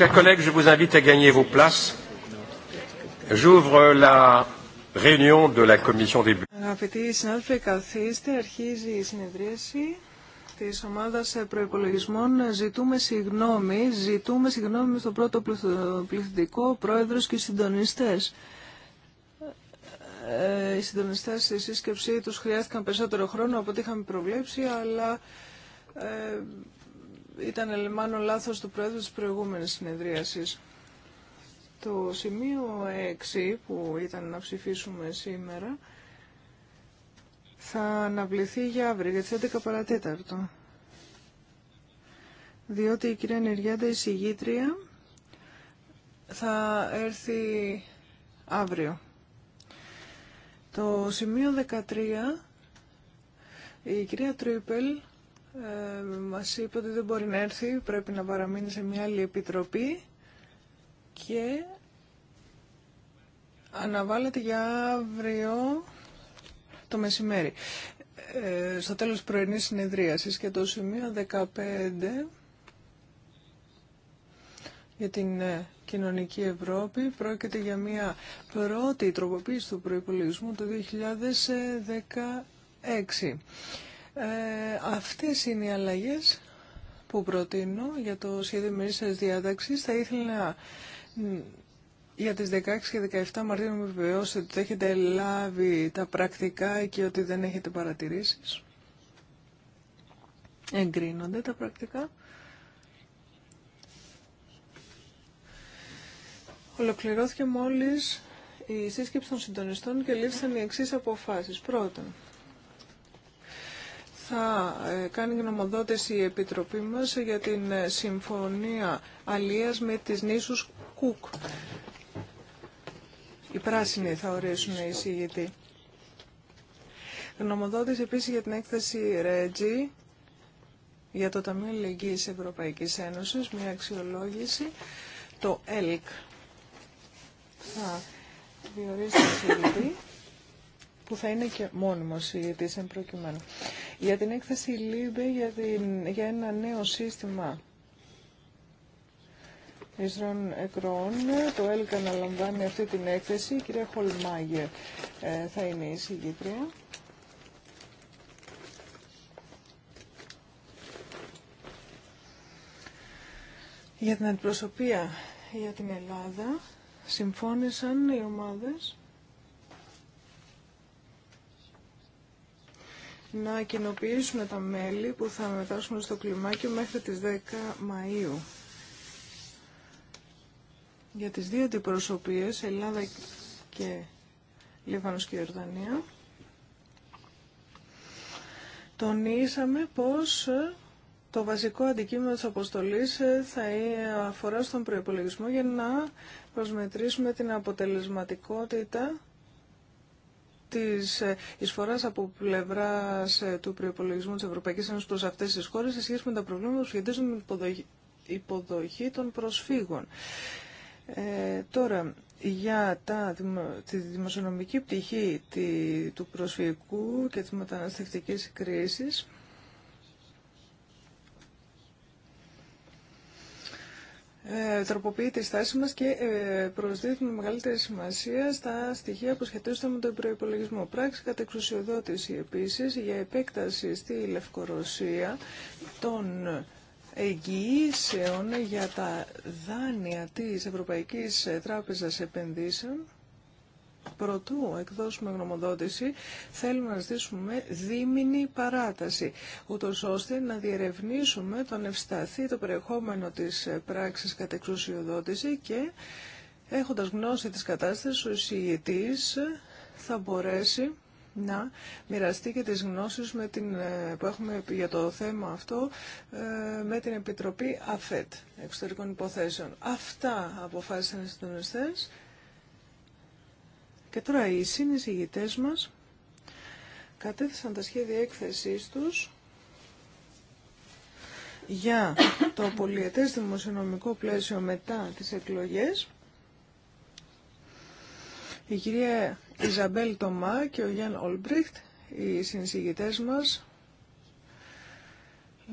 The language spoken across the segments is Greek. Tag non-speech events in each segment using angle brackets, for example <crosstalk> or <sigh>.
Chers collègues, je vous invite à gagner vos places. J'ouvre la réunion de la commission des Αγαπητοί συνάδελφοι, καθίστε. Αρχίζει η συνεδρίαση τη ομάδα προπολογισμών. Ζητούμε συγγνώμη. Ζητούμε στο πρώτο πληθυντικό, πρόεδρο και συντονιστέ. Οι συντονιστέ ε, στη σύσκεψή του χρειάστηκαν περισσότερο χρόνο από ό,τι είχαμε προβλέψει, αλλά ε, ήταν μάλλον λάθος του πρόεδρου της προηγούμενης συνεδρίασης. Το σημείο 6 που ήταν να ψηφίσουμε σήμερα θα αναβληθεί για αύριο, για τις 11 παρατέταρτο. Διότι η κυρία Νεριάντα, η συγγήτρια, θα έρθει αύριο. Το σημείο 13, η κυρία Τρίπελ ε, μας είπε ότι δεν μπορεί να έρθει, πρέπει να παραμείνει σε μια άλλη επιτροπή και αναβάλλεται για αύριο το μεσημέρι. Ε, στο τέλος πρωινή συνεδρίασης και το σημείο 15 για την ε, κοινωνική Ευρώπη πρόκειται για μια πρώτη τροποποίηση του προϋπολογισμού το 2016. Ε, αυτές είναι οι αλλαγές που προτείνω για το σχέδιο μερίσσας διάταξης. Θα ήθελα για τις 16 και 17 Μαρτίου με βεβαιώσετε ότι έχετε λάβει τα πρακτικά και ότι δεν έχετε παρατηρήσεις. Εγκρίνονται τα πρακτικά. Ολοκληρώθηκε μόλις η σύσκεψη των συντονιστών και λήφθησαν οι εξής αποφάσεις. Πρώτον, θα ε, κάνει γνωμοδότηση η Επιτροπή μας για την ε, συμφωνία αλίας με τις νήσους Κουκ. Οι πράσινοι θα ορίσουν οι συγητή. Γνωμοδότηση επίσης για την έκθεση Ρέτζι για το Ταμείο Λεγγύης Ευρωπαϊκής Ένωσης, μια αξιολόγηση, το ΕΛΚ. Θα διορίσει το που θα είναι και μόνιμος συγητής εν προκειμένου για την έκθεση ΛΥΜΠΕ για, για ένα νέο σύστημα Ισρών Εκρών. Το να λαμβάνει αυτή την έκθεση. Η κυρία Χολμάγερ ε, θα είναι η συγκήτρια. Για την αντιπροσωπεία για την Ελλάδα συμφώνησαν οι ομάδες να κοινοποιήσουμε τα μέλη που θα μετάσχουν στο κλιμάκιο μέχρι τις 10 Μαΐου. Για τις δύο αντιπροσωπείες, Ελλάδα και Λίβανος και Ιορδανία, τονίσαμε πως ε, το βασικό αντικείμενο της αποστολής ε, θα ε, αφορά στον προϋπολογισμό για να προσμετρήσουμε την αποτελεσματικότητα της ε, εισφοράς από πλευράς ε, του προπολογισμού της Ευρωπαϊκής Ένωσης προς αυτές τις χώρες σε σχέση με τα προβλήματα που σχετίζουν με υποδοχή, υποδοχή των προσφύγων. Ε, τώρα, για τα, τη δημοσιονομική πτυχή του προσφυγικού και της μεταναστευτικής κρίσης, Ε, τροποποιεί τη στάση μας και ε, προσδίδουμε μεγαλύτερη σημασία στα στοιχεία που σχετίζονται με τον προϋπολογισμό. Πράξη κατά εξουσιοδότηση επίσης για επέκταση στη Λευκορωσία των εγγυήσεων για τα δάνεια της Ευρωπαϊκής Τράπεζας Επενδύσεων Προτού εκδώσουμε γνωμοδότηση, θέλουμε να ζητήσουμε δίμηνη παράταση, ούτω ώστε να διερευνήσουμε τον ευσταθή, το περιεχόμενο της πράξης κατ' εξουσιοδότηση και έχοντας γνώση της κατάστασης, ο εισηγητή θα μπορέσει να μοιραστεί και τις γνώσεις την, που έχουμε για το θέμα αυτό ε, με την Επιτροπή ΑΦΕΤ, Εξωτερικών Υποθέσεων. Αυτά αποφάσισαν οι και τώρα οι συνεισηγητές μας κατέθεσαν τα σχέδια έκθεσής τους για το πολιετές δημοσιονομικό πλαίσιο μετά τις εκλογές. Η κυρία Ιζαμπέλ Τομά και ο Γιάν Ολμπρίχτ, οι συνεισηγητές μας,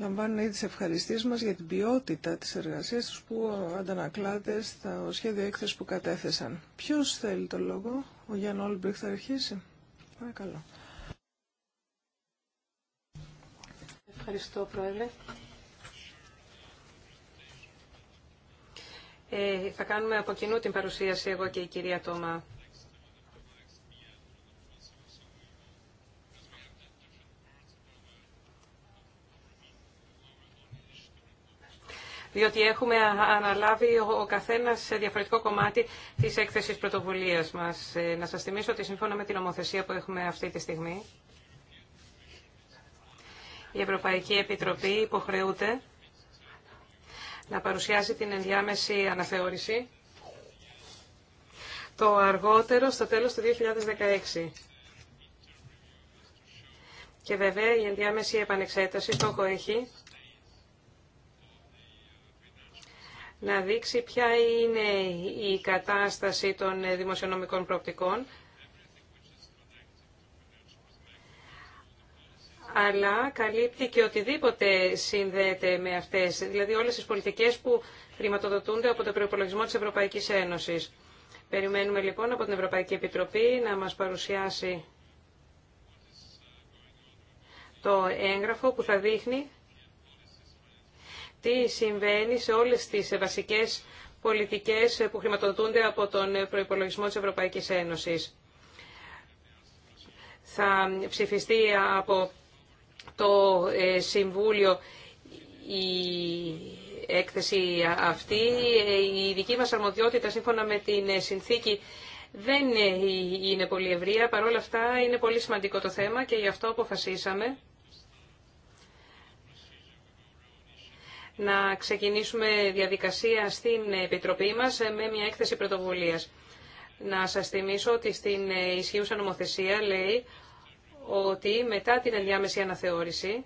λαμβάνουν ήδη τις ευχαριστίες μας για την ποιότητα της εργασίας τους που αντανακλάται στο σχέδιο έκθεση που κατέθεσαν. Ποιος θέλει το λόγο? Ο Γιάννη Όλμπριχ θα αρχίσει. Παρακαλώ. Ευχαριστώ, Πρόεδρε. Ε, θα κάνουμε από κοινού την παρουσίαση εγώ και η κυρία Τόμα. διότι έχουμε αναλάβει ο καθένας σε διαφορετικό κομμάτι της έκθεσης πρωτοβουλίας μας. Ε, να σας θυμίσω ότι σύμφωνα με την ομοθεσία που έχουμε αυτή τη στιγμή, η Ευρωπαϊκή Επιτροπή υποχρεούται να παρουσιάσει την ενδιάμεση αναθεώρηση το αργότερο στο τέλος του 2016. Και βέβαια η ενδιάμεση επανεξέταση στόχο έχει να δείξει ποια είναι η κατάσταση των δημοσιονομικών προοπτικών, αλλά καλύπτει και οτιδήποτε συνδέεται με αυτές, δηλαδή όλες τις πολιτικές που χρηματοδοτούνται από το προπολογισμό της Ευρωπαϊκής Ένωσης. Περιμένουμε λοιπόν από την Ευρωπαϊκή Επιτροπή να μας παρουσιάσει το έγγραφο που θα δείχνει τι συμβαίνει σε όλες τις βασικές πολιτικές που χρηματοδοτούνται από τον προϋπολογισμό της Ευρωπαϊκής Ένωσης. Θα ψηφιστεί από το ε, Συμβούλιο η έκθεση αυτή. Ε, η δική μας αρμοδιότητα σύμφωνα με την ε, συνθήκη δεν είναι πολύ ευρεία. Παρ' όλα αυτά είναι πολύ σημαντικό το θέμα και γι' αυτό αποφασίσαμε να ξεκινήσουμε διαδικασία στην Επιτροπή μας με μια έκθεση πρωτοβουλίας. Να σας θυμίσω ότι στην ισχύουσα νομοθεσία λέει ότι μετά την ενδιάμεση αναθεώρηση,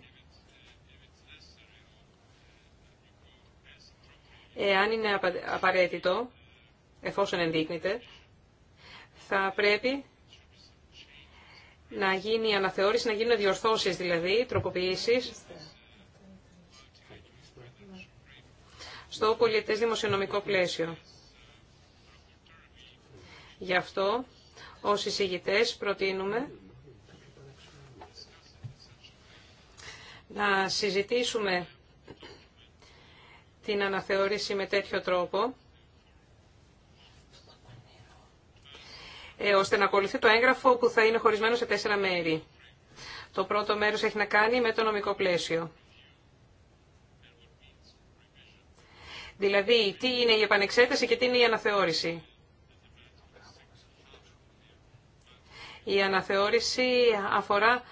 εάν είναι απαραίτητο, εφόσον ενδείκνεται, θα πρέπει να γίνει αναθεώρηση, να γίνουν διορθώσεις δηλαδή, τροποποιήσεις, στο πολιετές δημοσιονομικό πλαίσιο. Γι' αυτό, ως εισηγητές, προτείνουμε να συζητήσουμε την αναθεώρηση με τέτοιο τρόπο, ε, ώστε να ακολουθεί το έγγραφο που θα είναι χωρισμένο σε τέσσερα μέρη. Το πρώτο μέρος έχει να κάνει με το νομικό πλαίσιο. Δηλαδή, τι είναι η επανεξέταση και τι είναι η αναθεώρηση. Η αναθεώρηση αφορά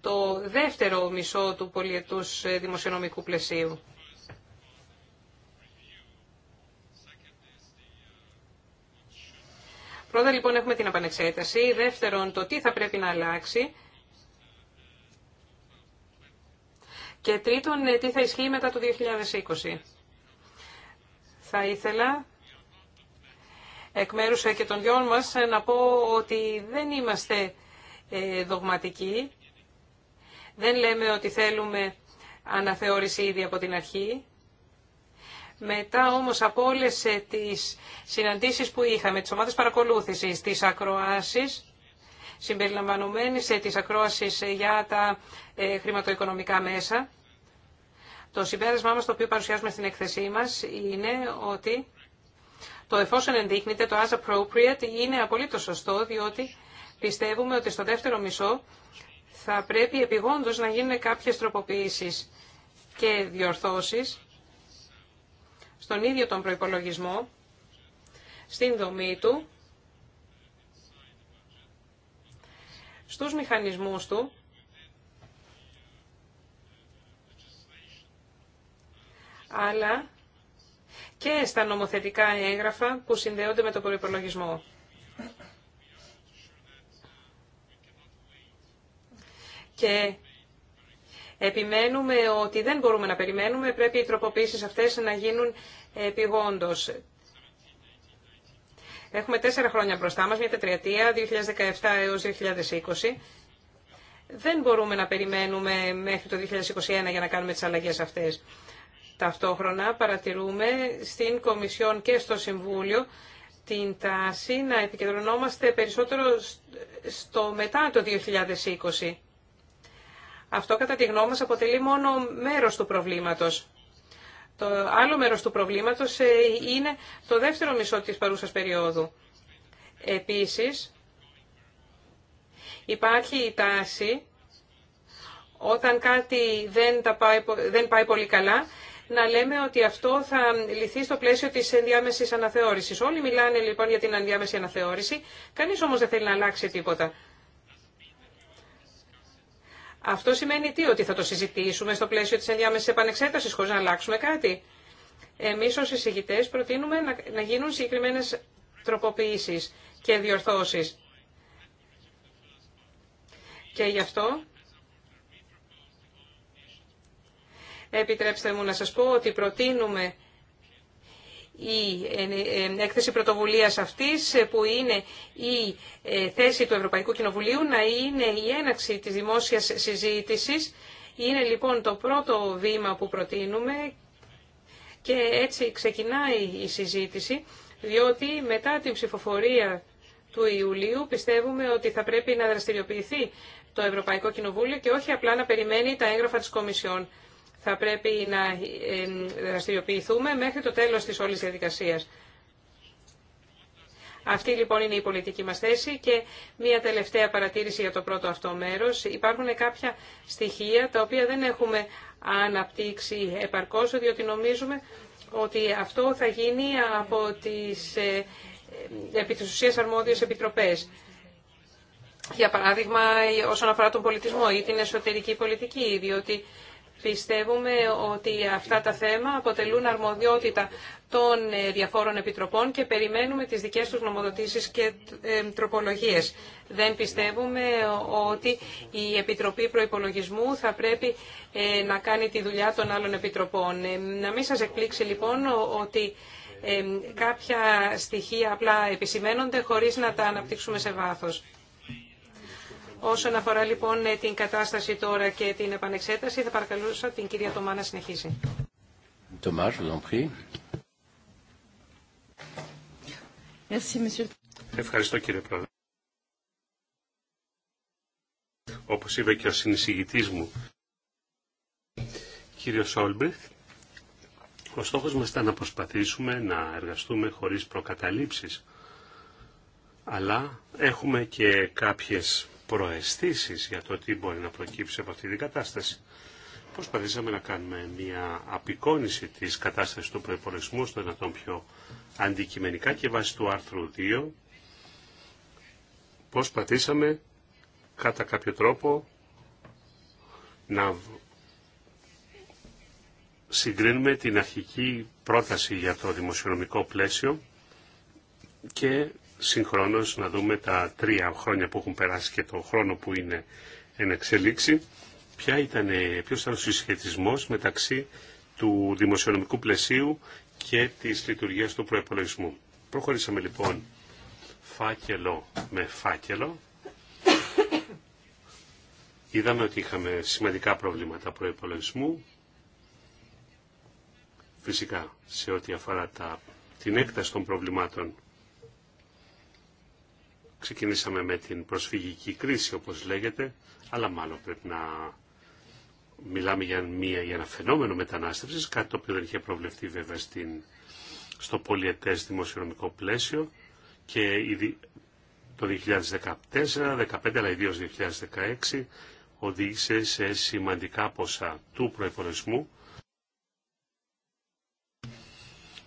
το δεύτερο μισό του πολιετούς ε, δημοσιονομικού πλαισίου. Πρώτα λοιπόν έχουμε την επανεξέταση, δεύτερον το τι θα πρέπει να αλλάξει και τρίτον ε, τι θα ισχύει μετά το 2020. Θα ήθελα εκ μέρους και των δυο μας να πω ότι δεν είμαστε ε, δογματικοί. Δεν λέμε ότι θέλουμε αναθεώρηση ήδη από την αρχή. Μετά όμως από όλες ε, τις συναντήσεις που είχαμε, τις ομάδες παρακολούθησης, τις ακροάσεις, συμπεριλαμβανομένης ε, της ακρόασεις για τα χρηματοοικονομικά μέσα, το συμπέρασμά μας το οποίο παρουσιάζουμε στην έκθεσή μας είναι ότι το εφόσον ενδείχνεται το as appropriate είναι απολύτως σωστό διότι πιστεύουμε ότι στο δεύτερο μισό θα πρέπει επιγόντως να γίνουν κάποιες τροποποιήσεις και διορθώσεις στον ίδιο τον προϋπολογισμό, στην δομή του, στους μηχανισμούς του αλλά και στα νομοθετικά έγγραφα που συνδέονται με τον προπολογισμό. Και επιμένουμε ότι δεν μπορούμε να περιμένουμε, πρέπει οι τροποποίησεις αυτές να γίνουν επιγόντως. Έχουμε τέσσερα χρόνια μπροστά μας, μια τετριατία, 2017 έως 2020. Δεν μπορούμε να περιμένουμε μέχρι το 2021 για να κάνουμε τις αλλαγές αυτές. Ταυτόχρονα παρατηρούμε στην Κομισιόν και στο Συμβούλιο την τάση να επικεντρωνόμαστε περισσότερο στο μετά το 2020. Αυτό κατά τη γνώμη μας αποτελεί μόνο μέρος του προβλήματος. Το άλλο μέρος του προβλήματος ε, είναι το δεύτερο μισό της παρούσας περίοδου. Επίσης, υπάρχει η τάση όταν κάτι δεν, τα δεν πάει πολύ καλά να λέμε ότι αυτό θα λυθεί στο πλαίσιο της ενδιάμεσης αναθεώρησης. Όλοι μιλάνε λοιπόν για την ενδιάμεση αναθεώρηση, κανείς όμως δεν θέλει να αλλάξει τίποτα. Αυτό σημαίνει τι, ότι θα το συζητήσουμε στο πλαίσιο της ενδιάμεσης επανεξέταση χωρίς να αλλάξουμε κάτι. Εμείς ως εισηγητές προτείνουμε να γίνουν συγκεκριμένε τροποποιήσεις και διορθώσει. Και γι' αυτό Επιτρέψτε μου να σας πω ότι προτείνουμε η ε, ε, έκθεση πρωτοβουλίας αυτής ε, που είναι η θέση του Ευρωπαϊκού Κοινοβουλίου να είναι η έναξη της δημόσιας συζήτησης. Είναι λοιπόν το πρώτο βήμα που προτείνουμε και έτσι ξεκινάει η συζήτηση διότι μετά την ψηφοφορία του Ιουλίου πιστεύουμε ότι θα πρέπει να δραστηριοποιηθεί το Ευρωπαϊκό Κοινοβούλιο και όχι απλά να περιμένει τα έγγραφα της Κομισιόν θα πρέπει να δραστηριοποιηθούμε μέχρι το τέλος της όλης διαδικασίας. Αυτή λοιπόν είναι η πολιτική μας θέση και μία τελευταία παρατήρηση για το πρώτο αυτό μέρος. Υπάρχουν κάποια στοιχεία τα οποία δεν έχουμε αναπτύξει επαρκώς, διότι νομίζουμε ότι αυτό θα γίνει από τις ε, επί της αρμόδιες επιτροπές. Για παράδειγμα, όσον αφορά τον πολιτισμό ή την εσωτερική πολιτική, διότι Πιστεύουμε ότι αυτά τα θέματα αποτελούν αρμοδιότητα των ε, διαφόρων επιτροπών και περιμένουμε τις δικές τους νομοδοτήσεις και ε, τροπολογίες. Δεν πιστεύουμε ότι η Επιτροπή Προϋπολογισμού θα πρέπει ε, να κάνει τη δουλειά των άλλων επιτροπών. Να μην σας εκπλήξει λοιπόν ότι κάποια στοιχεία απλά επισημένονται χωρίς να τα αναπτύξουμε σε βάθος. Όσον αφορά λοιπόν ε, την κατάσταση τώρα και την επανεξέταση, θα παρακαλούσα την κυρία Τομά να συνεχίσει. Ευχαριστώ κύριε Πρόεδρε. Όπως είπε και ο συνεισηγητής μου, κύριο Όλμπριθ, ο στόχος μας ήταν να προσπαθήσουμε να εργαστούμε χωρίς προκαταλήψεις, αλλά έχουμε και κάποιες προαισθήσεις για το τι μπορεί να προκύψει από αυτή την κατάσταση. Προσπαθήσαμε να κάνουμε μια απεικόνηση της κατάστασης του προϋπολογισμού στο δυνατόν πιο αντικειμενικά και βάσει του άρθρου 2 προσπαθήσαμε κατά κάποιο τρόπο να συγκρίνουμε την αρχική πρόταση για το δημοσιονομικό πλαίσιο και συγχρόνως να δούμε τα τρία χρόνια που έχουν περάσει και το χρόνο που είναι εν εξελίξη, ποια ήταν, ποιος ήταν ο συσχετισμός μεταξύ του δημοσιονομικού πλαισίου και της λειτουργίας του προϋπολογισμού. Προχωρήσαμε λοιπόν φάκελο με φάκελο. Είδαμε ότι είχαμε σημαντικά προβλήματα προϋπολογισμού. Φυσικά, σε ό,τι αφορά την έκταση των προβλημάτων Ξεκινήσαμε με την προσφυγική κρίση, όπως λέγεται, αλλά μάλλον πρέπει να μιλάμε για, ένα φαινόμενο μετανάστευσης, κάτι το οποίο δεν είχε προβλεφτεί βέβαια στην, στο πολιετές δημοσιονομικό πλαίσιο και το 2014, 2015 αλλά ιδίως 2016 οδήγησε σε σημαντικά ποσά του προϋπολογισμού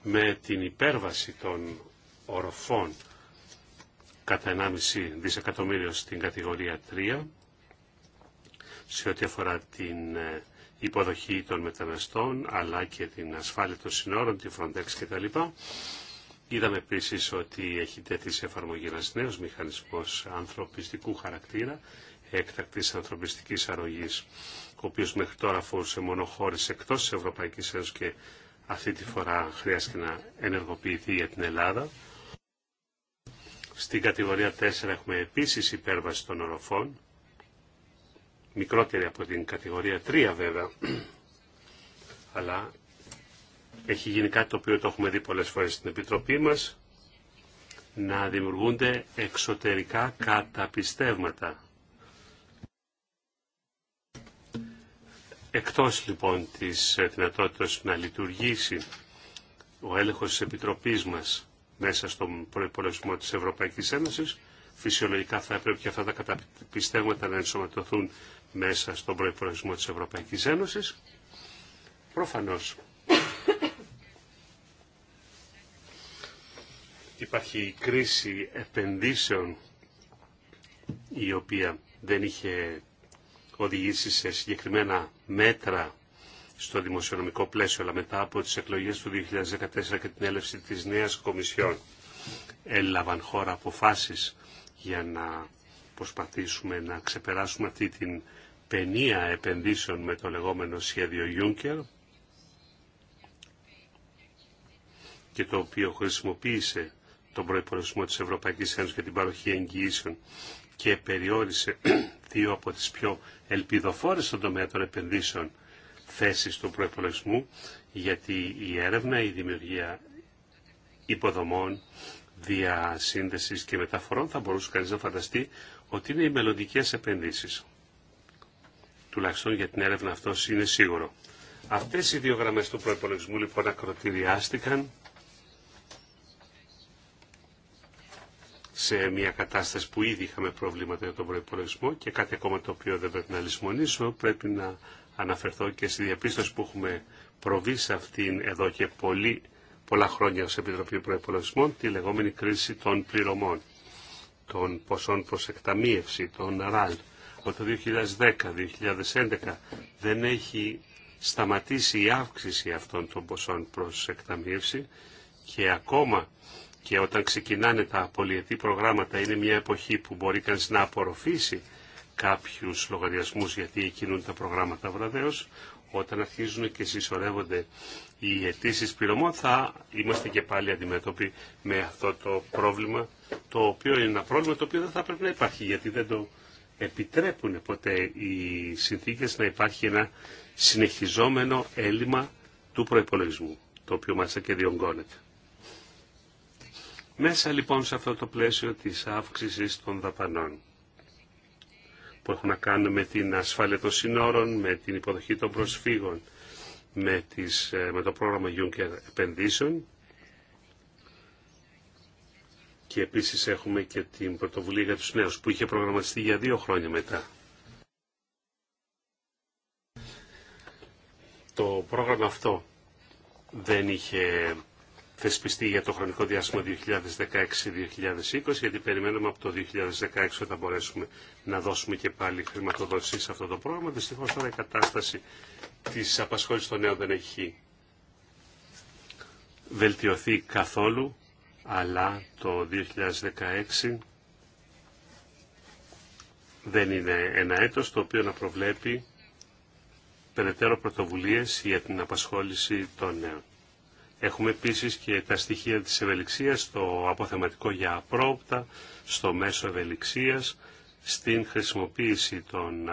με την υπέρβαση των οροφών κατά 1,5 δισεκατομμύριο στην κατηγορία 3 σε ό,τι αφορά την ε, υποδοχή των μεταναστών αλλά και την ασφάλεια των συνόρων, τη Frontex κτλ. Είδαμε επίση ότι έχει τέθει σε εφαρμογή ένα νέο μηχανισμό ανθρωπιστικού χαρακτήρα, έκτακτη ανθρωπιστική αρρωγή, ο οποίο μέχρι τώρα αφορούσε μόνο χώρε εκτό τη Ευρωπαϊκή Ένωση και αυτή τη φορά χρειάστηκε να ενεργοποιηθεί για την Ελλάδα. Στην κατηγορία 4 έχουμε επίσης υπέρβαση των οροφών, μικρότερη από την κατηγορία 3 βέβαια, <clears throat> αλλά έχει γίνει κάτι το οποίο το έχουμε δει πολλές φορές στην Επιτροπή μας, να δημιουργούνται εξωτερικά καταπιστεύματα. Εκτός λοιπόν της δυνατότητας να λειτουργήσει ο έλεγχος της Επιτροπής μας μέσα στον προπολογισμό της Ευρωπαϊκής Ένωσης. Φυσιολογικά θα έπρεπε και αυτά τα καταπιστέγματα να ενσωματωθούν μέσα στον προπολογισμό της Ευρωπαϊκής Ένωσης. Προφανώς υπάρχει η κρίση επενδύσεων η οποία δεν είχε οδηγήσει σε συγκεκριμένα μέτρα στο δημοσιονομικό πλαίσιο, αλλά μετά από τις εκλογές του 2014 και την έλευση της νέας Κομισιόν έλαβαν χώρα αποφάσεις για να προσπαθήσουμε να ξεπεράσουμε αυτή την παινία επενδύσεων με το λεγόμενο σχέδιο Juncker και το οποίο χρησιμοποίησε τον προϋπολογισμό της Ευρωπαϊκής Ένωσης για την παροχή εγγυήσεων και περιόρισε <clears throat> δύο από τις πιο ελπιδοφόρες στον τομέα των επενδύσεων θέσεις του προϋπολογισμού, γιατί η έρευνα, η δημιουργία υποδομών, σύνδεσης και μεταφορών θα μπορούσε κανείς να φανταστεί ότι είναι οι μελλοντικέ επενδύσεις. Τουλάχιστον για την έρευνα αυτό είναι σίγουρο. Αυτές οι δύο γραμμές του προϋπολογισμού λοιπόν ακροτηριάστηκαν σε μια κατάσταση που ήδη είχαμε προβλήματα για τον προϋπολογισμό και κάτι ακόμα το οποίο δεν πρέπει να λησμονήσω πρέπει να αναφερθώ και στη διαπίστωση που έχουμε προβεί σε αυτήν εδώ και πολύ, πολλά χρόνια ως Επιτροπή Προεπολογισμών τη λεγόμενη κρίση των πληρωμών, των ποσών προς εκταμίευση, των ΡΑΛ. Από το 2010-2011 δεν έχει σταματήσει η αύξηση αυτών των ποσών προς εκταμίευση και ακόμα και όταν ξεκινάνε τα πολιετή προγράμματα είναι μια εποχή που μπορεί κανείς να απορροφήσει κάποιους λογαριασμούς γιατί εκείνουν τα προγράμματα βραδέως. Όταν αρχίζουν και συσσωρεύονται οι αιτήσει πληρωμών θα είμαστε και πάλι αντιμέτωποι με αυτό το πρόβλημα το οποίο είναι ένα πρόβλημα το οποίο δεν θα πρέπει να υπάρχει γιατί δεν το επιτρέπουν ποτέ οι συνθήκες να υπάρχει ένα συνεχιζόμενο έλλειμμα του προϋπολογισμού το οποίο μάλιστα και διονγκώνεται. Μέσα λοιπόν σε αυτό το πλαίσιο της αύξησης των δαπανών που έχουν να κάνουν με την ασφάλεια των συνόρων, με την υποδοχή των προσφύγων, με, τις, ε, με το πρόγραμμα Juncker επενδύσεων και επίσης έχουμε και την πρωτοβουλία για τους νέους που είχε προγραμματιστεί για δύο χρόνια μετά. Το πρόγραμμα αυτό δεν είχε θεσπιστεί για το χρονικό διάστημα 2016-2020, γιατί περιμένουμε από το 2016 όταν μπορέσουμε να δώσουμε και πάλι χρηματοδότηση σε αυτό το πρόγραμμα. Δυστυχώ τώρα η κατάσταση τη απασχόληση των νέων δεν έχει βελτιωθεί καθόλου, αλλά το 2016 δεν είναι ένα έτος το οποίο να προβλέπει περαιτέρω πρωτοβουλίες για την απασχόληση των νέων. Έχουμε επίσης και τα στοιχεία της ευελιξίας στο αποθεματικό για απρόπτα, στο μέσο ευελιξίας, στην χρησιμοποίηση των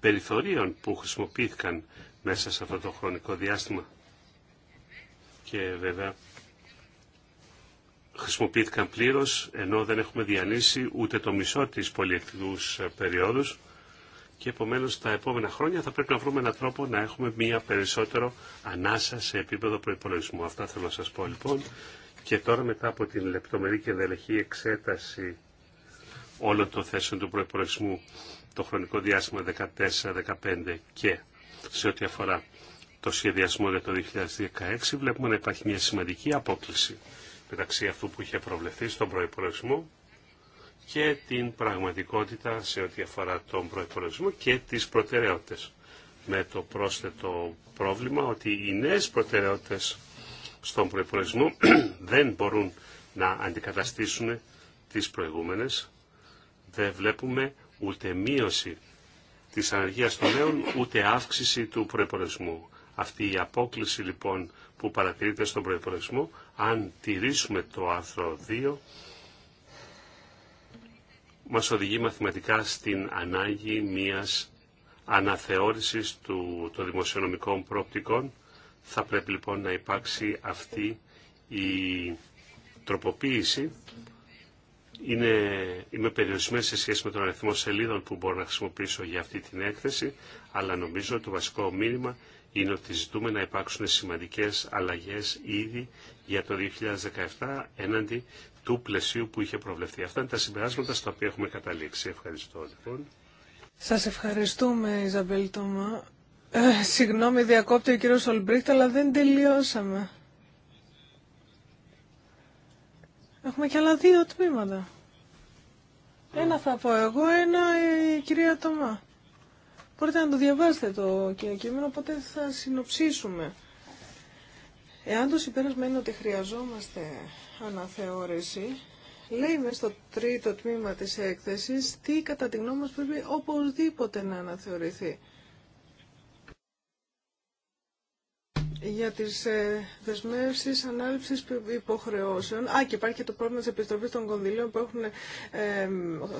περιθωρίων που χρησιμοποιήθηκαν μέσα σε αυτό το χρονικό διάστημα. Και βέβαια χρησιμοποιήθηκαν πλήρως, ενώ δεν έχουμε διανύσει ούτε το μισό της πολυεκτικούς ε, περίοδους και επομένως τα επόμενα χρόνια θα πρέπει να βρούμε έναν τρόπο να έχουμε μία περισσότερο ανάσα σε επίπεδο προπολογισμού. Αυτά θέλω να σας πω λοιπόν. Και τώρα μετά από την λεπτομερή και δελεχή εξέταση όλων των θέσεων του προϋπολογισμού το χρονικό διάστημα 14-15 και σε ό,τι αφορά το σχεδιασμό για το 2016 βλέπουμε να υπάρχει μια σημαντική απόκληση μεταξύ αυτού που είχε προβλεφθεί στον προϋπολογισμό και την πραγματικότητα σε ό,τι αφορά τον προπολογισμό και τις προτεραιότητες. Με το πρόσθετο πρόβλημα ότι οι νέες προτεραιότητες στον προπολογισμό <clears throat> δεν μπορούν να αντικαταστήσουν τις προηγούμενες. Δεν βλέπουμε ούτε μείωση της ανεργίας των νέων, ούτε αύξηση του προπολογισμού. Αυτή η απόκληση λοιπόν που παρατηρείται στον προπολογισμό, αν τηρήσουμε το άρθρο 2, μας οδηγεί μαθηματικά στην ανάγκη μιας αναθεώρησης του, των δημοσιονομικών πρόπτικων. Θα πρέπει λοιπόν να υπάρξει αυτή η τροποποίηση. είμαι περιορισμένος σε σχέση με τον αριθμό σελίδων που μπορώ να χρησιμοποιήσω για αυτή την έκθεση, αλλά νομίζω ότι το βασικό μήνυμα είναι ότι ζητούμε να υπάρξουν σημαντικές αλλαγές ήδη για το 2017 έναντι του πλαισίου που είχε προβλεφθεί. Αυτά είναι τα συμπεράσματα στα οποία έχουμε καταλήξει. Ευχαριστώ λοιπόν. Σας ευχαριστούμε Ιζαμπέλ Τομα. Ε, συγγνώμη διακόπτει ο κύριος Ολμπρίχτ αλλά δεν τελειώσαμε. Έχουμε και άλλα δύο τμήματα. Ένα θα πω εγώ, ένα η κυρία Τομα. Μπορείτε να το διαβάσετε το κείμενο, οπότε θα συνοψίσουμε. Εάν το συμπέρασμα είναι ότι χρειαζόμαστε αναθεώρηση, λέει μες στο τρίτο τμήμα της έκθεσης τι κατά τη γνώμη μας πρέπει οπωσδήποτε να αναθεωρηθεί. για τις ε, δεσμεύσεις υποχρεώσεων. Α, και υπάρχει και το πρόβλημα της επιστροφής των κονδυλίων που έχουν ε,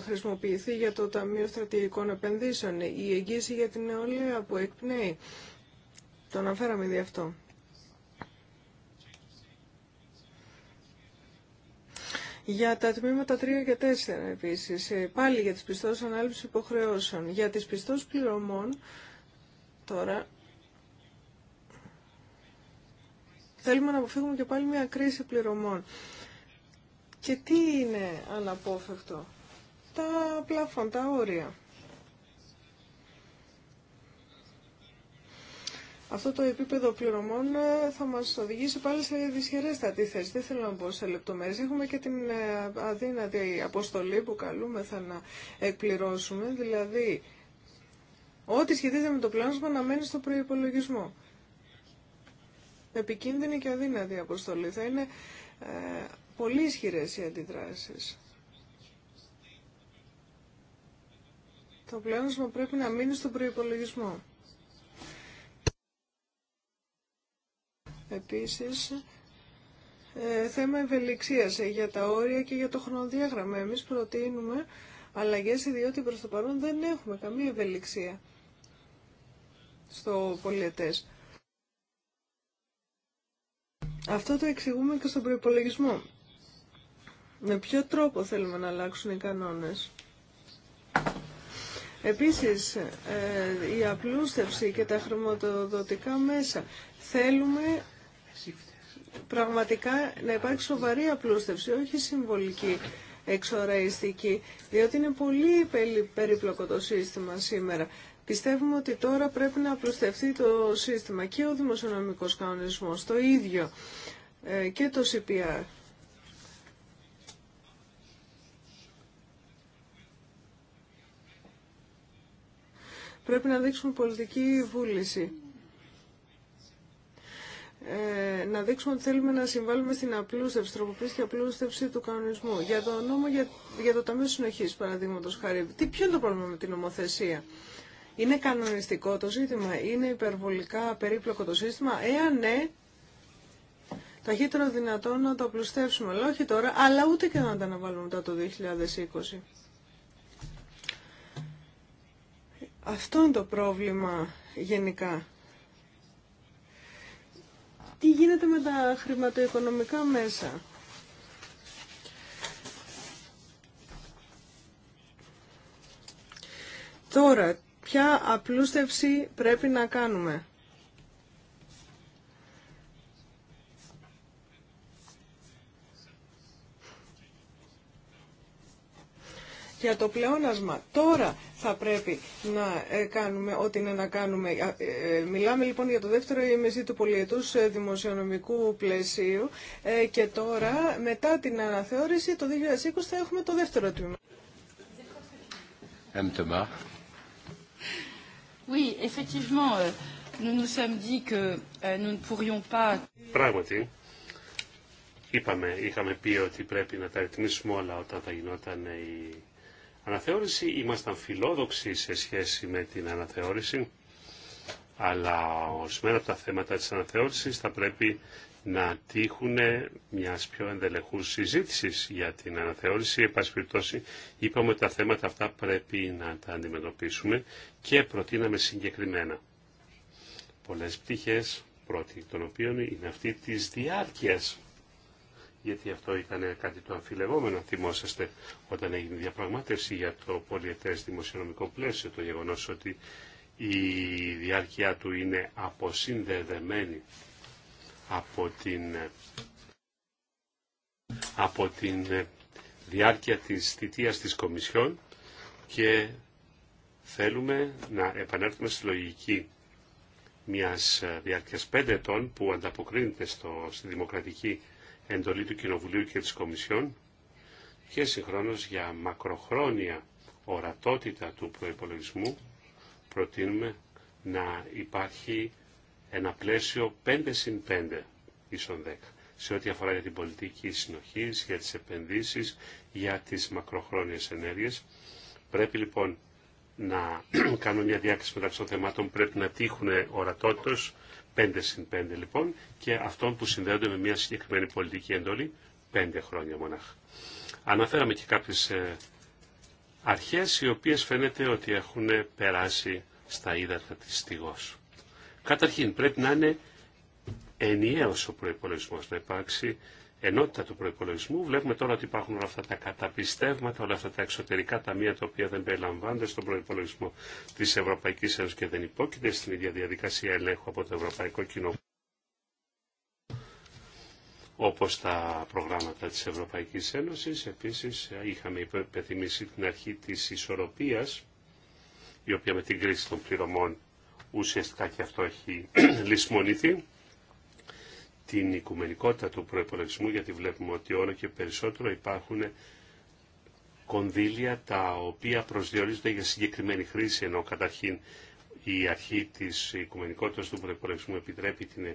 χρησιμοποιηθεί για το Ταμείο Στρατηγικών Επενδύσεων. Η εγγύηση για την νεολαία που εκπνέει. Το αναφέραμε ήδη αυτό. Για τα τμήματα 3 και 4 επίσης, ε, πάλι για τις πιστώσεις ανάληψης υποχρεώσεων. Για τις πιστώσεις πληρωμών, τώρα, θέλουμε να αποφύγουμε και πάλι μια κρίση πληρωμών. Και τι είναι αναπόφευκτο. Τα πλαφόντα, τα όρια. αυτό το επίπεδο πληρωμών ε, θα μας οδηγήσει πάλι σε δυσχερέστατη θέση. Δεν θέλω να πω σε λεπτομέρειες. Έχουμε και την ε, αδύνατη αποστολή που θα να εκπληρώσουμε, δηλαδή ό,τι σχετίζεται με το πλάνο να μένει στο προϋπολογισμό. Επικίνδυνη και αδύνατη αποστολή. Θα είναι ε, πολύ ισχυρέ οι αντιδράσεις. Το πλάνο πρέπει να μείνει στον προϋπολογισμό. Επίσης, ε, θέμα ευελιξίας για τα όρια και για το χρονοδιάγραμμα. Εμείς προτείνουμε αλλαγές, διότι προς το παρόν δεν έχουμε καμία ευελιξία στο πολιετές. Αυτό το εξηγούμε και στον προϋπολογισμό. Με ποιο τρόπο θέλουμε να αλλάξουν οι κανόνες. Επίσης, ε, η απλούστευση και τα χρηματοδοτικά μέσα. Θέλουμε πραγματικά να υπάρχει σοβαρή απλούστευση, όχι συμβολική εξοραϊστική, διότι είναι πολύ περίπλοκο το σύστημα σήμερα. Πιστεύουμε ότι τώρα πρέπει να απλουστευτεί το σύστημα και ο δημοσιονομικός κανονισμός, το ίδιο ε, και το CPR. Πρέπει να δείξουμε πολιτική βούληση. Ε, να δείξουμε ότι θέλουμε να συμβάλλουμε στην απλούστευση, τροποποίηση και απλούστευση του κανονισμού. Για το νόμο για, για το Ταμείο Συνοχή, παραδείγματο χάρη, τι, ποιο είναι το πρόβλημα με την νομοθεσία. Είναι κανονιστικό το ζήτημα, είναι υπερβολικά περίπλοκο το σύστημα. Εάν ναι, ταχύτερο δυνατόν να το απλουστεύσουμε. Αλλά όχι τώρα, αλλά ούτε και να τα αναβάλουμε μετά το 2020. Αυτό είναι το πρόβλημα γενικά τι γίνεται με τα χρηματοοικονομικά μέσα. Τώρα, ποια απλούστευση πρέπει να κάνουμε. για το πλεόνασμα. Τώρα θα πρέπει να ε, κάνουμε ό,τι είναι να κάνουμε. Ε, μιλάμε λοιπόν για το δεύτερο ημιζή του πολιετούς ε, δημοσιονομικού πλαισίου και τώρα μετά την αναθεώρηση το 2020 θα έχουμε το δεύτερο τμήμα. Oui, effectivement, euh, nous nous sommes dit que euh, nous ne pourrions pas... Πράγματι, είπαμε, είχαμε πει ότι πρέπει να τα ρυθμίσουμε όλα όταν θα γινόταν η αναθεώρηση. Ήμασταν φιλόδοξοι σε σχέση με την αναθεώρηση, αλλά ορισμένα από τα θέματα της αναθεώρησης θα πρέπει να τύχουν μια πιο ενδελεχούς συζήτηση για την αναθεώρηση. Εν είπαμε ότι τα θέματα αυτά πρέπει να τα αντιμετωπίσουμε και προτείναμε συγκεκριμένα. πολλές πτυχές, πρώτη των οποίων είναι αυτή τη διάρκεια γιατί αυτό ήταν κάτι το αμφιλεγόμενο, θυμόσαστε, όταν έγινε διαπραγμάτευση για το πολιετές δημοσιονομικό πλαίσιο, το γεγονός ότι η διάρκεια του είναι αποσυνδεδεμένη από την, από την διάρκεια της θητείας της Κομισιόν και θέλουμε να επανέλθουμε στη λογική μιας διάρκειας πέντε ετών που ανταποκρίνεται στο, στη δημοκρατική εντολή του Κοινοβουλίου και της Κομισιόν και συγχρόνως για μακροχρόνια ορατότητα του προϋπολογισμού προτείνουμε να υπάρχει ένα πλαίσιο 5 συν 5 ίσον 10 σε ό,τι αφορά για την πολιτική συνοχή, για τις επενδύσεις, για τις μακροχρόνιες ενέργειες. Πρέπει λοιπόν να <clears throat> κάνουμε μια διάκριση μεταξύ των θεμάτων πρέπει να τύχουν ορατότητα. 5 συν 5 λοιπόν και αυτών που συνδέονται με μια συγκεκριμένη πολιτική εντολή 5 χρόνια μονάχα. Αναφέραμε και κάποιες ε, αρχές οι οποίες φαίνεται ότι έχουν περάσει στα ύδατα της στιγός. Καταρχήν πρέπει να είναι ενιαίος ο προϋπολογισμός, να υπάρξει ενότητα του προπολογισμού. Βλέπουμε τώρα ότι υπάρχουν όλα αυτά τα καταπιστεύματα, όλα αυτά τα εξωτερικά ταμεία τα οποία δεν περιλαμβάνονται στον προπολογισμό τη Ευρωπαϊκή Ένωση και δεν υπόκειται στην ίδια διαδικασία ελέγχου από το Ευρωπαϊκό Κοινοβούλιο όπως τα προγράμματα της Ευρωπαϊκής Ένωσης. Επίσης είχαμε υπενθυμίσει την αρχή της ισορροπίας, η οποία με την κρίση των πληρωμών ουσιαστικά και αυτό έχει <clears throat> λησμονηθεί την οικουμενικότητα του προϋπολογισμού, γιατί βλέπουμε ότι όλο και περισσότερο υπάρχουν κονδύλια τα οποία προσδιορίζονται για συγκεκριμένη χρήση, ενώ καταρχήν η αρχή της οικουμενικότητας του προϋπολογισμού επιτρέπει την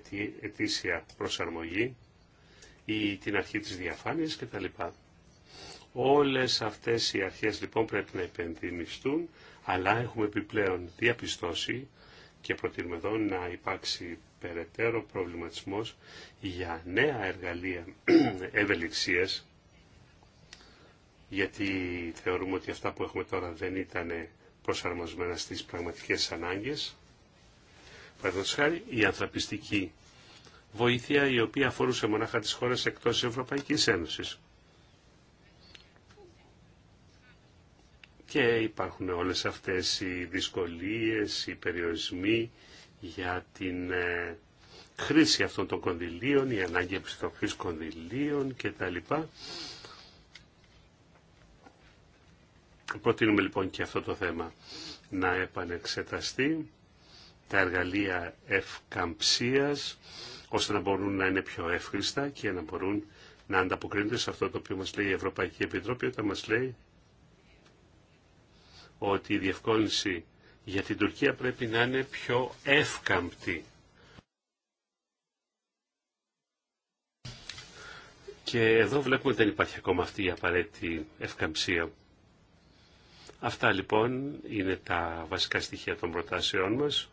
ετήσια προσαρμογή ή την αρχή της διαφάνειας κτλ. Όλες αυτές οι αρχές λοιπόν πρέπει να επενδυμιστούν, αλλά έχουμε επιπλέον διαπιστώσει και προτείνουμε εδώ να υπάρξει περαιτέρω προβληματισμός για νέα εργαλεία <clears throat> ευελιξίας, γιατί θεωρούμε ότι αυτά που έχουμε τώρα δεν ήταν προσαρμοσμένα στις πραγματικές ανάγκες. Παραδείγματος χάρη, η ανθρωπιστική βοήθεια η οποία αφορούσε μονάχα τις χώρες εκτός της Ευρωπαϊκής Ένωσης. Και υπάρχουν όλες αυτές οι δυσκολίες, οι περιορισμοί, για την ε, χρήση αυτών των κονδυλίων, η ανάγκη επιστροφής κονδυλίων κτλ. Προτείνουμε λοιπόν και αυτό το θέμα να επανεξεταστεί τα εργαλεία ευκαμψίας ώστε να μπορούν να είναι πιο εύχριστα και να μπορούν να ανταποκρίνονται σε αυτό το οποίο μας λέει η Ευρωπαϊκή Επιτροπή όταν μας λέει ότι η διευκόλυνση για την Τουρκία πρέπει να είναι πιο εύκαμπτη. Και εδώ βλέπουμε ότι δεν υπάρχει ακόμα αυτή η απαραίτητη ευκαμψία. Αυτά λοιπόν είναι τα βασικά στοιχεία των προτάσεών μας.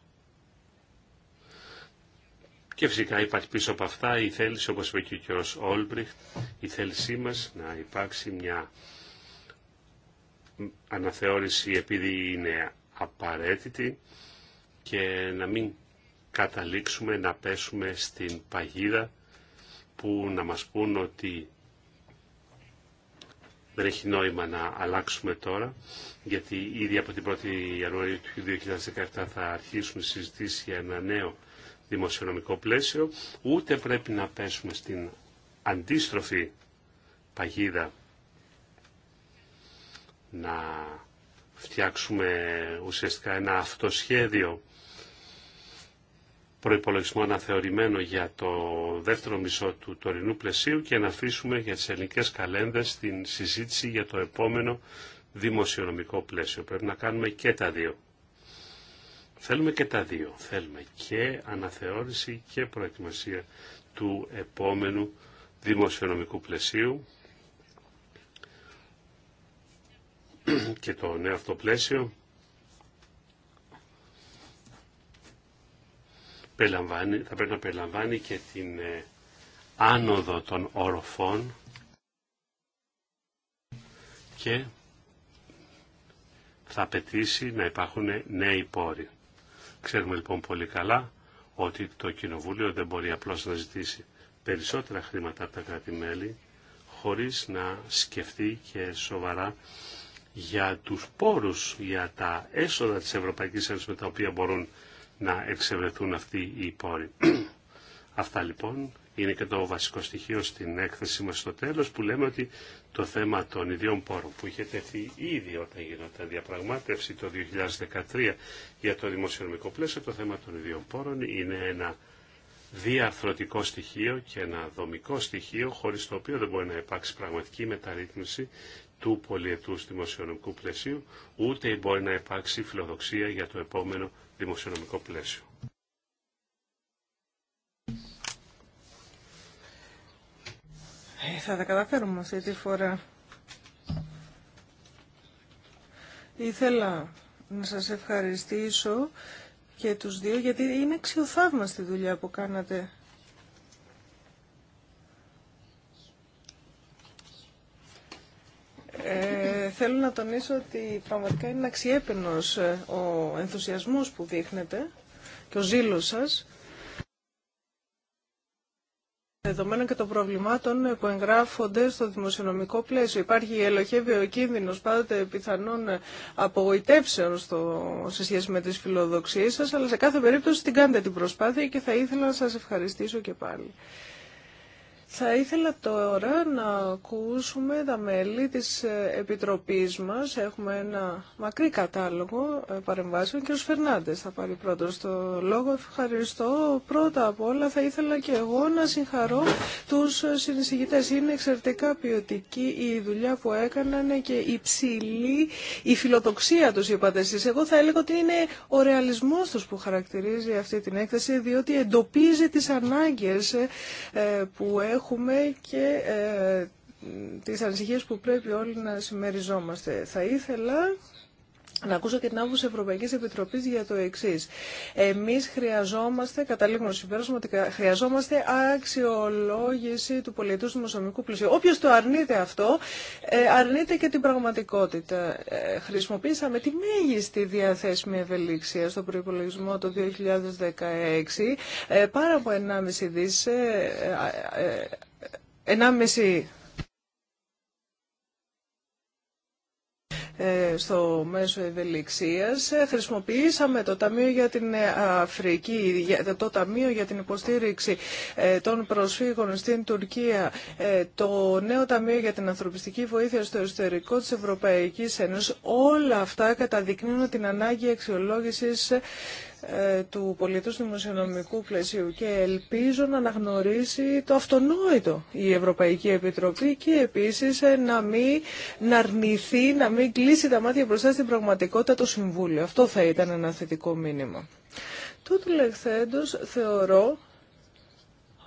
Και φυσικά υπάρχει πίσω από αυτά η θέληση, όπως είπε και ο κ. Όλμπριχτ, η θέλησή μας να υπάρξει μια αναθεώρηση επειδή είναι απαραίτητη και να μην καταλήξουμε να πέσουμε στην παγίδα που να μας πούν ότι δεν έχει νόημα να αλλάξουμε τώρα, γιατί ήδη από την 1η Ιανουαρίου του 2017 θα αρχίσουμε συζητήσεις για ένα νέο δημοσιονομικό πλαίσιο, ούτε πρέπει να πέσουμε στην αντίστροφη παγίδα να φτιάξουμε ουσιαστικά ένα αυτοσχέδιο προϋπολογισμό αναθεωρημένο για το δεύτερο μισό του τωρινού πλαισίου και να αφήσουμε για τις ελληνικές καλένδες την συζήτηση για το επόμενο δημοσιονομικό πλαίσιο. Πρέπει να κάνουμε και τα δύο. Θέλουμε και τα δύο. Θέλουμε και αναθεώρηση και προετοιμασία του επόμενου δημοσιονομικού πλαισίου και το νέο αυτό πλαίσιο θα πρέπει να περιλαμβάνει και την ε, άνοδο των οροφών και θα απαιτήσει να υπάρχουν νέοι πόροι. Ξέρουμε λοιπόν πολύ καλά ότι το Κοινοβούλιο δεν μπορεί απλώς να ζητήσει περισσότερα χρήματα από τα κράτη-μέλη χωρίς να σκεφτεί και σοβαρά για τους πόρους, για τα έσοδα της Ευρωπαϊκής Ένωσης με τα οποία μπορούν να εξευρεθούν αυτοί οι πόροι. <clears throat> Αυτά λοιπόν είναι και το βασικό στοιχείο στην έκθεση μας στο τέλος που λέμε ότι το θέμα των ιδιών πόρων που είχε τεθεί ήδη όταν γινόταν διαπραγμάτευση το 2013 για το δημοσιονομικό πλαίσιο, το θέμα των ιδιών πόρων είναι ένα διαρθρωτικό στοιχείο και ένα δομικό στοιχείο χωρίς το οποίο δεν μπορεί να υπάρξει πραγματική μεταρρύθμιση του πολιετού δημοσιονομικού πλαισίου, ούτε μπορεί να υπάρξει φιλοδοξία για το επόμενο δημοσιονομικό πλαίσιο. Ε, θα τα καταφέρουμε αυτή τη φορά. Ήθελα να σας ευχαριστήσω και τους δύο γιατί είναι αξιοθαύμαστη δουλειά που κάνατε Ε, θέλω να τονίσω ότι πραγματικά είναι αξιέπαινος ε, ο ενθουσιασμός που δείχνετε και ο ζήλος σας δεδομένων και των προβλημάτων ε, που εγγράφονται στο δημοσιονομικό πλαίσιο. Υπάρχει ελοχεύει ο κίνδυνος πάντοτε πιθανών απογοητεύσεων στο, σε σχέση με τις φιλοδοξίες σας, αλλά σε κάθε περίπτωση την κάνετε την προσπάθεια και θα ήθελα να σας ευχαριστήσω και πάλι. Θα ήθελα τώρα να ακούσουμε τα μέλη της Επιτροπής μας. Έχουμε ένα μακρύ κατάλογο ε, παρεμβάσεων. ο Φερνάντες θα πάρει πρώτο το λόγο. Ευχαριστώ. Πρώτα απ' όλα θα ήθελα και εγώ να συγχαρώ τους συνεισηγητές. Είναι εξαιρετικά ποιοτική η δουλειά που έκαναν και υψηλή η φιλοδοξία τους είπατε εσείς. Εγώ θα έλεγα ότι είναι ο ρεαλισμός τους που χαρακτηρίζει αυτή την έκθεση διότι εντοπίζει τις ανάγκες ε, που έχουμε και ε, τις ανησυχίες που πρέπει όλοι να συμμεριζόμαστε. Θα ήθελα να ακούσω και την άποψη Ευρωπαϊκή Επιτροπή για το εξή. Εμεί χρειαζόμαστε, καταλήγουμε στο συμπέρασμα ότι χρειαζόμαστε αξιολόγηση του πολιτού δημοσιομικού πλαισίου. Όποιο το αρνείται αυτό, ε, αρνείται και την πραγματικότητα. Ε, χρησιμοποίησαμε τη μέγιστη διαθέσιμη ευελιξία στον προπολογισμό το 2016, ε, πάρα από 1,5 δι. Ε, στο μέσο ευελιξίας. Ε, χρησιμοποιήσαμε το Ταμείο για την ε, Αφρική, το Ταμείο για την Υποστήριξη των Προσφύγων στην Τουρκία, το νέο Ταμείο για την Ανθρωπιστική Βοήθεια στο εσωτερικό της Ευρωπαϊκής Ένωσης. Όλα αυτά καταδεικνύουν την ανάγκη αξιολόγησης ε, του πολιτού δημοσιονομικού πλαισίου και ελπίζω να αναγνωρίσει το αυτονόητο η Ευρωπαϊκή Επιτροπή και επίσης ε, να μην αρνηθεί, να μην κλείσει τα μάτια μπροστά στην πραγματικότητα το Συμβούλιο. Αυτό θα ήταν ένα θετικό μήνυμα. Τούτου λεχθέντος θεωρώ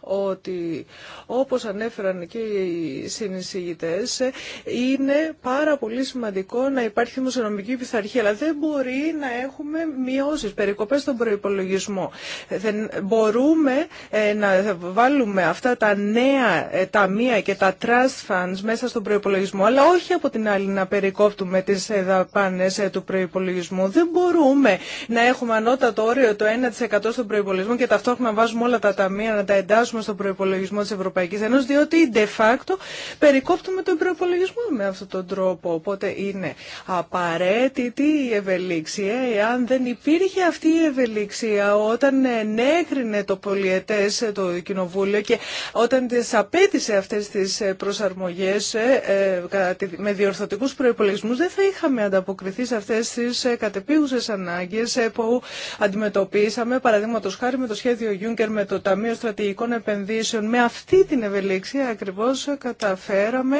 ότι όπως ανέφεραν και οι συνεισηγητές είναι πάρα πολύ σημαντικό να υπάρχει δημοσιονομική πειθαρχία αλλά δεν μπορεί να έχουμε μειώσεις, περικοπές στον προϋπολογισμό. Δεν μπορούμε ε, να βάλουμε αυτά τα νέα ε, ταμεία και τα trust funds μέσα στον προϋπολογισμό αλλά όχι από την άλλη να περικόπτουμε τις ε, δαπάνες του προϋπολογισμού. Δεν μπορούμε να έχουμε ανώτατο όριο το 1% στον προϋπολογισμό και ταυτόχρονα να βάζουμε όλα τα ταμεία να τα εντάσσουμε προσθέσουμε στον προπολογισμό τη Ευρωπαϊκή Ένωση, διότι de facto περικόπτουμε τον προπολογισμό με αυτόν τον τρόπο. Οπότε είναι απαραίτητη η ευελίξια. Εάν δεν υπήρχε αυτή η ευελίξια όταν ενέκρινε το πολιετέ το Κοινοβούλιο και όταν τι απέτησε αυτέ τι προσαρμογέ ε, ε, με διορθωτικού προπολογισμού, δεν θα είχαμε ανταποκριθεί σε αυτέ τι ε, κατεπίγουσε ανάγκε που αντιμετωπίσαμε, παραδείγματο χάρη με το σχέδιο Juncker, με το Ταμείο Στρατηγικών επενδύσεων. Με αυτή την ευελιξία ακριβώς καταφέραμε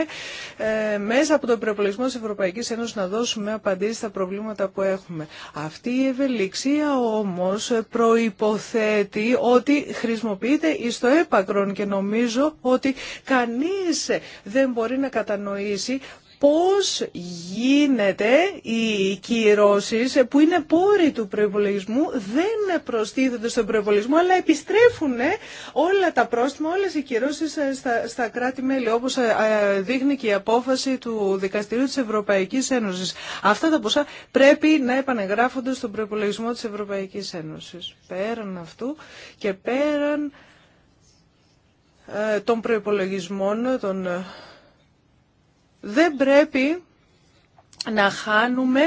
ε, μέσα από τον προπολογισμό της Ευρωπαϊκής Ένωσης να δώσουμε απαντήσεις στα προβλήματα που έχουμε. Αυτή η ευελιξία όμως προϋποθέτει ότι χρησιμοποιείται εις το έπακρον και νομίζω ότι κανείς δεν μπορεί να κατανοήσει πώς γίνεται οι κυρώσει που είναι πόροι του προϋπολογισμού δεν προστίθενται στον προϋπολογισμό αλλά επιστρέφουν όλα τα πρόστιμα, όλες οι κυρώσει ε, στα, στα κράτη-μέλη όπως ε, ε, δείχνει και η απόφαση του Δικαστηρίου της Ευρωπαϊκής Ένωσης. Αυτά τα ποσά πρέπει να επανεγράφονται στον προϋπολογισμό της Ευρωπαϊκής Ένωσης. Πέραν αυτού και πέραν των προϋπολογισμών των δεν πρέπει να χάνουμε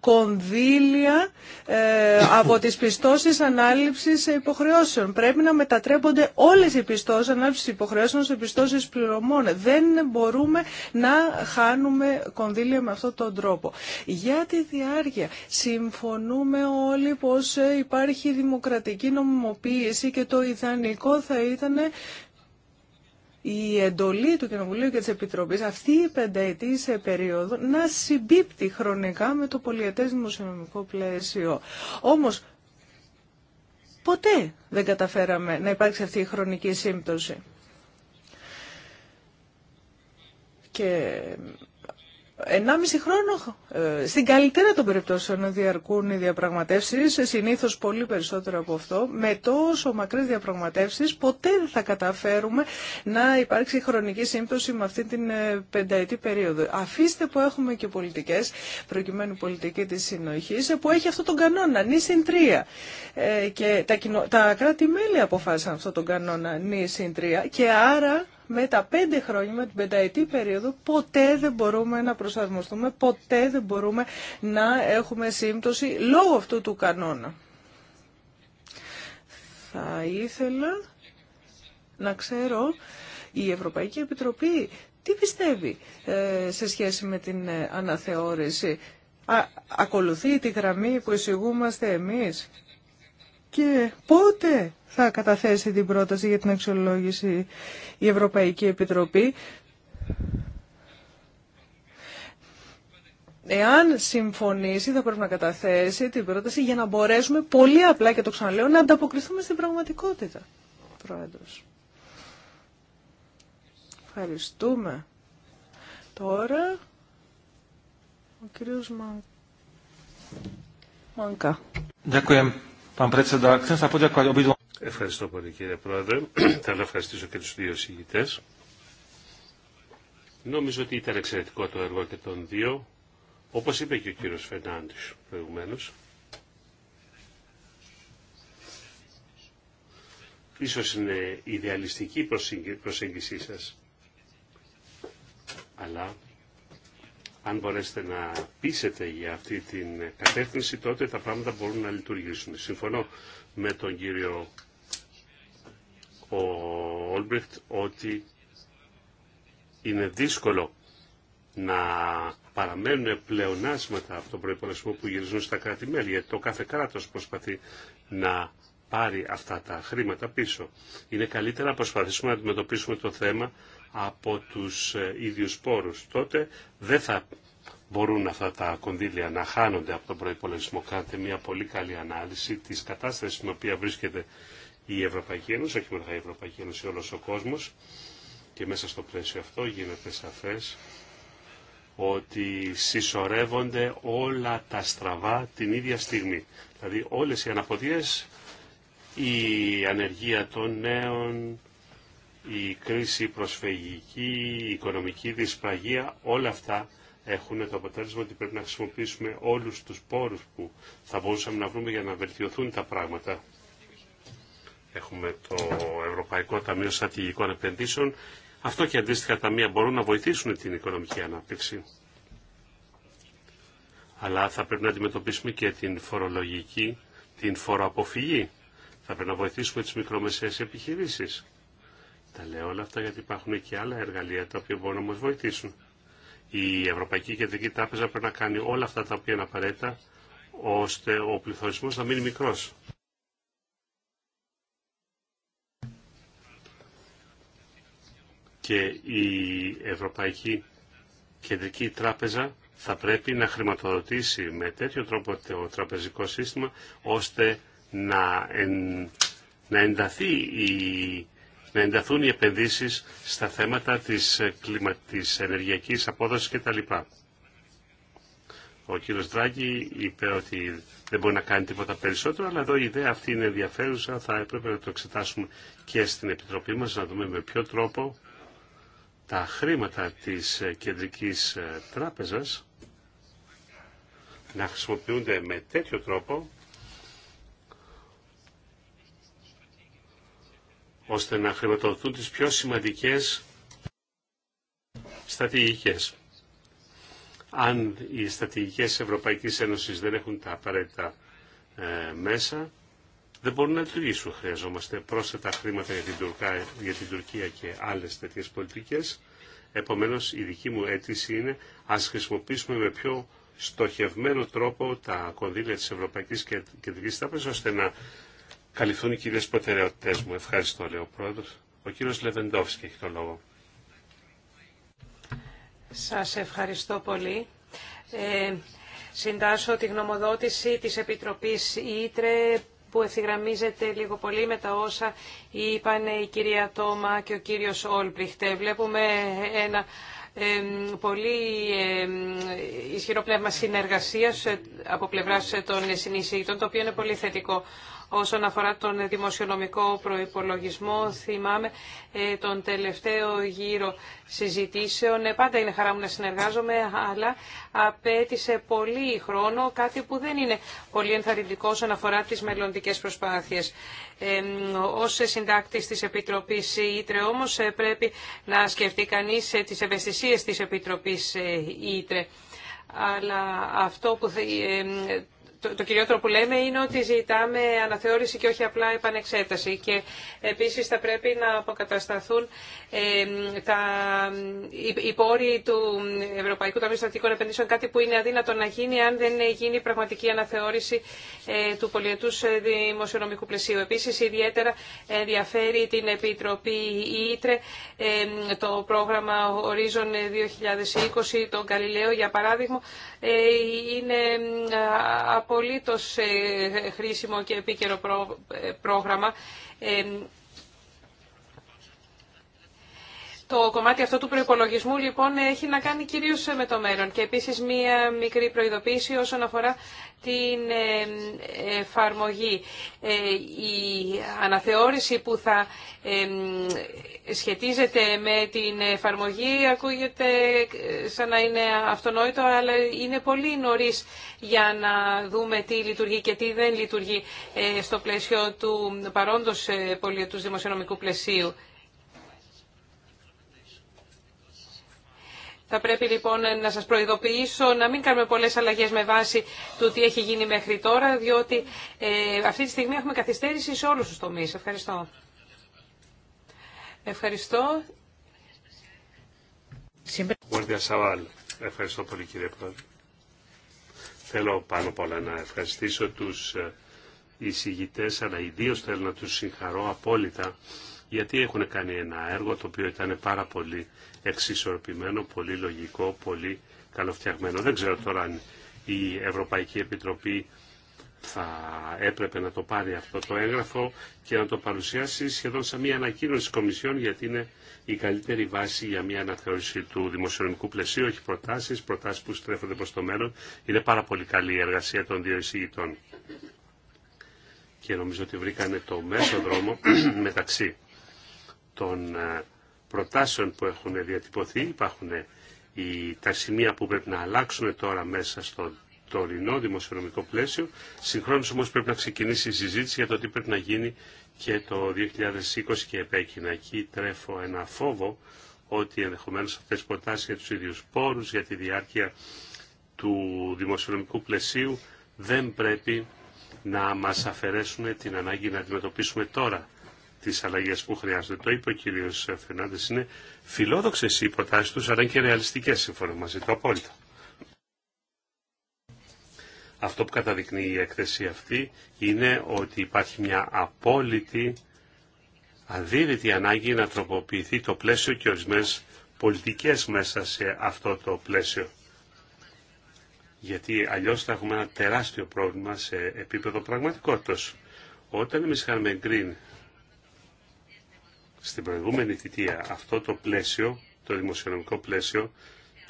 κονδύλια ε, από τις πιστώσεις ανάληψης υποχρεώσεων. Πρέπει να μετατρέπονται όλες οι πιστώσεις ανάληψης υποχρεώσεων σε πιστώσεις πληρωμών. Δεν μπορούμε να χάνουμε κονδύλια με αυτόν τον τρόπο. Για τη διάρκεια, συμφωνούμε όλοι πως υπάρχει δημοκρατική νομιμοποίηση και το ιδανικό θα ήταν η εντολή του Κοινοβουλίου και της Επιτροπής αυτή η πενταετή σε περίοδο να συμπίπτει χρονικά με το πολιετές δημοσιονομικό πλαίσιο. Όμως ποτέ δεν καταφέραμε να υπάρξει αυτή η χρονική σύμπτωση. Και Ενάμιση χρόνο ε, στην καλύτερα των περιπτώσεων διαρκούν οι διαπραγματεύσεις, συνήθως πολύ περισσότερο από αυτό. Με τόσο μακρές διαπραγματεύσεις ποτέ δεν θα καταφέρουμε να υπάρξει χρονική σύμπτωση με αυτή την ε, πενταετή περίοδο. Αφήστε που έχουμε και πολιτικές, προκειμένου πολιτική της συνοχής, που έχει αυτό τον κανόνα, νη συν τρία. Ε, και τα κράτη-μέλη αποφάσισαν αυτό τον κανόνα, νη συν τρία. Και άρα με τα πέντε χρόνια, με την πενταετή περίοδο, ποτέ δεν μπορούμε να προσαρμοστούμε, ποτέ δεν μπορούμε να έχουμε σύμπτωση λόγω αυτού του κανόνα. Θα ήθελα να ξέρω η Ευρωπαϊκή Επιτροπή τι πιστεύει ε, σε σχέση με την ε, αναθεώρηση. ακολουθεί τη γραμμή που εισηγούμαστε εμείς και πότε θα καταθέσει την πρόταση για την αξιολόγηση η Ευρωπαϊκή Επιτροπή. Εάν συμφωνήσει θα πρέπει να καταθέσει την πρόταση για να μπορέσουμε πολύ απλά και το ξαναλέω να ανταποκριθούμε στην πραγματικότητα. Πρόεδρος. Ευχαριστούμε. Τώρα ο κύριος Μανκά. Ευχαριστώ. Ευχαριστώ πολύ κύριε Πρόεδρε. <clears throat> Θέλω να ευχαριστήσω και τους δύο συγητές. Νομίζω ότι ήταν εξαιρετικό το έργο και των δύο, όπως είπε και ο κύριος Φερνάντης προηγουμένως. Ίσως είναι ιδεαλιστική προσέγγιση σας, αλλά αν μπορέσετε να πείσετε για αυτή την κατεύθυνση, τότε τα πράγματα μπορούν να λειτουργήσουν. Συμφωνώ με τον κύριο Όλμπριχτ ότι είναι δύσκολο να παραμένουν πλεονάσματα από τον προϋπολογισμό που γυρίζουν στα κράτη-μέλη, γιατί το κάθε κράτος προσπαθεί να πάρει αυτά τα χρήματα πίσω. Είναι καλύτερα να προσπαθήσουμε να αντιμετωπίσουμε το θέμα από τους ε, ίδιους πόρους. Τότε δεν θα μπορούν αυτά τα κονδύλια να χάνονται από τον προϋπολογισμό. Κάνετε μια πολύ καλή ανάλυση της κατάστασης στην οποία βρίσκεται η Ευρωπαϊκή Ένωση, όχι μόνο η Ευρωπαϊκή Ένωση, όλος ο κόσμος. Και μέσα στο πλαίσιο αυτό γίνεται σαφές ότι συσσωρεύονται όλα τα στραβά την ίδια στιγμή. Δηλαδή όλες οι αναποδίες, η ανεργία των νέων, η κρίση προσφυγική, η οικονομική δυσπραγία, όλα αυτά έχουν το αποτέλεσμα ότι πρέπει να χρησιμοποιήσουμε όλους τους πόρους που θα μπορούσαμε να βρούμε για να βελτιωθούν τα πράγματα. Έχουμε το Ευρωπαϊκό Ταμείο Στρατηγικών Επενδύσεων. Αυτό και αντίστοιχα ταμεία μπορούν να βοηθήσουν την οικονομική ανάπτυξη. Αλλά θα πρέπει να αντιμετωπίσουμε και την φορολογική, την φοροαποφυγή. Θα πρέπει να βοηθήσουμε τις μικρομεσαίες επιχειρήσεις. Τα λέω όλα αυτά γιατί υπάρχουν και άλλα εργαλεία τα οποία μπορούν να βοηθήσουν. Η Ευρωπαϊκή Κεντρική Τράπεζα πρέπει να κάνει όλα αυτά τα οποία είναι απαραίτητα ώστε ο πληθωρισμός να μείνει μικρός. Και η Ευρωπαϊκή Κεντρική Τράπεζα θα πρέπει να χρηματοδοτήσει με τέτοιο τρόπο το τραπεζικό σύστημα ώστε να, να ενταθεί η να ενταθούν οι επενδύσεις στα θέματα της, ε, κλιματικής, ενεργειακής απόδοσης κτλ. Ο κύριος Δράγκη είπε ότι δεν μπορεί να κάνει τίποτα περισσότερο, αλλά εδώ η ιδέα αυτή είναι ενδιαφέρουσα, θα έπρεπε να το εξετάσουμε και στην Επιτροπή μας, να δούμε με ποιο τρόπο τα χρήματα της ε, Κεντρικής ε, Τράπεζας να χρησιμοποιούνται με τέτοιο τρόπο ώστε να χρηματοδοτούν τις πιο σημαντικές στρατηγικές. Αν οι στρατηγικές Ευρωπαϊκής Ένωσης δεν έχουν τα απαραίτητα ε, μέσα, δεν μπορούν να λειτουργήσουν. Χρειαζόμαστε πρόσθετα χρήματα για την, για Τουρκία και άλλες τέτοιες πολιτικές. Επομένως, η δική μου αίτηση είναι ας χρησιμοποιήσουμε με πιο στοχευμένο τρόπο τα κονδύλια της Ευρωπαϊκής Κεντρικής Τράπεζας ώστε να καλυφθούν οι κυρίες προτεραιότητες μου. Ευχαριστώ, λέει ο πρόεδρος. Ο κύριος Λεβεντόφσκι έχει το λόγο. Σας ευχαριστώ πολύ. Ε, συντάσω τη γνωμοδότηση της Επιτροπής Ήτρε που ευθυγραμμίζεται λίγο πολύ με τα όσα είπαν η κυρία Τόμα και ο κύριος Όλπριχτε. Βλέπουμε ένα πολύ ισχυρό πνεύμα συνεργασίας ε, από πλευράς των συνεισηγητών, το οποίο είναι πολύ θετικό. Όσον αφορά τον δημοσιονομικό προϋπολογισμό, θυμάμαι ε, τον τελευταίο γύρο συζητήσεων. Ε, πάντα είναι χαρά μου να συνεργάζομαι, αλλά απέτησε πολύ χρόνο, κάτι που δεν είναι πολύ ενθαρρυντικό όσον αφορά τις μελλοντικές προσπάθειες. Ε, ως συντάκτης της Επιτροπής Ήτρε όμως ε, πρέπει να σκεφτεί κανείς τις ευαισθησίες της Επιτροπής Ήτρε. Αλλά αυτό που το, το κυριότερο που λέμε είναι ότι ζητάμε αναθεώρηση και όχι απλά επανεξέταση. Και επίσης θα πρέπει να αποκατασταθούν ε, τα, οι, πόροι του Ευρωπαϊκού Ταμείου Στρατικών Επενδύσεων, κάτι που είναι αδύνατο να γίνει αν δεν γίνει πραγματική αναθεώρηση ε, του πολιετούς ε, δημοσιονομικού πλαισίου. Επίσης, ιδιαίτερα ενδιαφέρει την Επιτροπή Ήτρε το πρόγραμμα Horizon 2020, τον Καλλιλέο για παράδειγμα, ε, είναι από απολύτως ε, χρήσιμο και επίκαιρο ε, πρόγραμμα. Ε, το κομμάτι αυτό του προπολογισμού λοιπόν έχει να κάνει κυρίως με το μέλλον και επίσης μία μικρή προειδοποίηση όσον αφορά την εφαρμογή. Η αναθεώρηση που θα σχετίζεται με την εφαρμογή ακούγεται ε, σαν να είναι αυτονόητο, αλλά είναι πολύ νωρίς για να δούμε τι λειτουργεί και τι δεν λειτουργεί ε, στο πλαίσιο του παρόντος ε, πολιετού δημοσιονομικού πλαισίου. Θα πρέπει λοιπόν να σας προειδοποιήσω να μην κάνουμε πολλές αλλαγές με βάση του τι έχει γίνει μέχρι τώρα, διότι αυτή τη στιγμή έχουμε καθυστέρηση σε όλους τους τομείς. Ευχαριστώ. Ευχαριστώ. Ευχαριστώ πολύ κύριε Πρόεδρε. Θέλω πάνω απ' όλα να ευχαριστήσω τους ε, εισηγητές, αλλά ιδίως θέλω να τους συγχαρώ απόλυτα, γιατί έχουν κάνει ένα έργο το οποίο ήταν πάρα πολύ εξισορροπημένο, πολύ λογικό, πολύ καλοφτιαγμένο. Δεν ξέρω τώρα αν η Ευρωπαϊκή Επιτροπή θα έπρεπε να το πάρει αυτό το έγγραφο και να το παρουσιάσει σχεδόν σαν μια ανακοίνωση της Κομισιόν γιατί είναι η καλύτερη βάση για μια αναθεώρηση του δημοσιονομικού πλαισίου, όχι προτάσεις, προτάσεις που στρέφονται προς το μέλλον. Είναι πάρα πολύ καλή η εργασία των δύο εισηγητών. Και νομίζω ότι βρήκανε το μέσο δρόμο <clears throat> μεταξύ των ε, προτάσεων που έχουν διατυπωθεί. Υπάρχουν ε, οι, τα σημεία που πρέπει να αλλάξουν τώρα μέσα στο το τωρινό δημοσιονομικό πλαίσιο. Συγχρόνως όμως πρέπει να ξεκινήσει η συζήτηση για το τι πρέπει να γίνει και το 2020 και επέκεινα. Εκεί τρέφω ένα φόβο ότι ενδεχομένως αυτές οι προτάσει για τους ίδιους πόρους, για τη διάρκεια του δημοσιονομικού πλαισίου δεν πρέπει να μας αφαιρέσουν την ανάγκη να αντιμετωπίσουμε τώρα τις αλλαγές που χρειάζονται. Το είπε ο κ. Φερνάντες, είναι φιλόδοξες οι προτάσει του, αλλά είναι και ρεαλιστικές, συμφωνώ μαζί του απόλυτα. Αυτό που καταδεικνύει η έκθεση αυτή είναι ότι υπάρχει μια απόλυτη αδύρυτη ανάγκη να τροποποιηθεί το πλαίσιο και ορισμένε πολιτικές μέσα σε αυτό το πλαίσιο. Γιατί αλλιώς θα έχουμε ένα τεράστιο πρόβλημα σε επίπεδο πραγματικότητας. Όταν εμείς είχαμε εγκρίνει στην προηγούμενη θητεία αυτό το πλαίσιο, το δημοσιονομικό πλαίσιο,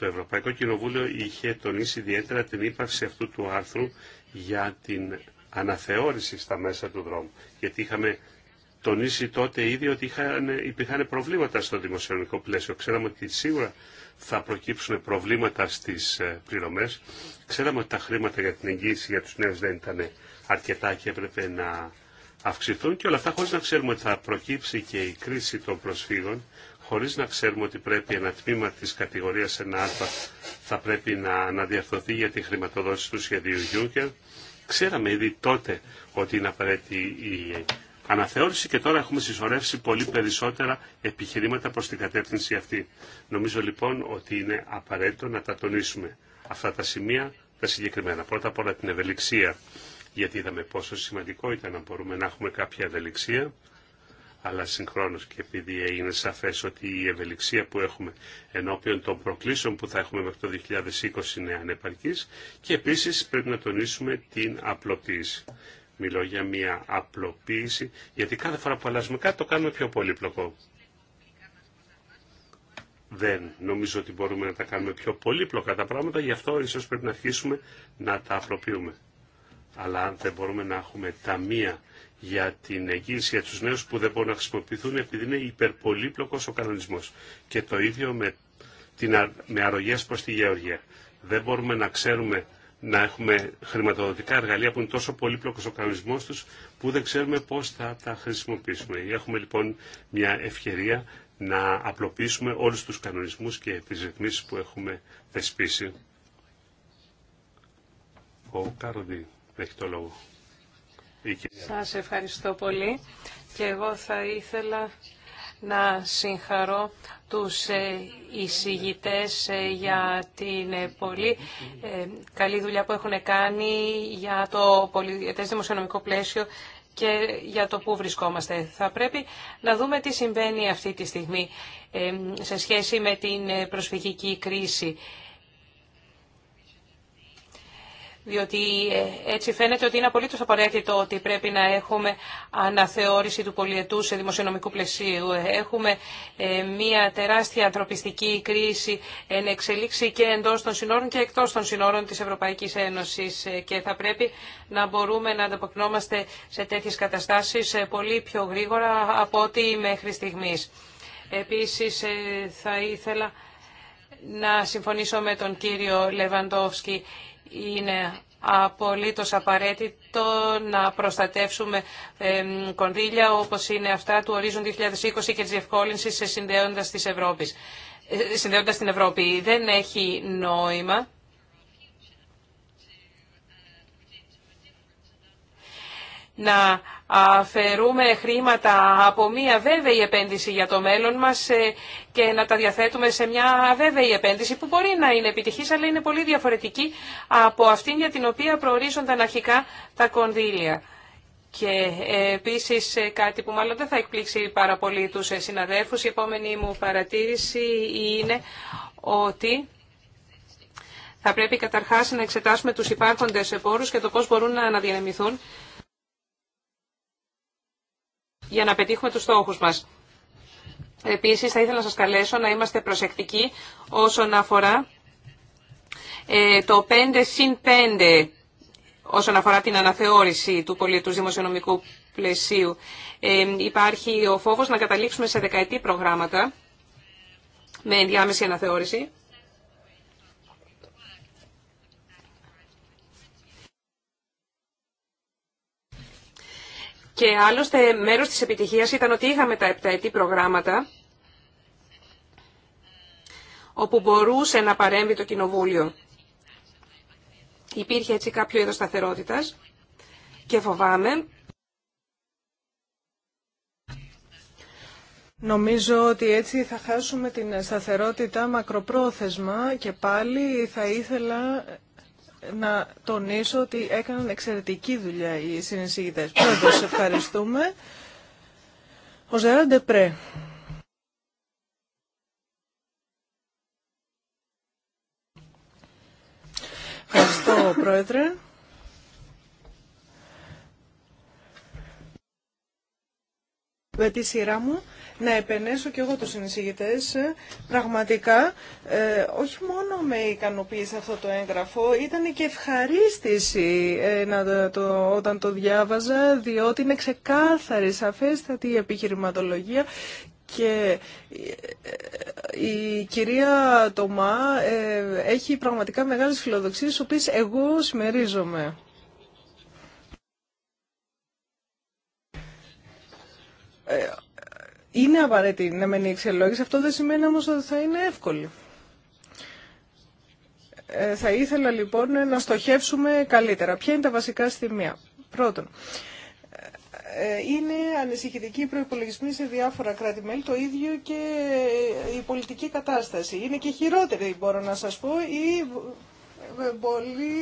το Ευρωπαϊκό Κοινοβούλιο είχε τονίσει ιδιαίτερα την ύπαρξη αυτού του άρθρου για την αναθεώρηση στα μέσα του δρόμου. Γιατί είχαμε τονίσει τότε ήδη ότι υπήρχαν προβλήματα στο δημοσιονομικό πλαίσιο. Ξέραμε ότι σίγουρα θα προκύψουν προβλήματα στις ε, πληρωμές. Ξέραμε ότι τα χρήματα για την εγγύηση για τους νέους δεν ήταν αρκετά και έπρεπε να αυξηθούν και όλα αυτά χωρίς να ξέρουμε ότι θα προκύψει και η κρίση των προσφύγων χωρίς να ξέρουμε ότι πρέπει ένα τμήμα της κατηγορίας 1α θα πρέπει να αναδιαρθωθεί για τη χρηματοδότηση του σχεδίου Juncker. Ξέραμε ήδη τότε ότι είναι απαραίτητη η αναθεώρηση και τώρα έχουμε συσσωρεύσει πολύ περισσότερα επιχειρήματα προς την κατεύθυνση αυτή. Νομίζω λοιπόν ότι είναι απαραίτητο να τα τονίσουμε αυτά τα σημεία τα συγκεκριμένα. Πρώτα απ' όλα την ευελιξία, γιατί είδαμε πόσο σημαντικό ήταν να μπορούμε να έχουμε κάποια ευελιξία αλλά συγχρόνως και επειδή είναι σαφές ότι η ευελιξία που έχουμε ενώπιον των προκλήσεων που θα έχουμε μέχρι το 2020 είναι ανεπαρκής και επίσης πρέπει να τονίσουμε την απλοποίηση. Μιλώ για μια απλοποίηση, γιατί κάθε φορά που αλλάζουμε κάτι το κάνουμε πιο πολύπλοκο. Δεν νομίζω ότι μπορούμε να τα κάνουμε πιο πολύπλοκα τα πράγματα, γι' αυτό ίσως πρέπει να αρχίσουμε να τα απλοποιούμε. Αλλά αν δεν μπορούμε να έχουμε τα μία για την εγγύηση για τους νέους που δεν μπορούν να χρησιμοποιηθούν επειδή είναι υπερπολύπλοκος ο κανονισμός. Και το ίδιο με, την, με αρρωγές προς τη γεωργία. Δεν μπορούμε να ξέρουμε να έχουμε χρηματοδοτικά εργαλεία που είναι τόσο πολύπλοκος ο κανονισμός τους που δεν ξέρουμε πώς θα τα χρησιμοποιήσουμε. Έχουμε λοιπόν μια ευκαιρία να απλοποιήσουμε όλους τους κανονισμούς και τις ρυθμίσεις που έχουμε θεσπίσει. Ο Κάροντι έχει το λόγο. Σας ευχαριστώ πολύ και εγώ θα ήθελα να συγχαρώ τους ε, εισηγητές ε, για την ε, πολύ καλή δουλειά που έχουν κάνει για το πολιτικές δημοσιονομικό πλαίσιο και για το πού βρισκόμαστε. Θα πρέπει να δούμε τι συμβαίνει αυτή τη στιγμή σε σχέση με την προσφυγική κρίση διότι ε, έτσι φαίνεται ότι είναι απολύτως απαραίτητο ότι πρέπει να έχουμε αναθεώρηση του πολιετού σε δημοσιονομικού πλαισίου. Ε, έχουμε ε, μια τεράστια ανθρωπιστική κρίση εν εξελίξη και εντός των συνόρων και εκτός των συνόρων της Ευρωπαϊκής Ένωσης και θα πρέπει να μπορούμε να ανταποκρινόμαστε σε τέτοιες καταστάσεις πολύ πιο γρήγορα από ό,τι μέχρι στιγμής. Επίσης θα ήθελα να συμφωνήσω με τον κύριο Λεβαντόφσκι είναι απολύτως απαραίτητο να προστατεύσουμε κονδύλια όπως είναι αυτά του ορίζον 2020 και της διευκόλυνσης σε συνδέοντας, της Ευρώπης, ε, συνδέοντας την Ευρώπη. Δεν έχει νόημα να αφαιρούμε χρήματα από μια βέβαιη επένδυση για το μέλλον μας ε, και να τα διαθέτουμε σε μια βέβαιη επένδυση που μπορεί να είναι επιτυχής αλλά είναι πολύ διαφορετική από αυτήν για την οποία προορίζονταν αρχικά τα κονδύλια. Και ε, επίσης ε, κάτι που μάλλον δεν θα εκπλήξει πάρα πολύ τους συναδέλφους, η επόμενη μου παρατήρηση είναι ότι θα πρέπει καταρχάς να εξετάσουμε τους υπάρχοντες πόρους και το πώς μπορούν να αναδιανεμηθούν για να πετύχουμε τους στόχους μας. Επίσης, θα ήθελα να σας καλέσω να είμαστε προσεκτικοί όσον αφορά ε, το 5 συν 5 όσον αφορά την αναθεώρηση του πολιτού δημοσιονομικού πλαισίου. Ε, υπάρχει ο φόβος να καταλήξουμε σε δεκαετή προγράμματα με ενδιάμεση αναθεώρηση. Και άλλωστε μέρος της επιτυχίας ήταν ότι είχαμε τα επταετή προγράμματα όπου μπορούσε να παρέμβει το Κοινοβούλιο. Υπήρχε έτσι κάποιο είδος σταθερότητας και φοβάμαι Νομίζω ότι έτσι θα χάσουμε την σταθερότητα μακροπρόθεσμα και πάλι θα ήθελα να τονίσω ότι έκαναν εξαιρετική δουλειά οι συνεισήγητες. σε ευχαριστούμε. Ο Ζεράν Ντεπρέ. Ευχαριστώ, Πρόεδρε. Με τη σειρά μου να επενέσω και εγώ τους συνεισηγητές. Ε, πραγματικά, ε, όχι μόνο με ικανοποίησε αυτό το έγγραφο, ήταν και ευχαρίστηση ε, να, το, όταν το διάβαζα, διότι είναι ξεκάθαρη, σαφέστατη η επιχειρηματολογία και ε, η κυρία Τομά έχει πραγματικά μεγάλες φιλοδοξίες, τις οποίες εγώ συμμερίζομαι. Είναι απαραίτητη να μείνει η εξελόγηση, αυτό δεν σημαίνει όμως ότι θα είναι εύκολη. Ε, θα ήθελα λοιπόν να στοχεύσουμε καλύτερα. Ποια είναι τα βασικά στιγμία. Πρώτον, ε, είναι ανησυχητικοί οι προπολογισμοί σε διάφορα κράτη-μέλη, το ίδιο και η πολιτική κατάσταση. Είναι και χειρότερη, μπορώ να σας πω, ή ε, πολύ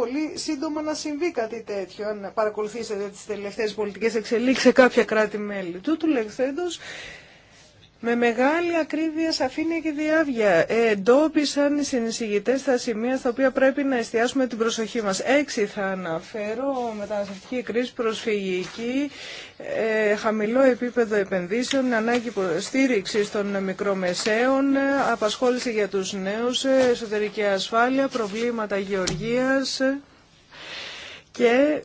πολύ σύντομα να συμβεί κάτι τέτοιο, αν παρακολουθήσετε τις τελευταίες πολιτικές εξελίξεις σε κάποια κράτη-μέλη. Τούτου με μεγάλη ακρίβεια, σαφήνεια και διάβια ε, εντόπισαν οι συνεισηγητές τα σημεία στα οποία πρέπει να εστιάσουμε την προσοχή μας. Έξι θα αναφέρω, μεταναστευτική κρίση, προσφυγική, ε, χαμηλό επίπεδο επενδύσεων, ανάγκη στήριξη των μικρομεσαίων, ε, απασχόληση για τους νέους, ε, εσωτερική ασφάλεια, προβλήματα γεωργίας και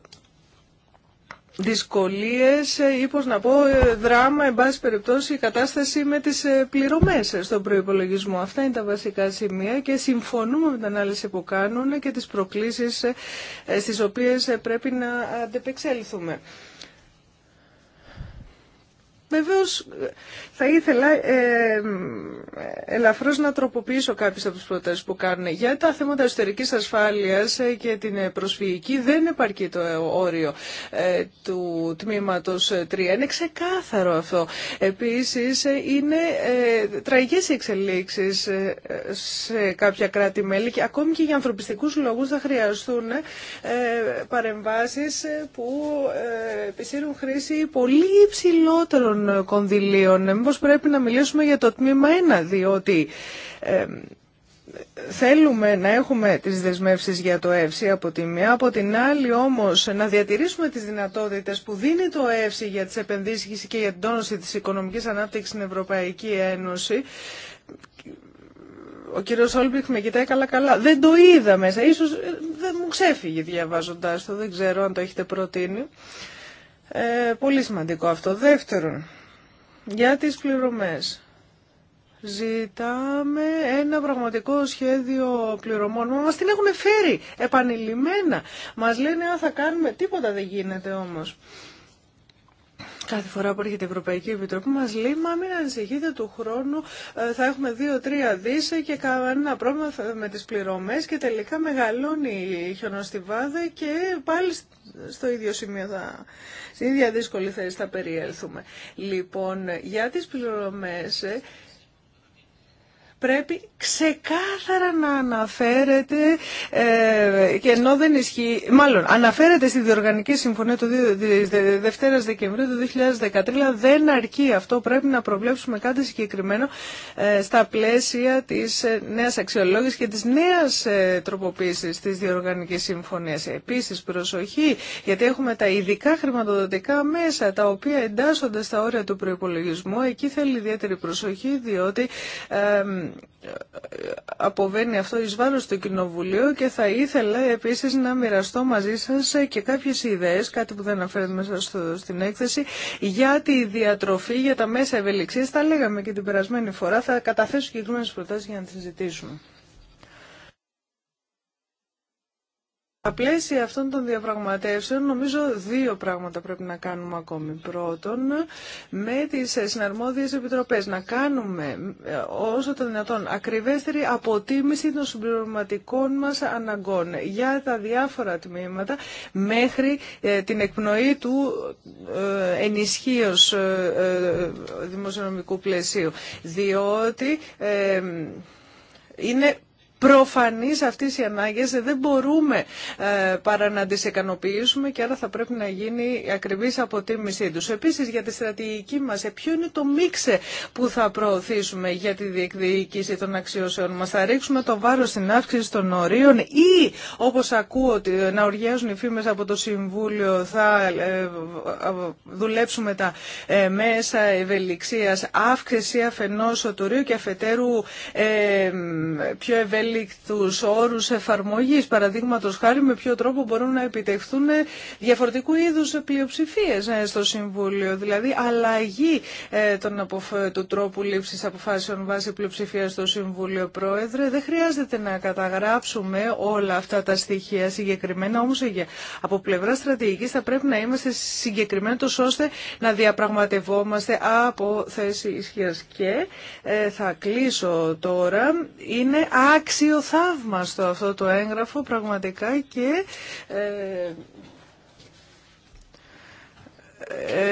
δυσκολίες ε, ή πώς να πω ε, δράμα, εν πάση περιπτώσει η κατάσταση με τις ε, πληρωμές στον προϋπολογισμό. Αυτά είναι τα βασικά σημεία και συμφωνούμε με την ανάλυση που κάνουν και τις προκλήσεις στις οποίες πρέπει να αντεπεξέλθουμε. Βεβαίω, θα ήθελα ε, ελαφρώς να τροποποιήσω κάποιες από τις προτάσεις που κάνουν. Για τα θέματα εσωτερικής ασφάλειας ε, και την ε, προσφυγική δεν επαρκεί το ε, όριο του τμήματος 3. Είναι ξεκάθαρο αυτό. Επίσης είναι ε, τραγικές εξελίξεις σε κάποια κράτη-μέλη και ακόμη και για ανθρωπιστικούς λόγους θα χρειαστούν ε, παρεμβάσεις που επισύρουν χρήση πολύ υψηλότερων κονδυλίων. Μήπως πρέπει να μιλήσουμε για το τμήμα 1, διότι ε, θέλουμε να έχουμε τις δεσμεύσεις για το ΕΦΣΙ από τη μία, από την άλλη όμως να διατηρήσουμε τις δυνατότητες που δίνει το ΕΦΣΙ για τις επενδύσεις και για την τόνωση της οικονομικής ανάπτυξης στην Ευρωπαϊκή Ένωση. Ο κύριο Όλμπιχ με κοιτάει καλά-καλά. Δεν το είδα μέσα. Ίσως ε, δεν μου ξέφυγε διαβάζοντάς το. Δεν ξέρω αν το έχετε προτείνει. Ε, πολύ σημαντικό αυτό. Δεύτερον, για τις πληρωμές. Ζητάμε ένα πραγματικό σχέδιο πληρωμών. Μας την έχουν φέρει επανειλημμένα. Μας λένε αν θα κάνουμε. Τίποτα δεν γίνεται όμως. Κάθε φορά που έρχεται η Ευρωπαϊκή Επιτροπή μα λέει, μα μην ανησυχείτε του χρόνου, ε, θα εχουμε δύο, τρία, δις και κανένα πρόβλημα με τις πληρωμές και τελικά μεγαλώνει η χιονοστιβάδα και πάλι στο ίδιο σημείο θα, στην ίδια δύσκολη θέση θα περιέλθουμε. Λοιπόν, για τις πληρωμές ε, πρέπει ξεκάθαρα να αναφέρεται ε, και ενώ δεν ισχύει, μάλλον αναφέρεται στη Διοργανική Συμφωνία του Δευτέρας Δεκεμβρίου του 2013, δεν αρκεί αυτό, πρέπει να προβλέψουμε κάτι συγκεκριμένο ε, στα πλαίσια της ε, νέας αξιολόγησης και της νέας ε, τροποποίησης της Διοργανικής Συμφωνίας. Επίσης, προσοχή, γιατί έχουμε τα ειδικά χρηματοδοτικά μέσα, τα οποία εντάσσονται στα όρια του προπολογισμού, εκεί θέλει ιδιαίτερη προσοχή, διότι αποβαίνει αυτό εις βάρος του Κοινοβουλίου και θα ήθελα επίσης να μοιραστώ μαζί σας και κάποιες ιδέες, κάτι που δεν αναφέρεται μέσα στο, στην έκθεση, για τη διατροφή, για τα μέσα ευελιξίας. Τα λέγαμε και την περασμένη φορά, θα καταθέσω συγκεκριμένε προτάσεις για να τις συζητήσουμε. Στα πλαίσια αυτών των διαπραγματεύσεων νομίζω δύο πράγματα πρέπει να κάνουμε ακόμη. Πρώτον, με τι συναρμόδιε επιτροπές να κάνουμε ε, όσο το δυνατόν ακριβέστερη αποτίμηση των συμπληρωματικών μα αναγκών για τα διάφορα τμήματα μέχρι ε, την εκπνοή του ε, ενισχύως δημοσιονομικού πλαισίου. Διότι είναι προφανείς αυτέ οι ανάγκες δεν μπορούμε ε, παρά να τις ικανοποιήσουμε και άρα θα πρέπει να γίνει ακριβής αποτίμησή τους. Επίσης για τη στρατηγική μας, ε, ποιο είναι το μίξε που θα προωθήσουμε για τη διεκδίκηση των αξιώσεων μας. Θα ρίξουμε το βάρος στην αύξηση των ορίων ή όπως ακούω ότι να οργιάζουν οι φήμες από το Συμβούλιο θα ε, δουλέψουμε τα μέσα ευελιξίας αύξηση αφενός του ρίου και αφετέρου πιο ευέλικτη ευέλικτους όρους εφαρμογής, παραδείγματος χάρη με ποιο τρόπο μπορούν να επιτευχθούν διαφορετικού είδους πλειοψηφίες ε, στο Συμβούλιο, δηλαδή αλλαγή ε, του τρόπου λήψης αποφάσεων βάσει πλειοψηφία στο Συμβούλιο Πρόεδρε. Δεν χρειάζεται να καταγράψουμε όλα αυτά τα στοιχεία συγκεκριμένα, όμως ε, από πλευρά στρατηγικής θα πρέπει να είμαστε συγκεκριμένοι ώστε να διαπραγματευόμαστε από θέση ισχύας. Και θα κλείσω τώρα, είναι αξιοθαύμαστο αυτό το έγγραφο πραγματικά και ε,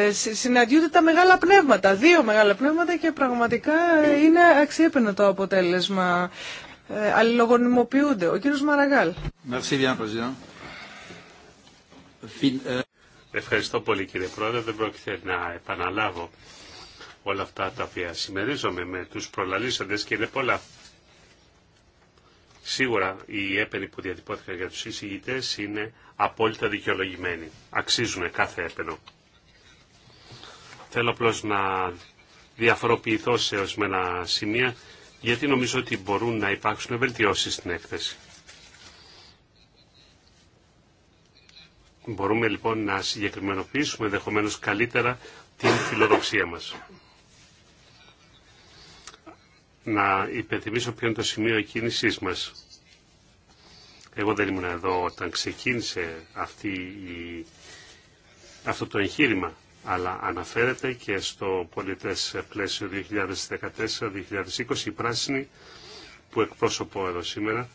ε, συναντιούνται τα μεγάλα πνεύματα, δύο μεγάλα πνεύματα και πραγματικά είναι αξιέπαινο το αποτέλεσμα. Ε, αλληλογονιμοποιούνται. Ο κύριος Μαραγκάλ. Ε, Ευχαριστώ πολύ κύριε Πρόεδρε. Δεν πρόκειται να επαναλάβω όλα αυτά τα οποία συμμερίζομαι με τους προλαλήσαντες και είναι πολλά. Σίγουρα οι έπαινοι που διατυπώθηκαν για τους εισηγητές είναι απόλυτα δικαιολογημένοι. Αξίζουν κάθε έπαινο. Θέλω απλώς να διαφοροποιηθώ σε ορισμένα σημεία γιατί νομίζω ότι μπορούν να υπάρξουν βελτιώσεις στην έκθεση. Μπορούμε λοιπόν να συγκεκριμενοποιήσουμε ενδεχομένω καλύτερα την φιλοδοξία μας να υπενθυμίσω ποιο είναι το σημείο κίνησής μας. Εγώ δεν ήμουν εδώ όταν ξεκίνησε αυτή η, αυτό το εγχείρημα, αλλά αναφέρεται και στο πολιτές πλαίσιο 2014-2020 οι πράσινοι που εκπρόσωπο εδώ σήμερα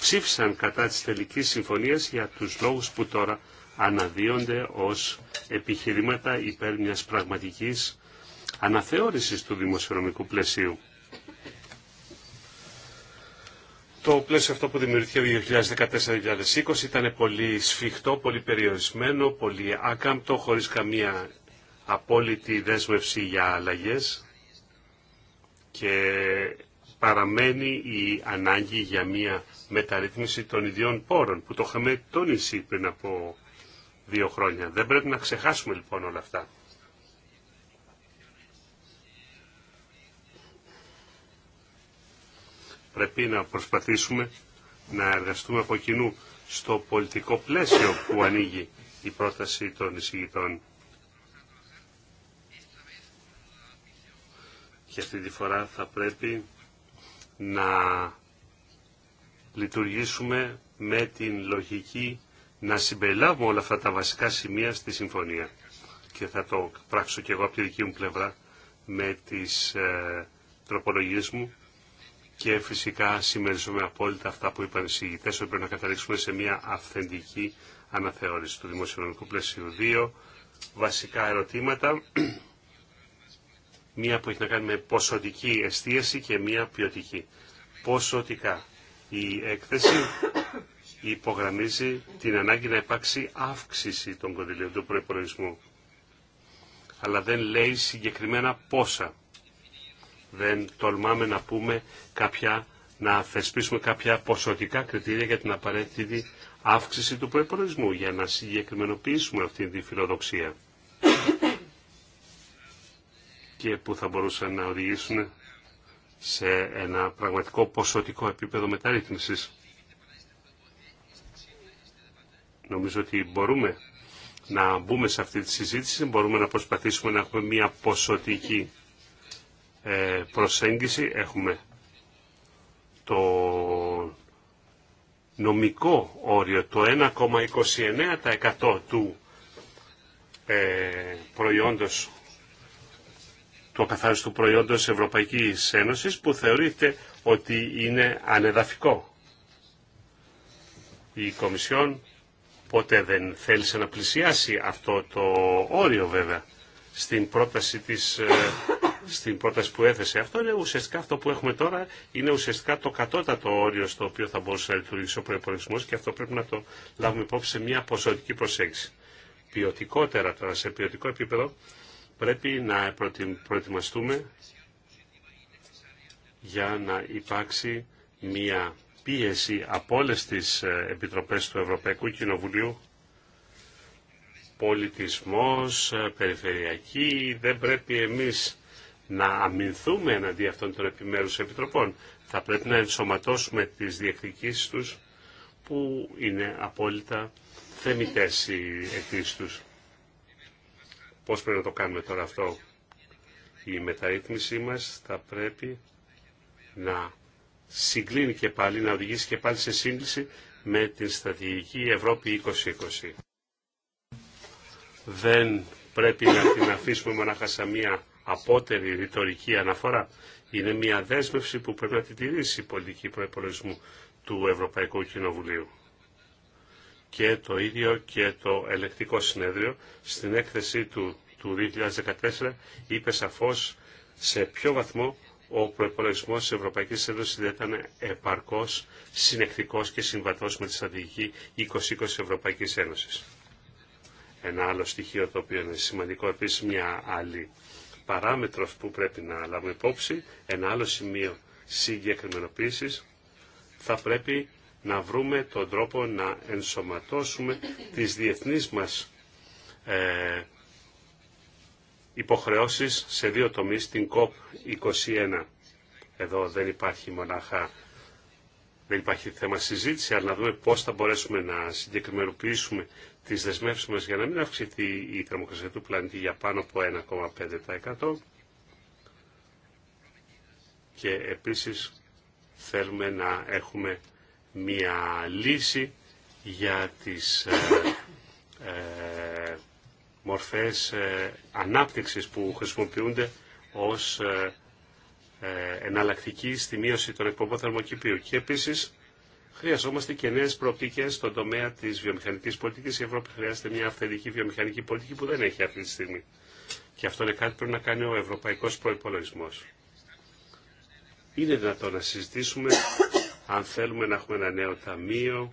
ψήφισαν κατά της τελικής συμφωνίας για τους λόγους που τώρα αναδύονται ως επιχειρήματα υπέρ μιας πραγματικής αναθεώρησης του δημοσιονομικού πλαισίου. Το πλαίσιο αυτό που δημιουργήθηκε το 2014-2020 ήταν πολύ σφιχτό, πολύ περιορισμένο, πολύ άκαμπτο, χωρίς καμία απόλυτη δέσμευση για αλλαγές και παραμένει η ανάγκη για μια μεταρρύθμιση των ιδιών πόρων που το είχαμε τόνισει πριν από δύο χρόνια. Δεν πρέπει να ξεχάσουμε λοιπόν όλα αυτά. πρέπει να προσπαθήσουμε να εργαστούμε από κοινού στο πολιτικό πλαίσιο που ανοίγει η πρόταση των εισηγητών. Και αυτή τη φορά θα πρέπει να λειτουργήσουμε με την λογική να συμπεριλάβουμε όλα αυτά τα βασικά σημεία στη συμφωνία. Και θα το πράξω και εγώ από τη δική μου πλευρά με τις ε, τροπολογίες μου και φυσικά συμμεριζόμαι απόλυτα αυτά που είπαν οι συγητές ότι πρέπει να καταλήξουμε σε μια αυθεντική αναθεώρηση του δημοσιονομικού πλαισίου. Δύο βασικά ερωτήματα, μία που έχει να κάνει με ποσοτική εστίαση και μία ποιοτική. Ποσοτικά. Η έκθεση υπογραμμίζει την ανάγκη να υπάρξει αύξηση των κονδυλίων του προϋπολογισμού. Αλλά δεν λέει συγκεκριμένα πόσα δεν τολμάμε να πούμε κάποια, να θεσπίσουμε κάποια ποσοτικά κριτήρια για την απαραίτητη αύξηση του προϋπολογισμού για να συγκεκριμενοποιήσουμε αυτή τη φιλοδοξία και που θα μπορούσαν να οδηγήσουν σε ένα πραγματικό ποσοτικό επίπεδο μεταρρύθμισης. Νομίζω ότι μπορούμε να μπούμε σε αυτή τη συζήτηση, μπορούμε να προσπαθήσουμε να έχουμε μια ποσοτική ε, προσέγγιση. Έχουμε το νομικό όριο, το 1,29% του ε, προϊόντος του ακαθάριστου προϊόντος Ευρωπαϊκής Ένωσης που θεωρείται ότι είναι ανεδαφικό. Η Κομισιόν ποτέ δεν θέλησε να πλησιάσει αυτό το όριο βέβαια. Στην πρόταση της ε, στην πρόταση που έθεσε. Αυτό είναι ουσιαστικά αυτό που έχουμε τώρα, είναι ουσιαστικά το κατώτατο όριο στο οποίο θα μπορούσε να λειτουργήσει ο προπολογισμό και αυτό πρέπει να το λάβουμε υπόψη σε μια ποσοτική προσέγγιση. Ποιοτικότερα τώρα, σε ποιοτικό επίπεδο, πρέπει να προετοιμαστούμε για να υπάρξει μια πίεση από όλε τι ε, επιτροπέ του Ευρωπαϊκού Κοινοβουλίου πολιτισμός, ε, περιφερειακή, δεν πρέπει εμείς να αμυνθούμε εναντί αυτών των επιμέρους επιτροπών. Θα πρέπει να ενσωματώσουμε τις διεκδικήσεις τους που είναι απόλυτα θεμητές οι αιτήσεις τους. Πώς πρέπει να το κάνουμε τώρα αυτό. Η μεταρρύθμιση μας θα πρέπει να συγκλίνει και πάλι, να οδηγήσει και πάλι σε σύγκληση με την στρατηγική Ευρώπη 2020. Δεν πρέπει να την αφήσουμε μονάχα σε μια απότερη ρητορική αναφορά. Είναι μια δέσμευση που πρέπει να την τηρήσει η πολιτική προπολογισμού του Ευρωπαϊκού Κοινοβουλίου. Και το ίδιο και το ελεκτικό συνέδριο στην έκθεσή του του 2014 είπε σαφώς σε ποιο βαθμό ο προπολογισμό τη Ευρωπαϊκή Ένωση δεν ήταν επαρκώ συνεκτικός και συμβατός με τη στρατηγική 2020 Ευρωπαϊκή Ένωση. Ένα άλλο στοιχείο το οποίο είναι σημαντικό επίση μια άλλη παράμετρος που πρέπει να λάβουμε υπόψη, ένα άλλο σημείο συγκεκριμενοποίησης, θα πρέπει να βρούμε τον τρόπο να ενσωματώσουμε τις διεθνείς μας ε, υποχρεώσεις σε δύο τομείς, την COP21. Εδώ δεν υπάρχει μονάχα δεν υπάρχει θέμα συζήτηση, αλλά να δούμε πώς θα μπορέσουμε να συγκεκριμενοποιήσουμε τις δεσμεύσει μα για να μην αυξηθεί η θερμοκρασία του πλανήτη για πάνω από 1,5% και επίσης θέλουμε να έχουμε μία λύση για τις ε, ε, μορφές ε, ανάπτυξης που χρησιμοποιούνται ως ε, ε, εναλλακτική στη μείωση των εκπομπών θερμοκηπίου. Και επίσης Χρειαζόμαστε και νέε προοπτικέ στον τομέα τη βιομηχανική πολιτική. Η Ευρώπη χρειάζεται μια αυθεντική βιομηχανική πολιτική που δεν έχει αυτή τη στιγμή. Και αυτό είναι κάτι που πρέπει να κάνει ο ευρωπαϊκό προπολογισμό. Είναι δυνατό να συζητήσουμε <coughs> αν θέλουμε να έχουμε ένα νέο ταμείο,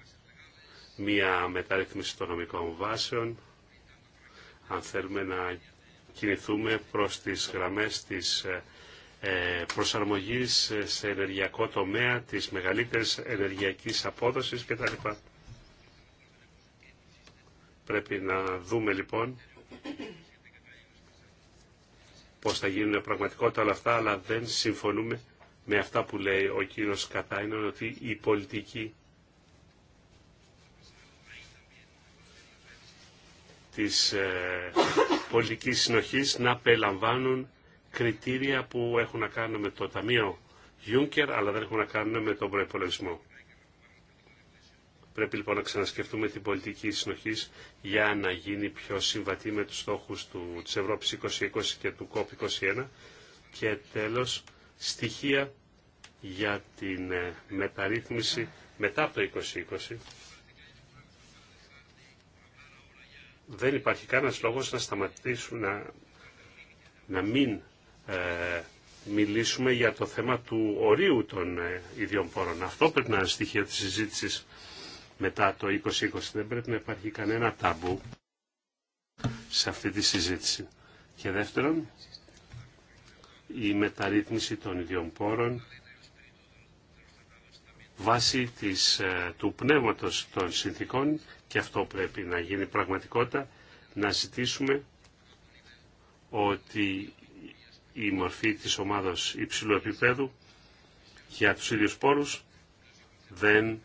μια μεταρρύθμιση των νομικών βάσεων, αν θέλουμε να κινηθούμε προς τις γραμμές της ε, ε, προσαρμογής ε, σε ενεργειακό τομέα, της μεγαλύτερης ενεργειακής απόδοσης κτλ. Πρέπει να δούμε λοιπόν πώς θα γίνουν πραγματικότητα όλα αυτά, αλλά δεν συμφωνούμε με αυτά που λέει ο κύριος Κατάινον, ότι η πολιτική της ε, πολιτικής συνοχής να περιλαμβάνουν κριτήρια που έχουν να κάνουν με το Ταμείο Juncker, αλλά δεν έχουν να κάνουν με τον προπολογισμό. Πρέπει λοιπόν να ξανασκεφτούμε την πολιτική συνοχή για να γίνει πιο συμβατή με τους στόχους του, της Ευρώπης 2020 και του COP21 και τέλος στοιχεία για την ε, μεταρρύθμιση μετά από το 2020. Δεν υπάρχει κανένας λόγος να σταματήσουν να, να μην ε, μιλήσουμε για το θέμα του ορίου των ε, ιδιών πόρων. Αυτό πρέπει να είναι στοιχείο της συζήτησης μετά το 2020. Δεν πρέπει να υπάρχει κανένα ταμπού σε αυτή τη συζήτηση. Και δεύτερον, η μεταρρύθμιση των ιδιών πόρων βάσει της, ε, του πνεύματος των συνθήκων και αυτό πρέπει να γίνει πραγματικότητα, να ζητήσουμε ότι η μορφή της ομάδας υψηλού επίπεδου για τους ίδιους πόρους δεν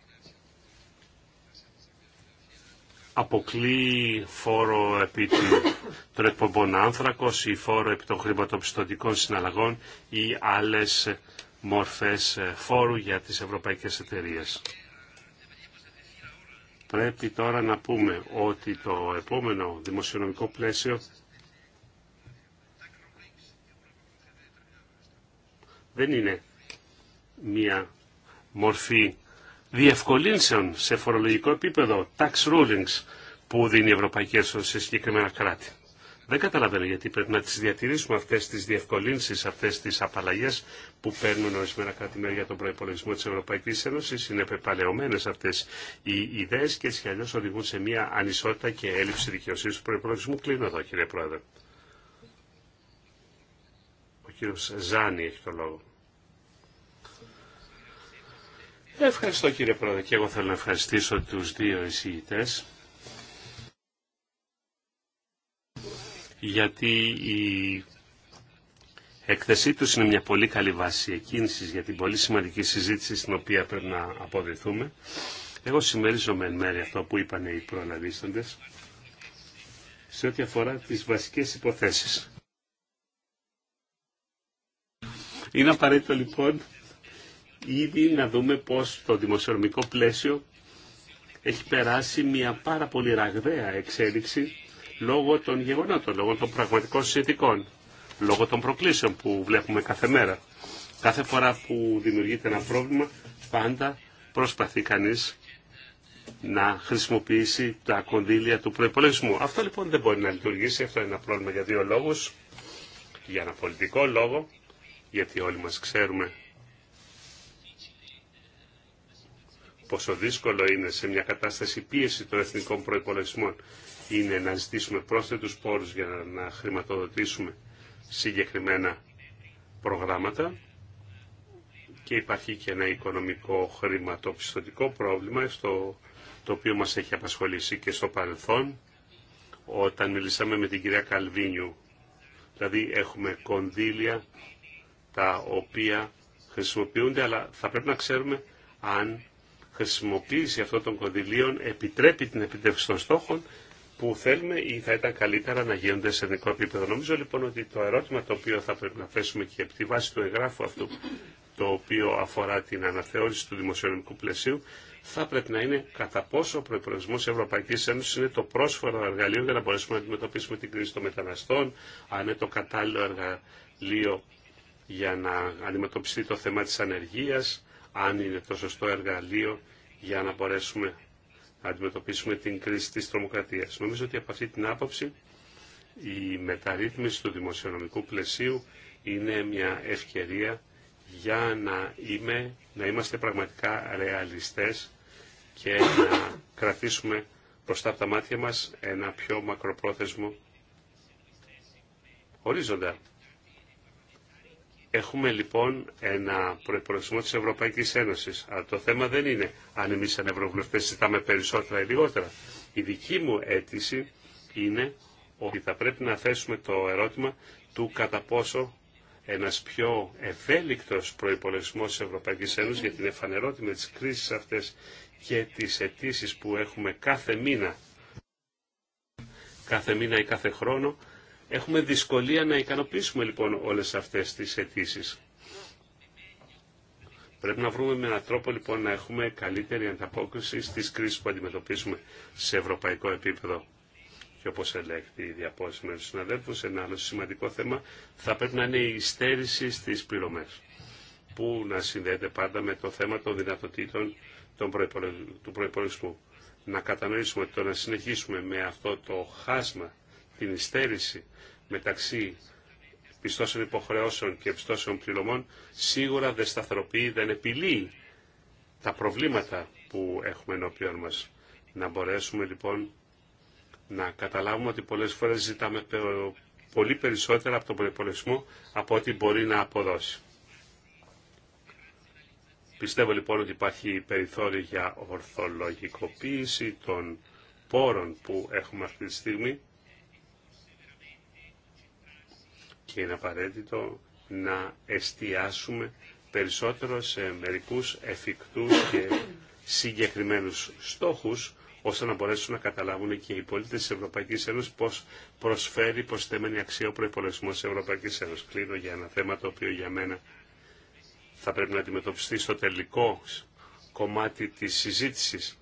αποκλεί φόρο επί των εκπομπών άνθρακος ή φόρο επί των χρηματοπιστωτικών συναλλαγών ή άλλες μορφές ε, φόρου για τις ευρωπαϊκές εταιρείες. Πρέπει τώρα να πούμε ότι το επόμενο δημοσιονομικό πλαίσιο δεν είναι μία μορφή διευκολύνσεων σε φορολογικό επίπεδο, tax rulings, που δίνει η Ευρωπαϊκή Ένωση σε συγκεκριμένα κράτη. Δεν καταλαβαίνω γιατί πρέπει να τις διατηρήσουμε αυτές τις διευκολύνσεις, αυτές τις απαλλαγές που παίρνουν ορισμένα κάτι μέρη για τον προϋπολογισμό της Ευρωπαϊκής Ένωσης. Είναι πεπαλαιωμένες αυτές οι ιδέες και έτσι αλλιώς οδηγούν σε μια ανισότητα και έλλειψη δικαιοσύνης του προϋπολογισμού. Κλείνω εδώ κύριε Πρόεδρε κύριος Ζάνη έχει το λόγο. Ευχαριστώ κύριε Πρόεδρε και εγώ θέλω να ευχαριστήσω τους δύο εισηγητές γιατί η έκθεσή τους είναι μια πολύ καλή βάση εκκίνησης για την πολύ σημαντική συζήτηση στην οποία πρέπει να αποδεθούμε. Εγώ συμμερίζομαι εν μέρει αυτό που είπαν οι προαναλύστοντες σε ό,τι αφορά τις βασικές υποθέσεις. Είναι απαραίτητο λοιπόν ήδη να δούμε πώς το δημοσιονομικό πλαίσιο έχει περάσει μια πάρα πολύ ραγδαία εξέλιξη λόγω των γεγονότων, λόγω των πραγματικών συζητικών, λόγω των προκλήσεων που βλέπουμε κάθε μέρα. Κάθε φορά που δημιουργείται ένα πρόβλημα, πάντα προσπαθεί κανείς να χρησιμοποιήσει τα κονδύλια του προπολογισμού. Αυτό λοιπόν δεν μπορεί να λειτουργήσει, αυτό είναι ένα πρόβλημα για δύο λόγους. Για ένα πολιτικό λόγο, γιατί όλοι μας ξέρουμε πόσο δύσκολο είναι σε μια κατάσταση πίεση των εθνικών προϋπολογισμών είναι να ζητήσουμε πρόσθετους πόρους για να χρηματοδοτήσουμε συγκεκριμένα προγράμματα και υπάρχει και ένα οικονομικό χρηματοπιστωτικό πρόβλημα στο, το οποίο μας έχει απασχολήσει και στο παρελθόν όταν μιλήσαμε με την κυρία Καλβίνιου. Δηλαδή έχουμε κονδύλια τα οποία χρησιμοποιούνται, αλλά θα πρέπει να ξέρουμε αν χρησιμοποίηση αυτών των κονδυλίων επιτρέπει την επιτεύξη των στόχων που θέλουμε ή θα ήταν καλύτερα να γίνονται σε εθνικό επίπεδο. Νομίζω λοιπόν ότι το ερώτημα το οποίο θα πρέπει να θέσουμε και από τη βάση του εγγράφου αυτού, το οποίο αφορά την αναθεώρηση του δημοσιονομικού πλαισίου, θα πρέπει να είναι κατά πόσο ο προπολογισμό Ευρωπαϊκή Ένωση είναι το πρόσφορο εργαλείο για να μπορέσουμε να αντιμετωπίσουμε την κρίση των μεταναστών, αν είναι το κατάλληλο εργαλείο για να αντιμετωπιστεί το θέμα της ανεργίας, αν είναι το σωστό εργαλείο για να μπορέσουμε να αντιμετωπίσουμε την κρίση της τρομοκρατίας. Νομίζω ότι από αυτή την άποψη η μεταρρύθμιση του δημοσιονομικού πλαισίου είναι μια ευκαιρία για να, είμαι, να είμαστε πραγματικά ρεαλιστές και να κρατήσουμε μπροστά από τα μάτια μας ένα πιο μακροπρόθεσμο ορίζοντα. Έχουμε λοιπόν ένα προπολογισμό της Ευρωπαϊκής Ένωσης, αλλά το θέμα δεν είναι αν εμείς σαν Ευρωβουλευτές ζητάμε περισσότερα ή λιγότερα. Η δική μου αίτηση είναι ότι θα πρέπει να θέσουμε το ερώτημα του κατά πόσο ένας πιο ευέλικτος προϋπολογισμός της Ευρωπαϊκής Ένωσης, για την εφανερότητα με τις αυτές και τις αιτήσει που έχουμε κάθε μήνα, κάθε μήνα ή κάθε χρόνο, Έχουμε δυσκολία να ικανοποιήσουμε λοιπόν όλες αυτές τις αιτήσει. Πρέπει να βρούμε με έναν τρόπο λοιπόν να έχουμε καλύτερη ανταπόκριση στις κρίσεις που αντιμετωπίζουμε σε ευρωπαϊκό επίπεδο. Και όπως ελέγχθη η διαπόρεση με τους ένα άλλο σημαντικό θέμα θα πρέπει να είναι η στέρηση στις πληρωμές που να συνδέεται πάντα με το θέμα των δυνατοτήτων του προϋπολογισμού. Να κατανοήσουμε το να συνεχίσουμε με αυτό το χάσμα την υστέρηση μεταξύ πιστώσεων υποχρεώσεων και πιστώσεων πληρωμών σίγουρα δεν σταθεροποιεί, δεν επιλύει τα προβλήματα που έχουμε ενώπιον μας. Να μπορέσουμε λοιπόν να καταλάβουμε ότι πολλές φορές ζητάμε πολύ περισσότερα από τον προπολογισμό από ό,τι μπορεί να αποδώσει. Πιστεύω λοιπόν ότι υπάρχει περιθώριο για ορθολογικοποίηση των πόρων που έχουμε αυτή τη στιγμή και είναι απαραίτητο να εστιάσουμε περισσότερο σε μερικούς εφικτούς και συγκεκριμένους στόχους ώστε να μπορέσουν να καταλάβουν και οι πολίτε τη Ευρωπαϊκή Ένωση πώ προσφέρει προσθέμενη αξία ο προπολογισμό τη Ευρωπαϊκή Ένωση. Κλείνω για ένα θέμα το οποίο για μένα θα πρέπει να αντιμετωπιστεί στο τελικό κομμάτι τη συζήτηση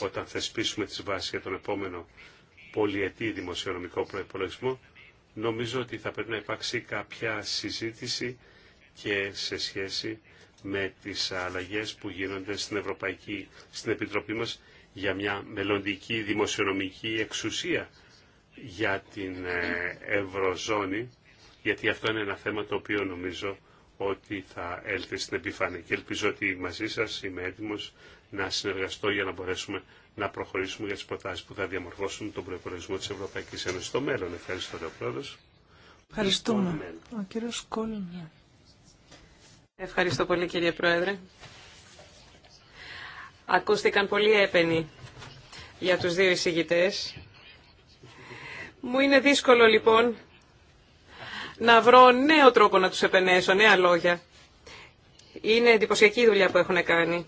όταν θεσπίσουμε τι βάσει για τον επόμενο πολιετή δημοσιονομικό προπολογισμό. Νομίζω ότι θα πρέπει να υπάρξει κάποια συζήτηση και σε σχέση με τις αλλαγές που γίνονται στην Ευρωπαϊκή, στην Επιτροπή μας για μια μελλοντική δημοσιονομική εξουσία για την ε, Ευρωζώνη, γιατί αυτό είναι ένα θέμα το οποίο νομίζω ότι θα έλθει στην επιφάνεια. Και ελπίζω ότι μαζί σας είμαι έτοιμος να συνεργαστώ για να μπορέσουμε να προχωρήσουμε για τις προτάσει που θα διαμορφώσουν τον προπολογισμό της Ευρωπαϊκή Ένωση. στο μέλλον. Ευχαριστώ, Πρόεδρος. Ευχαριστούμε. Ο κύριος Κόλμια. Ευχαριστώ πολύ, κύριε Πρόεδρε. Ακούστηκαν πολύ έπαινοι για τους δύο εισηγητές. Μου είναι δύσκολο, λοιπόν, να βρω νέο τρόπο να τους επενέσω, νέα λόγια. Είναι εντυπωσιακή η δουλειά που έχουν κάνει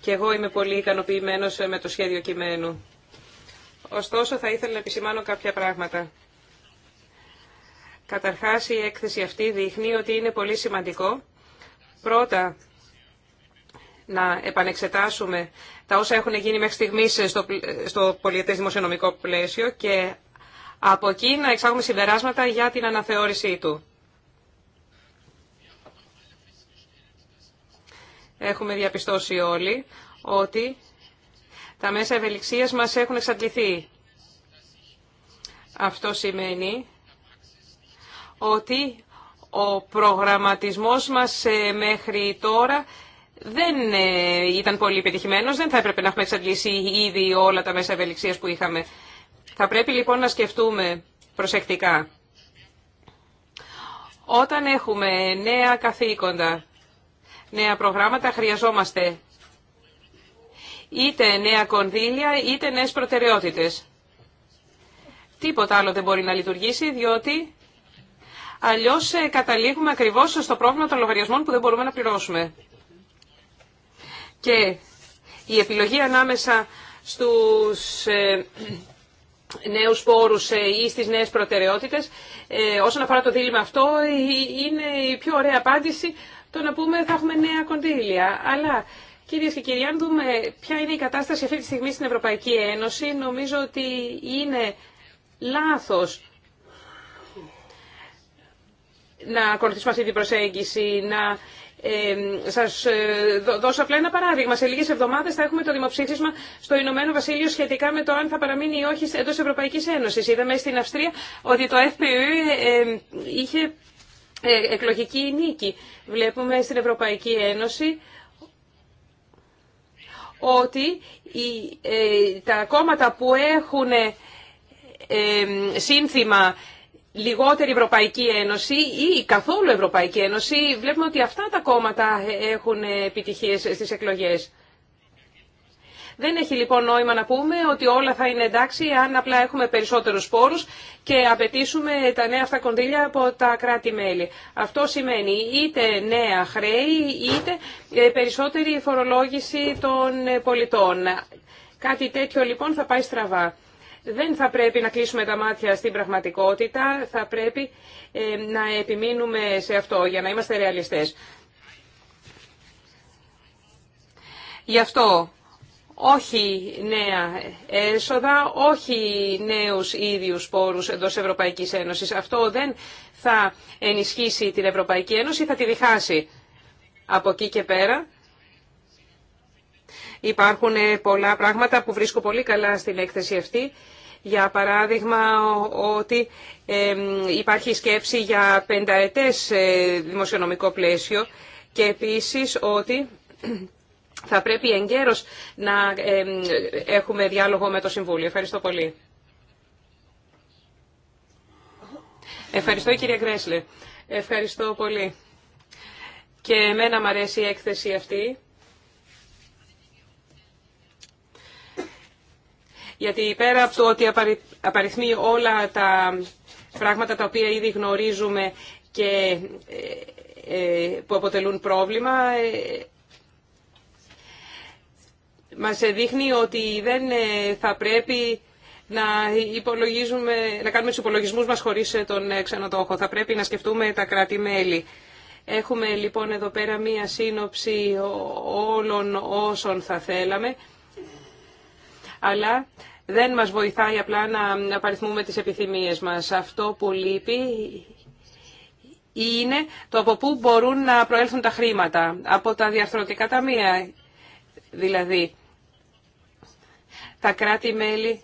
και εγώ είμαι πολύ ικανοποιημένο με το σχέδιο κειμένου. Ωστόσο, θα ήθελα να επισημάνω κάποια πράγματα. Καταρχάς, η έκθεση αυτή δείχνει ότι είναι πολύ σημαντικό πρώτα να επανεξετάσουμε τα όσα έχουν γίνει μέχρι στιγμής στο, στο δημοσιονομικό πλαίσιο και από εκεί να εξάγουμε συμπεράσματα για την αναθεώρησή του. έχουμε διαπιστώσει όλοι ότι τα μέσα ευελιξίας μας έχουν εξαντληθεί. Αυτό σημαίνει ότι ο προγραμματισμός μας ε, μέχρι τώρα δεν ε, ήταν πολύ επιτυχημένος, δεν θα έπρεπε να έχουμε εξαντλήσει ήδη όλα τα μέσα ευελιξίας που είχαμε. Θα πρέπει λοιπόν να σκεφτούμε προσεκτικά. Όταν έχουμε νέα καθήκοντα, νέα προγράμματα, χρειαζόμαστε είτε νέα κονδύλια είτε νέες προτεραιότητες. Τίποτα άλλο δεν μπορεί να λειτουργήσει διότι αλλιώς ε, καταλήγουμε ακριβώς στο πρόβλημα των λογαριασμών που δεν μπορούμε να πληρώσουμε. Και η επιλογή ανάμεσα στους ε, νέους πόρους ε, ή στις νέες προτεραιότητες όσον αφορά το δίλημα αυτό είναι η πιο ωραία απάντηση το να πούμε θα έχουμε νέα κονδύλια. Αλλά Κυρίε και κύριοι, αν δούμε ποια είναι η κατάσταση αυτή τη στιγμή στην Ευρωπαϊκή Ένωση, νομίζω ότι είναι λάθος να ακολουθήσουμε αυτή την προσέγγιση, να σας ε, δώσω απλά ένα παράδειγμα. Σε λίγες εβδομάδες θα έχουμε το δημοψήφισμα στο Ηνωμένο Βασίλειο σχετικά με το αν θα παραμείνει ή όχι εντός Ευρωπαϊκής Ένωσης. Είδαμε στην Αυστρία ότι το FPÖ ε, ε, είχε ε, εκλογική νίκη. Βλέπουμε στην Ευρωπαϊκή Ένωση ότι οι, ε, τα κόμματα που έχουν ε, σύνθημα λιγότερη Ευρωπαϊκή Ένωση ή καθόλου Ευρωπαϊκή Ένωση, βλέπουμε ότι αυτά τα κόμματα έχουν επιτυχίες στις εκλογές. Δεν έχει λοιπόν νόημα να πούμε ότι όλα θα είναι εντάξει αν απλά έχουμε περισσότερους πόρους και απαιτήσουμε τα νέα αυτά κονδύλια από τα κράτη-μέλη. Αυτό σημαίνει είτε νέα χρέη είτε ε, περισσότερη φορολόγηση των ε, πολιτών. Κάτι τέτοιο λοιπόν θα πάει στραβά. Δεν θα πρέπει να κλείσουμε τα μάτια στην πραγματικότητα, θα πρέπει ε, να επιμείνουμε σε αυτό για να είμαστε ρεαλιστές. Γι' αυτό όχι νέα έσοδα, όχι νέους ίδιους πόρους εντός Ευρωπαϊκής Ένωσης. Αυτό δεν θα ενισχύσει την Ευρωπαϊκή Ένωση, θα τη διχάσει. Από εκεί και πέρα υπάρχουν πολλά πράγματα που βρίσκω πολύ καλά στην έκθεση αυτή. Για παράδειγμα ότι υπάρχει σκέψη για πενταετές ε, δημοσιονομικό πλαίσιο και επίσης ότι θα πρέπει εγκαίρως να έχουμε διάλογο με το Συμβούλιο. Ευχαριστώ πολύ. Ευχαριστώ κυρία Γκρέσλε. Ευχαριστώ πολύ. Και εμένα μου αρέσει η έκθεση αυτή. Γιατί πέρα από το ότι απαριθμεί όλα τα πράγματα τα οποία ήδη γνωρίζουμε και ε, ε, που αποτελούν πρόβλημα, ε, μας δείχνει ότι δεν ε, θα πρέπει να, υπολογίζουμε, να κάνουμε τους υπολογισμούς μας χωρίς ε, τον ε, ξενοδόχο. Θα πρέπει να σκεφτούμε τα κράτη-μέλη. Έχουμε λοιπόν εδώ πέρα μία σύνοψη όλων όσων θα θέλαμε, αλλά δεν μας βοηθάει απλά να απαριθμούμε τις επιθυμίες μας. Αυτό που λείπει είναι το από πού μπορούν να προέλθουν τα χρήματα, από τα διαρθρωτικά ταμεία δηλαδή τα κράτη-μέλη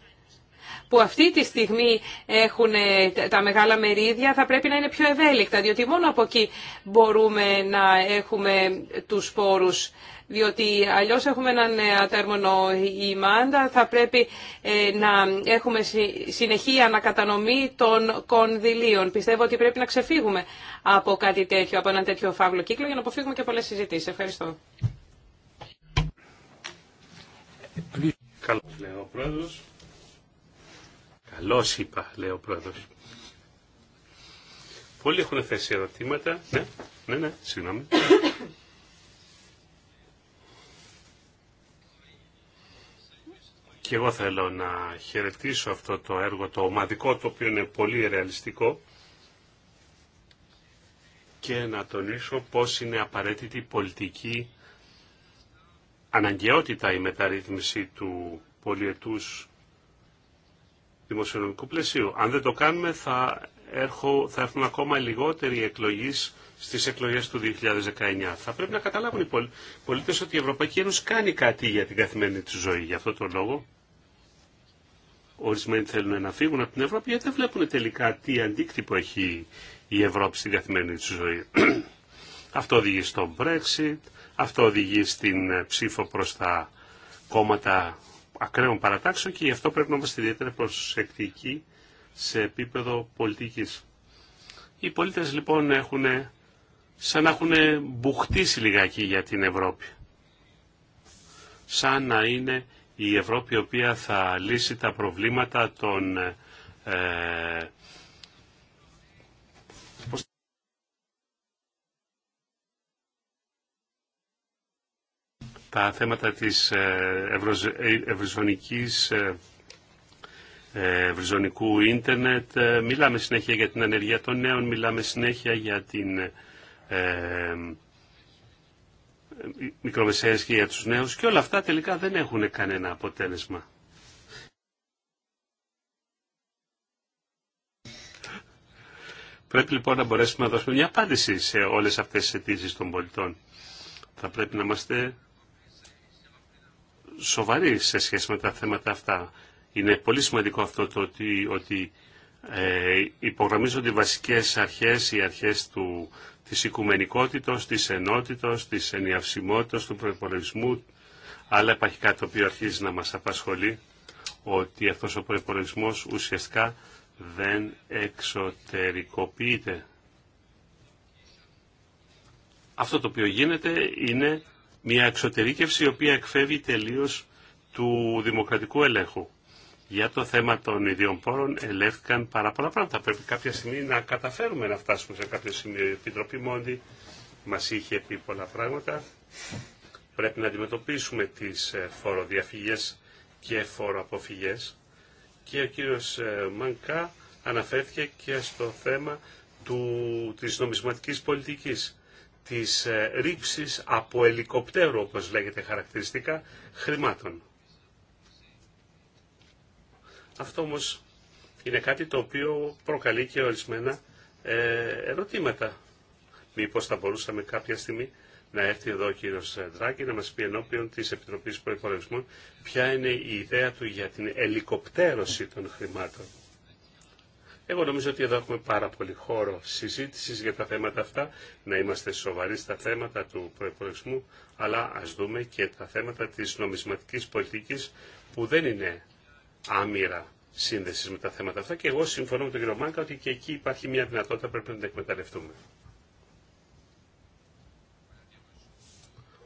που αυτή τη στιγμή έχουν ε, τα μεγάλα μερίδια θα πρέπει να είναι πιο ευέλικτα, διότι μόνο από εκεί μπορούμε να έχουμε τους σπόρους. Διότι αλλιώς έχουμε έναν ε, ατέρμονο ημάντα, θα πρέπει ε, να έχουμε συνεχή ανακατανομή των κονδυλίων. Πιστεύω ότι πρέπει να ξεφύγουμε από κάτι τέτοιο, από ένα τέτοιο φαύλο κύκλο για να αποφύγουμε και πολλές συζητήσεις. Ευχαριστώ. Καλώς λέει ο Καλώς είπα, λέει ο πρόεδρος. Πολλοί έχουν θέσει ερωτήματα. Ναι, ναι, ναι, συγγνώμη. Και εγώ θέλω να χαιρετήσω αυτό το έργο, το ομαδικό, το οποίο είναι πολύ ρεαλιστικό και να τονίσω πώς είναι απαραίτητη πολιτική αναγκαιότητα η μεταρρύθμιση του πολιετούς δημοσιονομικού πλαισίου. Αν δεν το κάνουμε θα, έρχο, θα έρθουν ακόμα λιγότεροι εκλογείς στις εκλογές του 2019. Θα πρέπει να καταλάβουν οι πολίτες ότι η Ευρωπαϊκή Ένωση κάνει κάτι για την καθημερινή της ζωή. Γι' αυτό τον λόγο ορισμένοι θέλουν να φύγουν από την Ευρώπη γιατί δεν βλέπουν τελικά τι αντίκτυπο έχει η Ευρώπη στην καθημερινή της ζωή. <clears throat> αυτό οδηγεί στο Brexit, αυτό οδηγεί στην ε, ψήφο προς τα κόμματα ακραίων παρατάξεων και γι' αυτό πρέπει να είμαστε ιδιαίτερα προσεκτικοί σε επίπεδο πολιτικής. Οι πολίτες λοιπόν έχουν σαν να έχουν μπουχτίσει λιγάκι για την Ευρώπη. Σαν να είναι η Ευρώπη η οποία θα λύσει τα προβλήματα των ε, τα θέματα της ε, ευρωζωνικής ε, ε, ευρυζωνικού ίντερνετ. Μιλάμε συνέχεια για την ανεργία των νέων, μιλάμε συνέχεια για την ε, μικρομεσαίες και για τους νέους και όλα αυτά τελικά δεν έχουν κανένα αποτέλεσμα. Πρέπει λοιπόν να μπορέσουμε να δώσουμε μια απάντηση σε όλες αυτές τις αιτήσει των πολιτών. Θα πρέπει να είμαστε σοβαρή σε σχέση με τα θέματα αυτά. Είναι πολύ σημαντικό αυτό το ότι, ότι ε, υπογραμμίζονται οι βασικές αρχές, οι αρχές του, της οικουμενικότητας, της ενότητος της ενιαυσιμότητας, του προπολογισμού, αλλά υπάρχει κάτι το οποίο αρχίζει να μας απασχολεί, ότι αυτός ο προπολογισμό ουσιαστικά δεν εξωτερικοποιείται. Αυτό το οποίο γίνεται είναι μια εξωτερήκευση η οποία εκφεύγει τελείως του δημοκρατικού ελέγχου. Για το θέμα των ιδιών πόρων ελέγχθηκαν πάρα πολλά πράγματα. Πρέπει κάποια στιγμή να καταφέρουμε να φτάσουμε σε κάποιο σημείο. Η Επιτροπή Μόντι μας είχε πει πολλά πράγματα. Πρέπει να αντιμετωπίσουμε τις ε, φοροδιαφυγές και φοροαποφυγές. Και ο κύριος ε, Μανκά αναφέρθηκε και στο θέμα του, της νομισματικής πολιτικής της ε, ρήψης από ελικοπτέρου, όπως λέγεται χαρακτηριστικά, χρημάτων. Αυτό όμως είναι κάτι το οποίο προκαλεί και ορισμένα ε, ερωτήματα. Μήπως θα μπορούσαμε κάποια στιγμή να έρθει εδώ ο κύριος Δράκη να μας πει ενώπιον της Επιτροπής Προϋπολογισμών ποια είναι η ιδέα του για την ελικοπτέρωση των χρημάτων. Εγώ νομίζω ότι εδώ έχουμε πάρα πολύ χώρο συζήτηση για τα θέματα αυτά, να είμαστε σοβαροί στα θέματα του προπολογισμού, αλλά ας δούμε και τα θέματα της νομισματικής πολιτικής που δεν είναι άμυρα σύνδεση με τα θέματα αυτά και εγώ συμφωνώ με τον κύριο Μάνκα ότι και εκεί υπάρχει μια δυνατότητα πρέπει να την εκμεταλλευτούμε.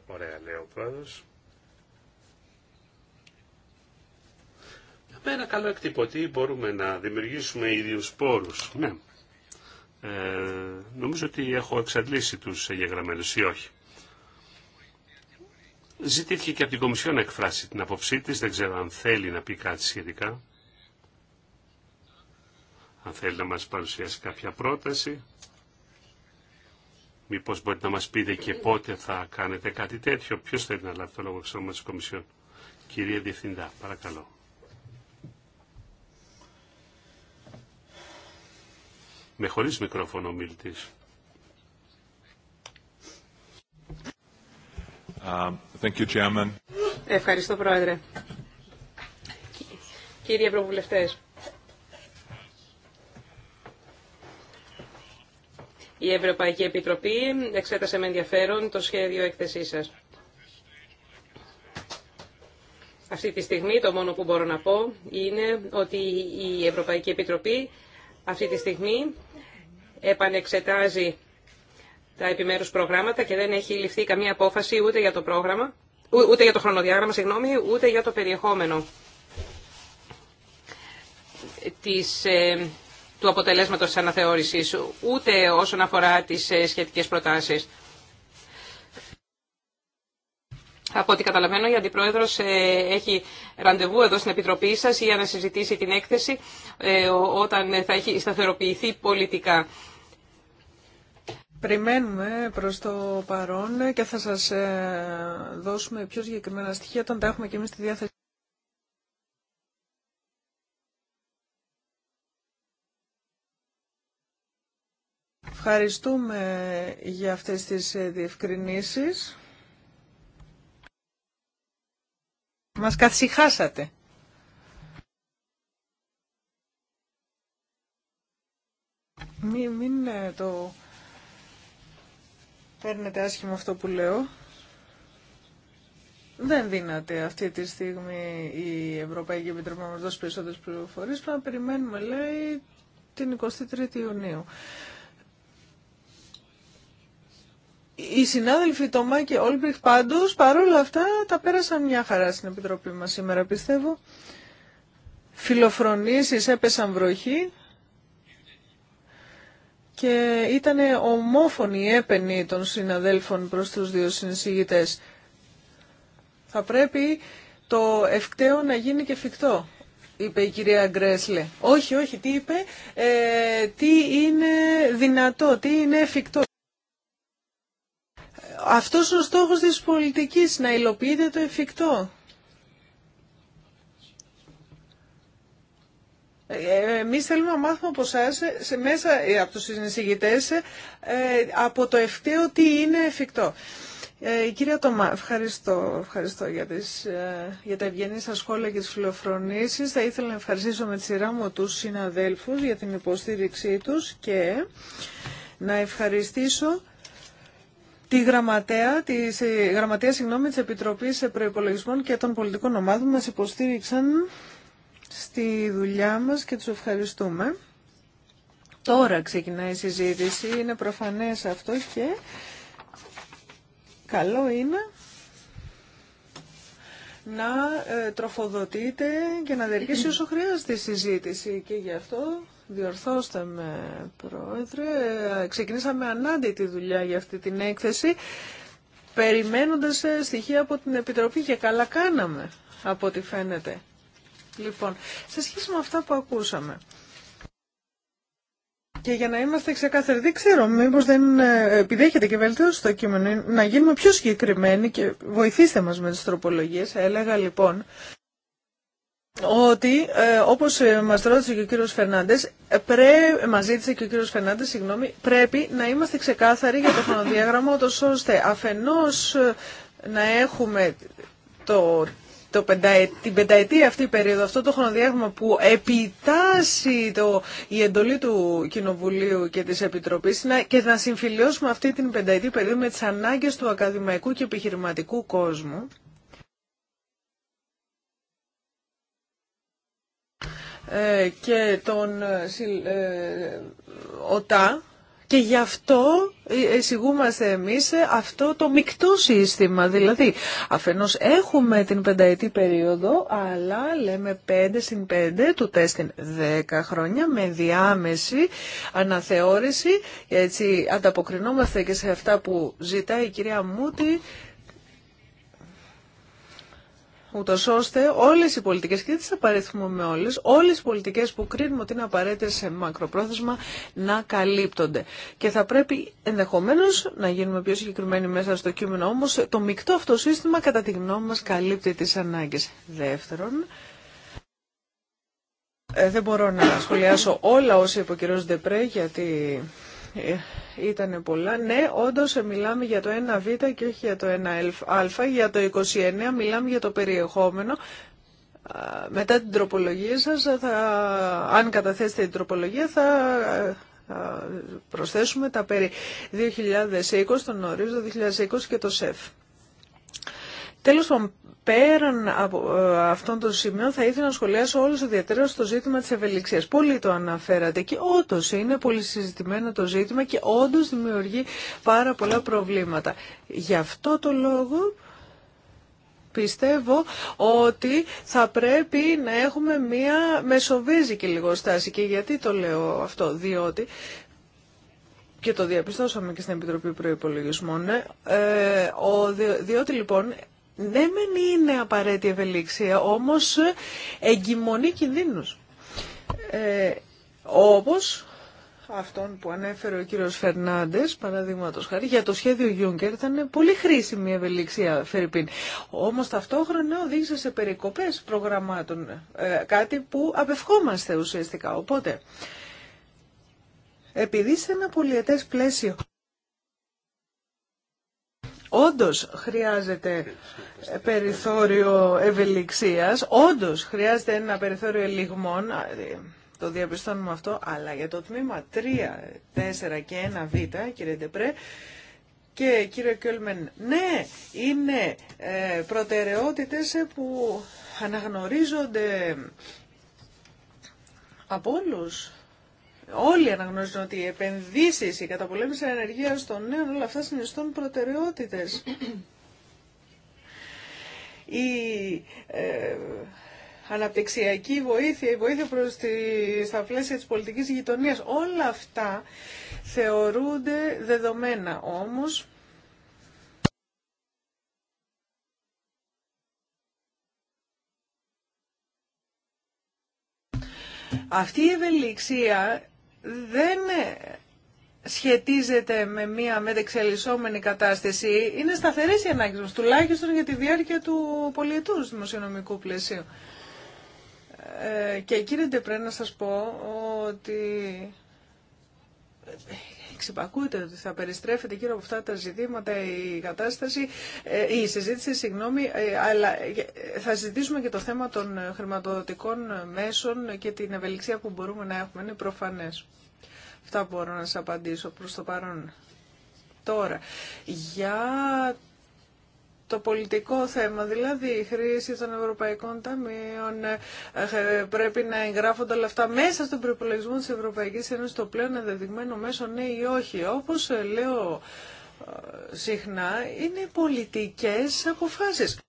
Ωραία λέει ο πρόεδρος. με ένα καλό εκτυπωτή μπορούμε να δημιουργήσουμε ίδιους πόρους. Ναι. Ε, νομίζω ότι έχω εξαντλήσει τους εγγεγραμμένους ή όχι. Ζητήθηκε και από την Κομισιόν να εκφράσει την απόψή της, δεν ξέρω αν θέλει να πει κάτι σχετικά. Αν θέλει να μας παρουσιάσει κάποια πρόταση. Μήπως μπορείτε να μας πείτε και πότε θα κάνετε κάτι τέτοιο. Ποιος θέλει να λάβει το λόγο εξώμα της Κομισιόν. Κυρία Διευθυντά, παρακαλώ. με χωρίς μικρόφωνο μιλτής. Um, Ευχαριστώ, Πρόεδρε. Κύριοι Ευρωβουλευτές, η Ευρωπαϊκή Επιτροπή εξέτασε με ενδιαφέρον το σχέδιο έκθεσής σας. Αυτή τη στιγμή το μόνο που μπορώ να πω είναι ότι η Ευρωπαϊκή Επιτροπή αυτή τη στιγμή επανεξετάζει τα επιμέρους προγράμματα και δεν έχει ληφθεί καμία απόφαση ούτε για το πρόγραμμα, ούτε για το χρονοδιάγραμμα, συγγνώμη, ούτε για το περιεχόμενο της, ε, του αποτελέσματος της αναθεώρησης, ούτε όσον αφορά τις ε, σχετικές προτάσεις. Από ό,τι καταλαβαίνω, η Αντιπρόεδρο ε, έχει ραντεβού εδώ στην Επιτροπή σας για να συζητήσει την έκθεση όταν θα έχει σταθεροποιηθεί πολιτικά. Περιμένουμε προς το παρόν και θα σας ε, δώσουμε πιο συγκεκριμένα στοιχεία όταν τα έχουμε και εμείς στη διάθεση. Ευχαριστούμε για αυτές τις ε, διευκρινήσεις. Μας καθυσυχάσατε. Μην, μην ε, το Παίρνετε άσχημα αυτό που λέω. Δεν δύναται αυτή τη στιγμή η Ευρωπαϊκή Επιτροπή να μας δώσει περισσότερες πληροφορίες. Πρέπει να περιμένουμε, λέει, την 23η Ιουνίου. Οι συνάδελφοι Τωμά και Όλμπριχ πάντως παρόλα αυτά τα πέρασαν μια χαρά στην Επιτροπή μας σήμερα πιστεύω. Φιλοφρονήσεις έπεσαν βροχή και ήταν ομόφωνη η έπαινη των συναδέλφων προς τους δύο συνεισηγητές. Θα πρέπει το ευκταίο να γίνει και εφικτό είπε η κυρία Γκρέσλε. Όχι, όχι, τι είπε, ε, τι είναι δυνατό, τι είναι εφικτό. Αυτός ο στόχος της πολιτικής, να υλοποιείται το εφικτό. Εμεί θέλουμε να μάθουμε από εσά, μέσα ε, από του συνεισηγητέ, ε, από το ευθείο τι είναι εφικτό. Ε, κυρία Τωμά, ευχαριστώ, ευχαριστώ για, τις, ε, για τα ευγενή σα σχόλια και τι φιλοφρονήσει. Θα ήθελα να ευχαριστήσω με τη σειρά μου τους συναδέλφου για την υποστήριξή τους και να ευχαριστήσω τη γραμματέα, τη γραμματεία συγγνώμη, της Επιτροπής Προϋπολογισμών και των πολιτικών ομάδων μας υποστήριξαν στη δουλειά μας και τους ευχαριστούμε. Τώρα ξεκινάει η συζήτηση, είναι προφανές αυτό και καλό είναι να ε, τροφοδοτείτε και να διαρκέσει όσο χρειάζεται η συζήτηση και γι' αυτό διορθώστε με πρόεδρε. Ξεκινήσαμε ανάντητη δουλειά για αυτή την έκθεση περιμένοντας ε, στοιχεία από την Επιτροπή και καλά κάναμε από ό,τι φαίνεται. Λοιπόν, σε σχέση με αυτά που ακούσαμε, και για να είμαστε ξεκάθαροι, δεν ξέρω, μήπω δεν ε, επιδέχεται και βελτίωσει το κείμενο, ε, να γίνουμε πιο συγκεκριμένοι και βοηθήστε μας με τις τροπολογίες. Έλεγα λοιπόν ότι, ε, όπως ε, μας ρώτησε ο κύριος Φερνάντες, πρέ, ζήτησε και ο κύριος Φερνάντες, συγγνώμη, πρέπει να είμαστε ξεκάθαροι για το χρονοδιάγραμμα, ώστε αφενός να έχουμε το το την πενταετία αυτή περίοδο, αυτό το χρονοδιάγραμμα που επιτάσσει το, η εντολή του Κοινοβουλίου και της Επιτροπής να, και να συμφιλιώσουμε αυτή την πενταετή περίοδο με τις ανάγκες του ακαδημαϊκού και επιχειρηματικού κόσμου. Ε, και τον ε, ε, ΟΤΑ και γι' αυτό ε, ε, εισηγούμαστε εμείς αυτό το μεικτό σύστημα. Δηλαδή, αφενός έχουμε την πενταετή περίοδο, αλλά λέμε 5 συν 5 του τέστην 10 χρόνια με διάμεση αναθεώρηση. Έτσι, ανταποκρινόμαστε και σε αυτά που ζητάει η κυρία Μούτη ούτω ώστε όλε οι πολιτικέ, και δεν τι απαριθμούμε όλε, όλε οι πολιτικέ που κρίνουμε ότι είναι απαραίτητε σε μακροπρόθεσμα να καλύπτονται. Και θα πρέπει ενδεχομένω να γίνουμε πιο συγκεκριμένοι μέσα στο κείμενο, όμω το μεικτό αυτό σύστημα κατά τη γνώμη μα καλύπτει τι ανάγκε. Δεύτερον, ε, δεν μπορώ να σχολιάσω όλα όσα είπε ο γιατί ε, ήταν πολλά. Ναι, όντω ε, μιλάμε για το 1β και όχι για το 1α. Για το 29 μιλάμε για το περιεχόμενο. Μετά την τροπολογία σας, ε, θα, αν καταθέσετε την τροπολογία, θα προσθέσουμε τα περί 2020, τον ορίζοντα 2020 και το ΣΕΦ. Τέλος πάντων, πέραν από ε, αυτών των σημείων θα ήθελα να σχολιάσω όλους ιδιαίτερα στο ζήτημα της ευελιξίας. Πολύ το αναφέρατε και όντω είναι πολύ συζητημένο το ζήτημα και όντω δημιουργεί πάρα πολλά προβλήματα. Γι' αυτό το λόγο πιστεύω ότι θα πρέπει να έχουμε μία μεσοβέζικη λίγο στάση. Και γιατί το λέω αυτό, διότι και το διαπιστώσαμε και στην Επιτροπή Προϋπολογισμών, ε, ε, διότι λοιπόν ναι, μεν είναι απαραίτητη ευελιξία, όμως εγκυμονεί κινδύνους. Ε, όπως αυτόν που ανέφερε ο κύριος Φερνάντες, παραδείγματος χάρη, για το σχέδιο Γιούγκερ ήταν πολύ χρήσιμη η ευελιξία Φερρυπίν. Όμως ταυτόχρονα οδήγησε σε περικοπές προγραμμάτων, ε, κάτι που απευχόμαστε ουσιαστικά. Οπότε, επειδή σε ένα πλαίσιο Όντως χρειάζεται περιθώριο ευελιξίας, όντως χρειάζεται ένα περιθώριο ελιγμών, ε, το διαπιστώνουμε αυτό, αλλά για το τμήμα 3, 4 και 1β, κύριε Ντεπρέ, και κύριε Κιόλμεν, ναι, είναι ε, προτεραιότητες που αναγνωρίζονται από όλους όλοι αναγνωρίζουν ότι οι επενδύσεις, η καταπολέμηση ενεργείας των νέων, όλα αυτά συνιστούν προτεραιότητες. η ε, αναπτυξιακή βοήθεια, η βοήθεια προς τη, στα πλαίσια της πολιτικής γειτονίας, όλα αυτά θεωρούνται δεδομένα όμως. Αυτή η ευελιξία δεν σχετίζεται με μια μετεξελισσόμενη κατάσταση. Είναι σταθερέ οι ανάγκε μας, τουλάχιστον για τη διάρκεια του πολιετού δημοσιονομικού πλαισίου. Ε, και κύριε πρέπει να σας πω ότι ξυπακούεται ότι θα περιστρέφεται γύρω από αυτά τα ζητήματα η κατάσταση, ε, η συζήτηση, συγγνώμη, ε, αλλά ε, θα συζητήσουμε και το θέμα των χρηματοδοτικών μέσων και την ευελιξία που μπορούμε να έχουμε. Είναι προφανές. Αυτά μπορώ να σας απαντήσω προς το παρόν. Τώρα, για το πολιτικό θέμα, δηλαδή η χρήση των ευρωπαϊκών ταμείων, ε, ε, πρέπει να εγγράφονται όλα αυτά μέσα στον προπολογισμό της Ευρωπαϊκής Ένωσης, το πλέον ενδεδειγμένο μέσο ναι ή όχι. Όπως ε, λέω συχνά, είναι πολιτικές αποφάσεις.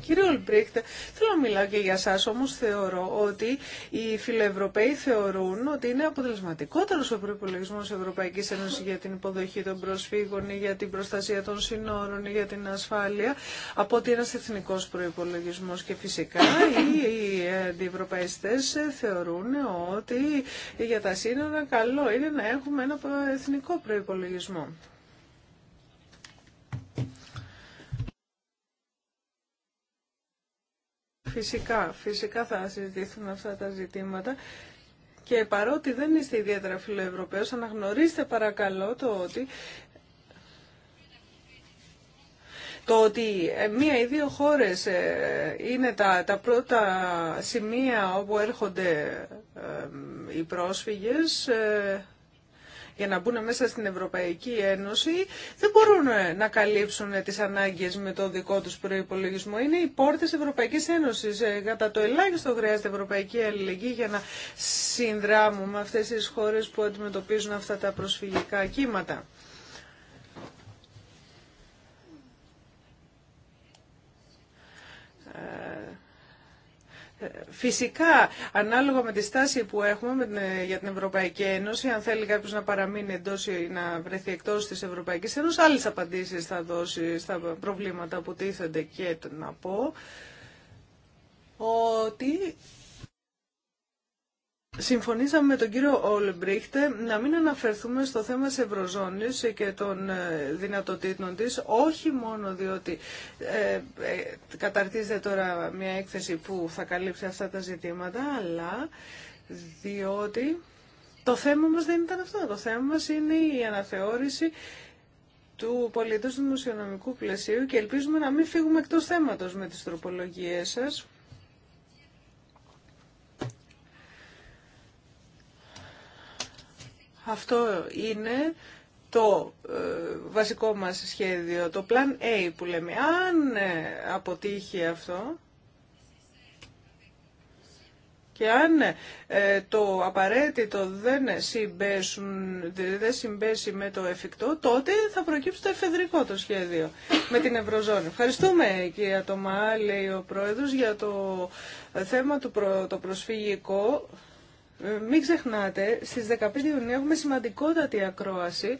Κύριε Ολμπρίχτ, θέλω να μιλάω και για εσά, όμω θεωρώ ότι οι φιλοευρωπαίοι θεωρούν ότι είναι αποτελεσματικότερο ο προπολογισμό τη Ευρωπαϊκή Ένωση για την υποδοχή των προσφύγων, ή για την προστασία των συνόρων, ή για την ασφάλεια, από ότι ένα εθνικό προπολογισμό. Και φυσικά οι αντιευρωπαϊστέ θεωρούν ότι για τα σύνορα καλό είναι να έχουμε ένα εθνικό προπολογισμό. Φυσικά, φυσικά θα συζητηθούν αυτά τα ζητήματα. Και παρότι δεν είστε ιδιαίτερα φιλοευρωπαίος, αναγνωρίστε παρακαλώ το ότι το ότι ε, μία ή δύο χώρες ε, είναι τα, τα πρώτα σημεία όπου έρχονται ε, οι πρόσφυγες για να μπουν μέσα στην Ευρωπαϊκή Ένωση δεν μπορούν να καλύψουν τις ανάγκες με το δικό τους προϋπολογισμό. Είναι οι πόρτε Ευρωπαϊκής Ένωση. Ε, κατά το ελάχιστο χρειάζεται Ευρωπαϊκή Αλληλεγγύη για να συνδράμουμε αυτές τις χώρες που αντιμετωπίζουν αυτά τα προσφυγικά κύματα. Ε, Φυσικά, ανάλογα με τη στάση που έχουμε ε, για την Ευρωπαϊκή Ένωση, αν θέλει κάποιο να παραμείνει εντό ή να βρεθεί εκτό τη Ευρωπαϊκή Ένωση, άλλε απαντήσει θα δώσει στα προβλήματα που τίθενται και να πω ότι Συμφωνήσαμε με τον κύριο Όλμπριχτε να μην αναφερθούμε στο θέμα της Ευρωζώνης και των ε, δυνατοτήτων της, όχι μόνο διότι ε, ε, καταρτίζεται τώρα μια έκθεση που θα καλύψει αυτά τα ζητήματα, αλλά διότι το θέμα μας δεν ήταν αυτό. Το θέμα μας είναι η αναθεώρηση του πολιτικού δημοσιονομικού πλαισίου και ελπίζουμε να μην φύγουμε εκτός θέματος με τις τροπολογίες σας. Αυτό είναι το ε, βασικό μας σχέδιο, το Plan A που λέμε. Αν ε, αποτύχει αυτό και αν ε, το απαραίτητο δεν, συμπέσουν, δεν συμπέσει με το εφικτό, τότε θα προκύψει το εφεδρικό το σχέδιο με την Ευρωζώνη. Ευχαριστούμε κυρία Τωμά, λέει ο Πρόεδρος, για το θέμα του το προσφυγικό. Μην ξεχνάτε, στις 15 Ιουνίου έχουμε σημαντικότατη ακρόαση.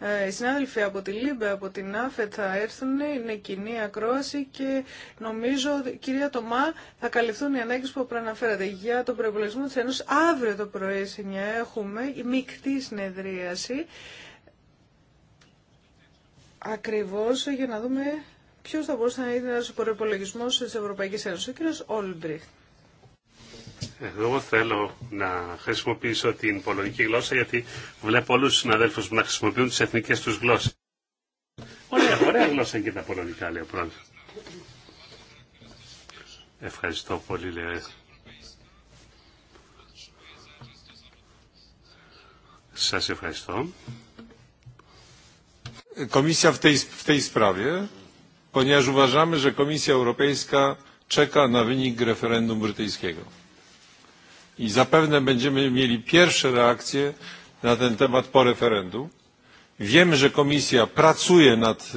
Ε, οι συνάδελφοι από τη ΛΥΜΠΕ, από την ΑΦΕ θα έρθουν, είναι κοινή ακρόαση και νομίζω, κυρία Τομά, θα καλυφθούν οι ανάγκες που προαναφέρατε. Για τον προϋπολογισμό της Ένωσης, αύριο το πρωί σε έχουμε έχουμε μεικτή συνεδρίαση, ακριβώς για να δούμε ποιος θα μπορούσε να είναι ένας προϋπολογισμός της Ευρωπαϊκής Ένωσης, ο κύριος Όλμπριχτ. Εγώ θέλω να χρησιμοποιήσω την πολωνική γλώσσα γιατί βλέπω όλους τους συναδέλφους μου να χρησιμοποιούν τις εθνικές τους γλώσσες. Ωραία, ωραία γλώσσα είναι και τα πολωνικά, λέει ο πρόεδρος. Ευχαριστώ πολύ, λέει. Σας ευχαριστώ. Komisja w tej, w tej sprawie, ponieważ uważamy, że Komisja Europejska czeka na wynik referendum brytyjskiego i zapewne będziemy mieli pierwsze reakcje na ten temat po referendum. Wiemy, że Komisja pracuje nad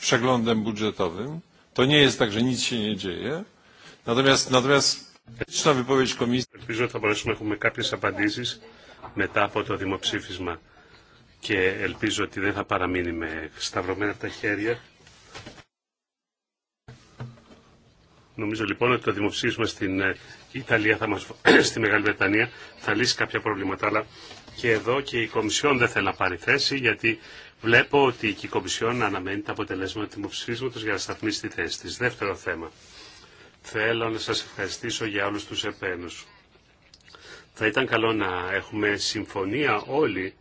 przeglądem budżetowym. To nie jest tak, że nic się nie dzieje. Natomiast, natomiast Ελπίζω wypowiedź Komisji. Ελπίζω ότι θα μπορέσουμε να έχουμε κάποιες απαντήσεις μετά από το δημοψήφισμα και ελπίζω ότι δεν θα παραμείνει με σταυρωμένα τα χέρια Νομίζω λοιπόν ότι το δημοψήφισμα στην ε, Ιταλία, θα μας, <clears throat> στη Μεγάλη Βρετανία, θα λύσει κάποια προβλήματα. Αλλά και εδώ και η Κομισιόν δεν θέλει να πάρει θέση, γιατί βλέπω ότι η Κομισιόν αναμένει τα αποτελέσματα του δημοψήφισματο για να σταθμίσει τη θέση τη. Δεύτερο θέμα. Θέλω να σα ευχαριστήσω για όλου του επένου. Θα ήταν καλό να έχουμε συμφωνία όλοι,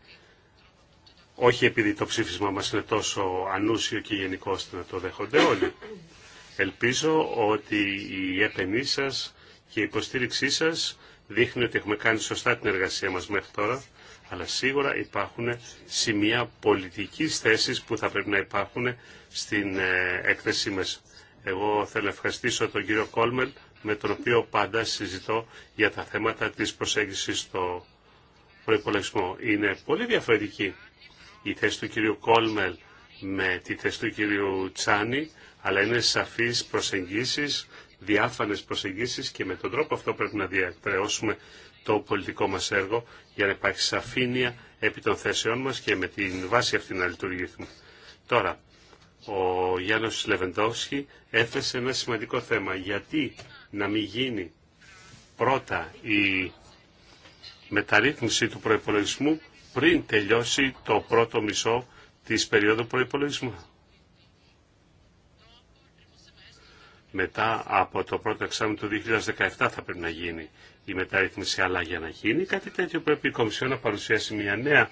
όχι επειδή το ψήφισμα μας είναι τόσο ανούσιο και γενικό να το δέχονται όλοι, Ελπίζω ότι η επενή σα και η υποστήριξή σα δείχνει ότι έχουμε κάνει σωστά την εργασία μας μέχρι τώρα, αλλά σίγουρα υπάρχουν σημεία πολιτικής θέση που θα πρέπει να υπάρχουν στην ε, έκθεσή μα. Εγώ θέλω να ευχαριστήσω τον κύριο Κόλμελ, με τον οποίο πάντα συζητώ για τα θέματα της προσέγγιση στο προπολογισμό. Είναι πολύ διαφορετική η θέση του κυρίου Κόλμελ με τη θέση του κυρίου Τσάνη αλλά είναι σαφείς προσεγγίσεις, διάφανες προσεγγίσεις και με τον τρόπο αυτό πρέπει να διακρεώσουμε το πολιτικό μας έργο για να υπάρχει σαφήνεια επί των θέσεών μας και με την βάση αυτή να λειτουργήσουμε. Τώρα, ο Γιάννος Λεβεντόφσκι έθεσε ένα σημαντικό θέμα. Γιατί να μην γίνει πρώτα η μεταρρύθμιση του προϋπολογισμού πριν τελειώσει το πρώτο μισό της περίοδου προϋπολογισμού. μετά από το πρώτο εξάμεινο του 2017 θα πρέπει να γίνει η μεταρρύθμιση, αλλά για να γίνει κάτι τέτοιο πρέπει η Κομισιόν να παρουσιάσει μια νέα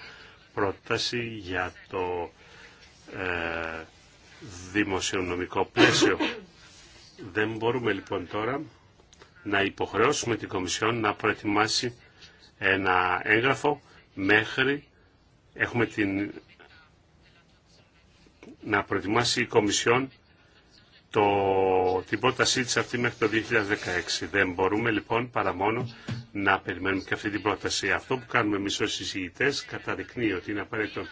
πρόταση για το ε, δημοσιονομικό πλαίσιο. Δεν μπορούμε λοιπόν τώρα να υποχρεώσουμε την Κομισιόν να προετοιμάσει ένα έγγραφο μέχρι έχουμε την να προετοιμάσει η Κομισιόν το, την πρότασή της αυτή μέχρι το 2016. Δεν μπορούμε λοιπόν παρά μόνο να περιμένουμε και αυτή την πρόταση. Αυτό που κάνουμε εμείς ως συζητητές καταδεικνύει ότι είναι απαραίτητο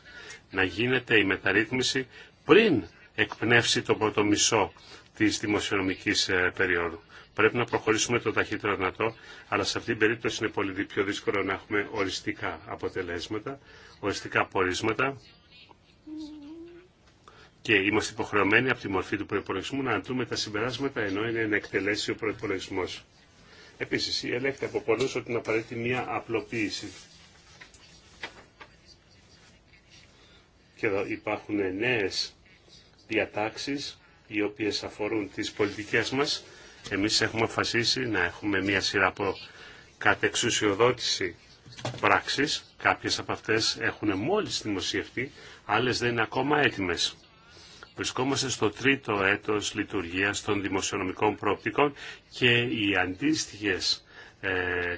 να γίνεται η μεταρρύθμιση πριν εκπνεύσει το πρώτο μισό της δημοσιονομικής ε, περίοδου. Πρέπει να προχωρήσουμε το ταχύτερο δυνατό, αλλά σε αυτήν την περίπτωση είναι πολύ πιο δύσκολο να έχουμε οριστικά αποτελέσματα, οριστικά πορίσματα και είμαστε υποχρεωμένοι από τη μορφή του προπολογισμού να αντλούμε τα συμπεράσματα ενώ είναι να εκτελέσει ο προπολογισμό. Επίση, ελέγχεται από πολλού ότι είναι απαραίτητη μια απλοποίηση. Και εδώ υπάρχουν νέε διατάξει οι οποίε αφορούν τι πολιτικέ μα. Εμεί έχουμε αποφασίσει να έχουμε μια σειρά από κατεξουσιοδότηση πράξεις. Κάποιες από αυτές έχουν μόλις δημοσιευτεί, άλλες δεν είναι ακόμα έτοιμες. Βρισκόμαστε στο τρίτο έτος λειτουργίας των δημοσιονομικών προοπτικών και οι αντίστοιχες ε,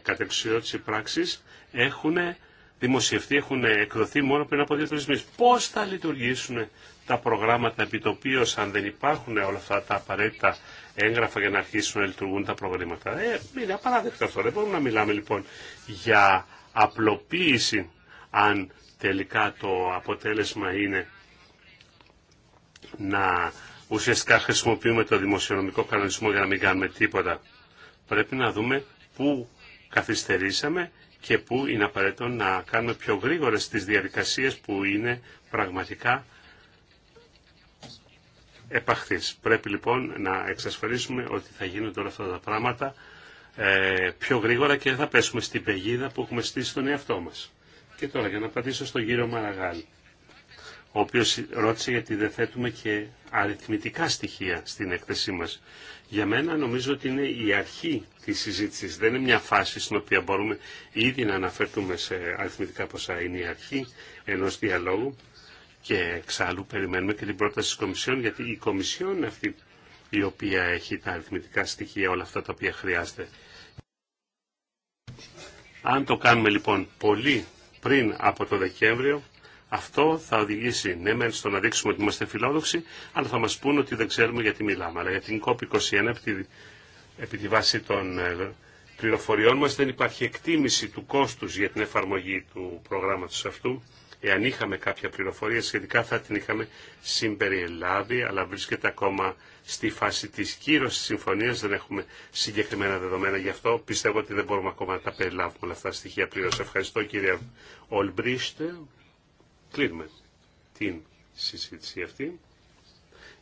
κατεξιότητες πράξεις έχουν δημοσιευτεί, έχουν εκδοθεί μόνο πριν από δύο τρεις Πώς θα λειτουργήσουν τα προγράμματα επιτοπίως αν δεν υπάρχουν όλα αυτά τα απαραίτητα έγγραφα για να αρχίσουν να λειτουργούν τα προγράμματα. Ε, είναι απαράδεκτο αυτό. Δεν μπορούμε να μιλάμε λοιπόν για απλοποίηση αν τελικά το αποτέλεσμα είναι να ουσιαστικά χρησιμοποιούμε το δημοσιονομικό κανονισμό για να μην κάνουμε τίποτα. Πρέπει να δούμε πού καθυστερήσαμε και πού είναι απαραίτητο να κάνουμε πιο γρήγορες τις διαδικασίες που είναι πραγματικά επαχθείς. Πρέπει λοιπόν να εξασφαλίσουμε ότι θα γίνονται όλα αυτά τα πράγματα ε, πιο γρήγορα και δεν θα πέσουμε στην πεγίδα που έχουμε στήσει τον εαυτό μας. Και τώρα για να απαντήσω στον κύριο Μαραγάλη ο οποίος ρώτησε γιατί δεν θέτουμε και αριθμητικά στοιχεία στην έκθεσή μας. Για μένα νομίζω ότι είναι η αρχή της συζήτησης, δεν είναι μια φάση στην οποία μπορούμε ήδη να αναφερθούμε σε αριθμητικά ποσά. Είναι η αρχή ενός διαλόγου και εξάλλου περιμένουμε και την πρόταση της Κομισιόν, γιατί η Κομισιόν είναι αυτή η οποία έχει τα αριθμητικά στοιχεία, όλα αυτά τα οποία χρειάζεται. Αν το κάνουμε λοιπόν πολύ πριν από το Δεκέμβριο, αυτό θα οδηγήσει ναι μεν στο να δείξουμε ότι είμαστε φιλόδοξοι, αλλά θα μας πούν ότι δεν ξέρουμε γιατί μιλάμε. Αλλά για την COP21 επί τη, επί τη βάση των ε, πληροφοριών μας δεν υπάρχει εκτίμηση του κόστους για την εφαρμογή του προγράμματος αυτού. Εάν είχαμε κάποια πληροφορία σχετικά θα την είχαμε συμπεριελάβει, αλλά βρίσκεται ακόμα στη φάση της κύρωσης της συμφωνίας. Δεν έχουμε συγκεκριμένα δεδομένα γι' αυτό. Πιστεύω ότι δεν μπορούμε ακόμα να τα περιλάβουμε όλα αυτά τα στοιχεία πλήρω. Ευχαριστώ κύριε Ολμπρίστε. Κλείνουμε την συζήτηση αυτή,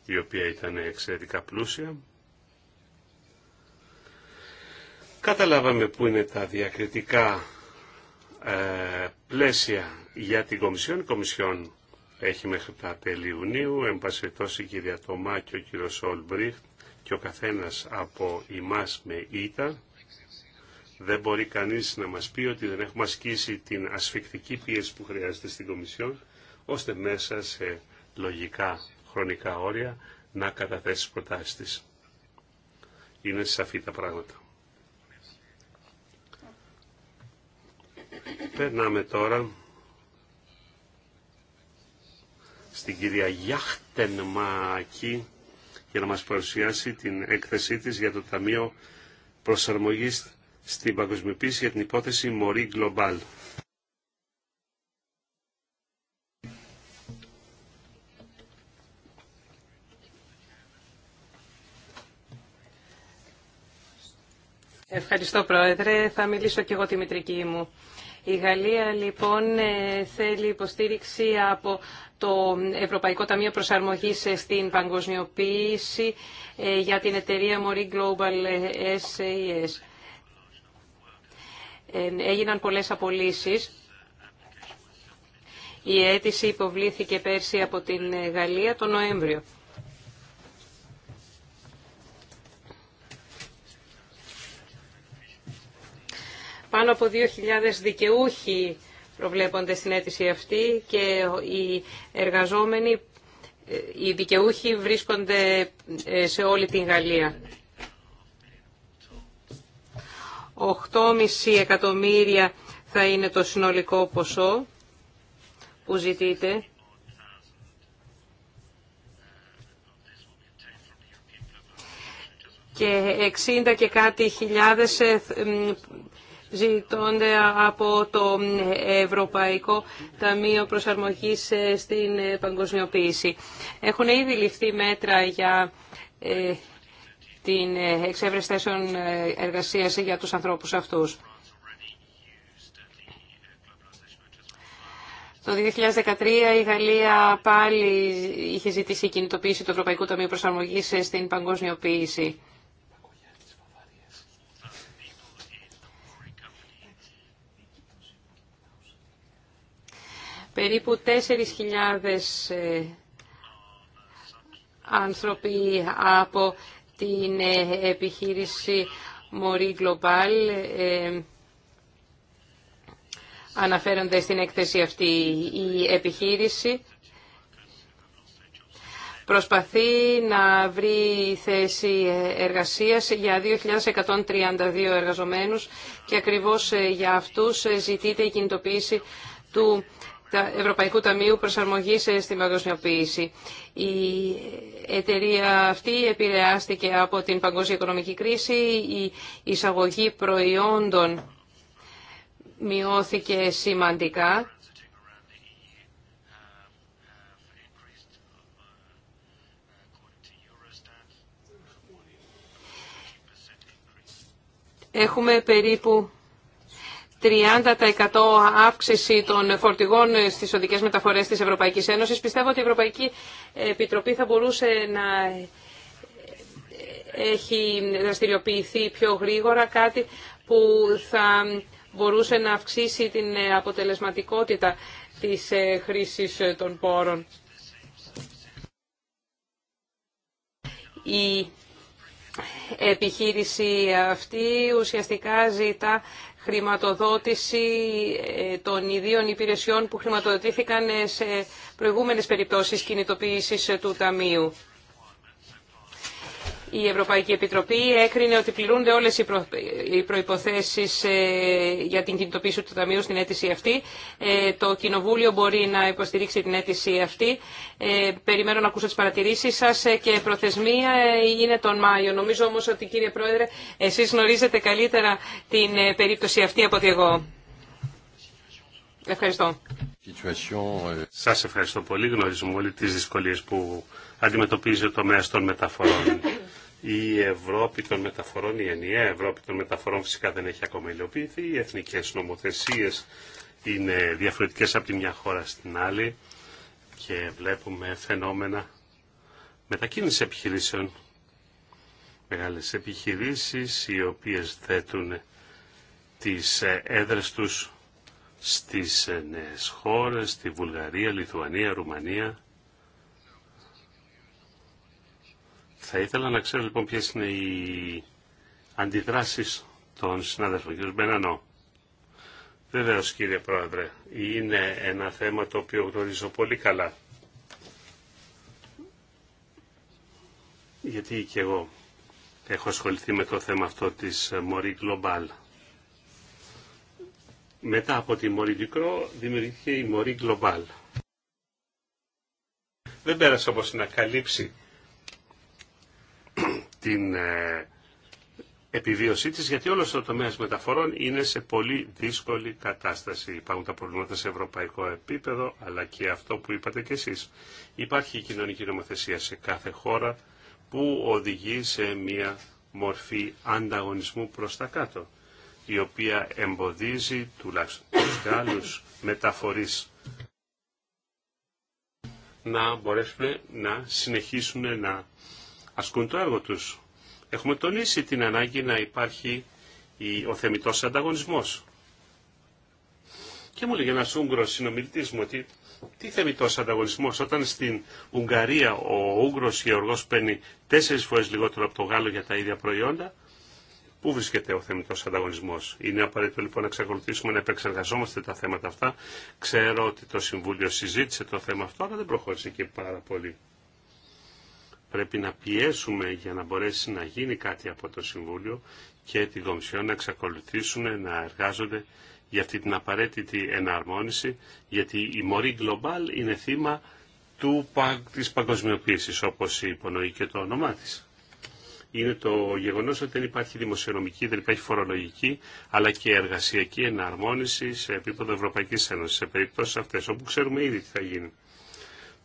η οποία ήταν εξαιρετικά πλούσια. Καταλάβαμε που είναι τα διακριτικά ε, πλαίσια για την Κομισιόν. Η Κομισιόν έχει μέχρι τα τέλη Ιουνίου, εν η κυρία Τωμά και ο κύριος Ολμπριχτ και ο καθένας από εμάς με ήττα. Δεν μπορεί κανείς να μας πει ότι δεν έχουμε ασκήσει την ασφικτική πίεση που χρειάζεται στην Κομισιόν, ώστε μέσα σε λογικά χρονικά όρια να καταθέσει προτάσεις της. Είναι σαφή τα πράγματα. Περνάμε τώρα στην κυρία Μακή για να μας παρουσιάσει την έκθεσή της για το Ταμείο Προσαρμογής στην παγκοσμιοποίηση για την υπόθεση Μωρή Global. Ευχαριστώ Πρόεδρε. Θα μιλήσω και εγώ τη μητρική μου. Η Γαλλία λοιπόν ε, θέλει υποστήριξη από το Ευρωπαϊκό Ταμείο Προσαρμογής ε, στην Παγκοσμιοποίηση ε, για την εταιρεία Mori Global SAS. Ε, έγιναν πολλές απολύσεις. Η αίτηση υποβλήθηκε πέρσι από την ε, Γαλλία τον Νοέμβριο. Πάνω από 2.000 δικαιούχοι προβλέπονται στην αίτηση αυτή και οι εργαζόμενοι, ε, οι δικαιούχοι βρίσκονται σε όλη την Γαλλία. 8,5 εκατομμύρια θα είναι το συνολικό ποσό που ζητείτε. Και 60 και κάτι χιλιάδες ε, ζητώνται από το Ευρωπαϊκό Ταμείο Προσαρμογής ε, στην ε, Παγκοσμιοποίηση. Έχουν ήδη ληφθεί μέτρα για την ε, εξέβρεση θέσεων ε, εργασίας για τους ανθρώπους αυτούς. Το 2013 η Γαλλία πάλι είχε ζητήσει κινητοποίηση του Ευρωπαϊκού Ταμείου Προσαρμογής ε, στην παγκοσμιοποίηση. Περίπου 4.000 άνθρωποι από την ε, επιχείρηση Mori Global ε, αναφέρονται στην έκθεση αυτή. Η επιχείρηση προσπαθεί να βρει θέση εργασίας για 2.132 εργαζομένους και ακριβώς ε, για αυτούς ζητείται η κινητοποίηση του Ευρωπαϊκού Ταμείου προσαρμογή στη Παγκοσμιοποίηση. Η εταιρεία αυτή επηρεάστηκε από την παγκόσμια οικονομική κρίση. Η εισαγωγή προϊόντων μειώθηκε σημαντικά. Έχουμε περίπου 30% αύξηση των φορτηγών στις οδικές μεταφορές της Ευρωπαϊκής Ένωσης. Πιστεύω ότι η Ευρωπαϊκή Επιτροπή θα μπορούσε να έχει δραστηριοποιηθεί πιο γρήγορα, κάτι που θα μπορούσε να αυξήσει την αποτελεσματικότητα της χρήσης των πόρων. Η επιχείρηση αυτή ουσιαστικά ζητά χρηματοδότηση ε, των ιδίων υπηρεσιών που χρηματοδοτήθηκαν ε, σε προηγούμενες περιπτώσεις κινητοποίησης ε, του Ταμείου. Η Ευρωπαϊκή Επιτροπή έκρινε ότι πληρούνται όλε οι, προ... προϋποθέσεις ε, για την κινητοποίηση του Ταμείου στην αίτηση αυτή. Ε, το Κοινοβούλιο μπορεί να υποστηρίξει την αίτηση αυτή. Ε, περιμένω να ακούσω τις παρατηρήσεις σας και προθεσμία είναι τον Μάιο. Νομίζω όμω ότι κύριε Πρόεδρε εσείς γνωρίζετε καλύτερα την περίπτωση αυτή από ότι εγώ. Ευχαριστώ. Σα ευχαριστώ πολύ. Γνωρίζουμε όλοι τι δυσκολίε που αντιμετωπίζει ο τομέα των μεταφορών η Ευρώπη των μεταφορών, η ενιαία Ευρώπη των μεταφορών φυσικά δεν έχει ακόμα υλοποιηθεί. Οι εθνικές νομοθεσίες είναι διαφορετικές από τη μια χώρα στην άλλη και βλέπουμε φαινόμενα μετακίνηση επιχειρήσεων. Μεγάλες επιχειρήσεις οι οποίες θέτουν τις έδρες τους στις νέες χώρες, στη Βουλγαρία, Λιθουανία, Ρουμανία Θα ήθελα να ξέρω λοιπόν ποιες είναι οι αντιδράσεις των συνάδελφων. Κύριε Μπένανο. Βεβαίω κύριε Πρόεδρε, είναι ένα θέμα το οποίο γνωρίζω πολύ καλά. Γιατί και εγώ έχω ασχοληθεί με το θέμα αυτό της Μωρή Global. Μετά από τη Μωρή Δικρό δημιουργήθηκε η Μωρή Global. Δεν πέρασε όπως να καλύψει την ε, επιβίωσή της, γιατί όλος το τομέα μεταφορών είναι σε πολύ δύσκολη κατάσταση. Υπάρχουν τα προβλήματα σε ευρωπαϊκό επίπεδο, αλλά και αυτό που είπατε κι εσείς. Υπάρχει η κοινωνική νομοθεσία σε κάθε χώρα που οδηγεί σε μια μορφή ανταγωνισμού προς τα κάτω, η οποία εμποδίζει τουλάχιστον τους Γάλλους μεταφορείς να μπορέσουν να συνεχίσουν να ασκούν το έργο τους. Έχουμε τονίσει την ανάγκη να υπάρχει ο θεμητός ανταγωνισμός. Και μου λέγει ένας Ούγγρος συνομιλητής μου ότι τι θεμητός ανταγωνισμός όταν στην Ουγγαρία ο Ούγγρος γεωργός παίρνει τέσσερις φορές λιγότερο από το Γάλλο για τα ίδια προϊόντα, Πού βρίσκεται ο θεμητό ανταγωνισμό. Είναι απαραίτητο λοιπόν να εξακολουθήσουμε να επεξεργαζόμαστε τα θέματα αυτά. Ξέρω ότι το Συμβούλιο συζήτησε το θέμα αυτό, αλλά δεν προχώρησε και πάρα πολύ πρέπει να πιέσουμε για να μπορέσει να γίνει κάτι από το Συμβούλιο και την Κομισιόν να εξακολουθήσουν να εργάζονται για αυτή την απαραίτητη εναρμόνιση, γιατί η μορή Global είναι θύμα του, της παγκοσμιοποίησης, όπως υπονοεί και το όνομά τη. Είναι το γεγονός ότι δεν υπάρχει δημοσιονομική, δεν υπάρχει φορολογική, αλλά και εργασιακή εναρμόνιση σε επίπεδο Ευρωπαϊκής Ένωσης, σε περίπτωση αυτές, όπου ξέρουμε ήδη τι θα γίνει.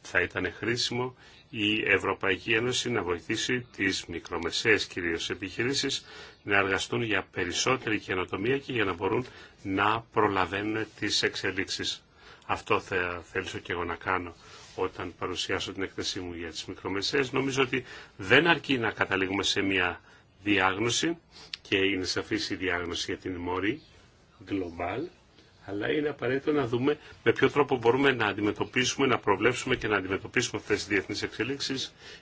Θα ήταν χρήσιμο η Ευρωπαϊκή Ένωση να βοηθήσει τις μικρομεσαίες κυρίως επιχειρήσεις να εργαστούν για περισσότερη καινοτομία και για να μπορούν να προλαβαίνουν τις εξελίξεις. Αυτό θα και εγώ να κάνω όταν παρουσιάσω την εκθεσή μου για τις μικρομεσαίες. Νομίζω ότι δεν αρκεί να καταλήγουμε σε μια διάγνωση και είναι σαφής η διάγνωση για την μόρη global αλλά είναι απαραίτητο να δούμε με ποιο τρόπο μπορούμε να αντιμετωπίσουμε, να προβλέψουμε και να αντιμετωπίσουμε αυτέ τι διεθνεί εξέλιξει,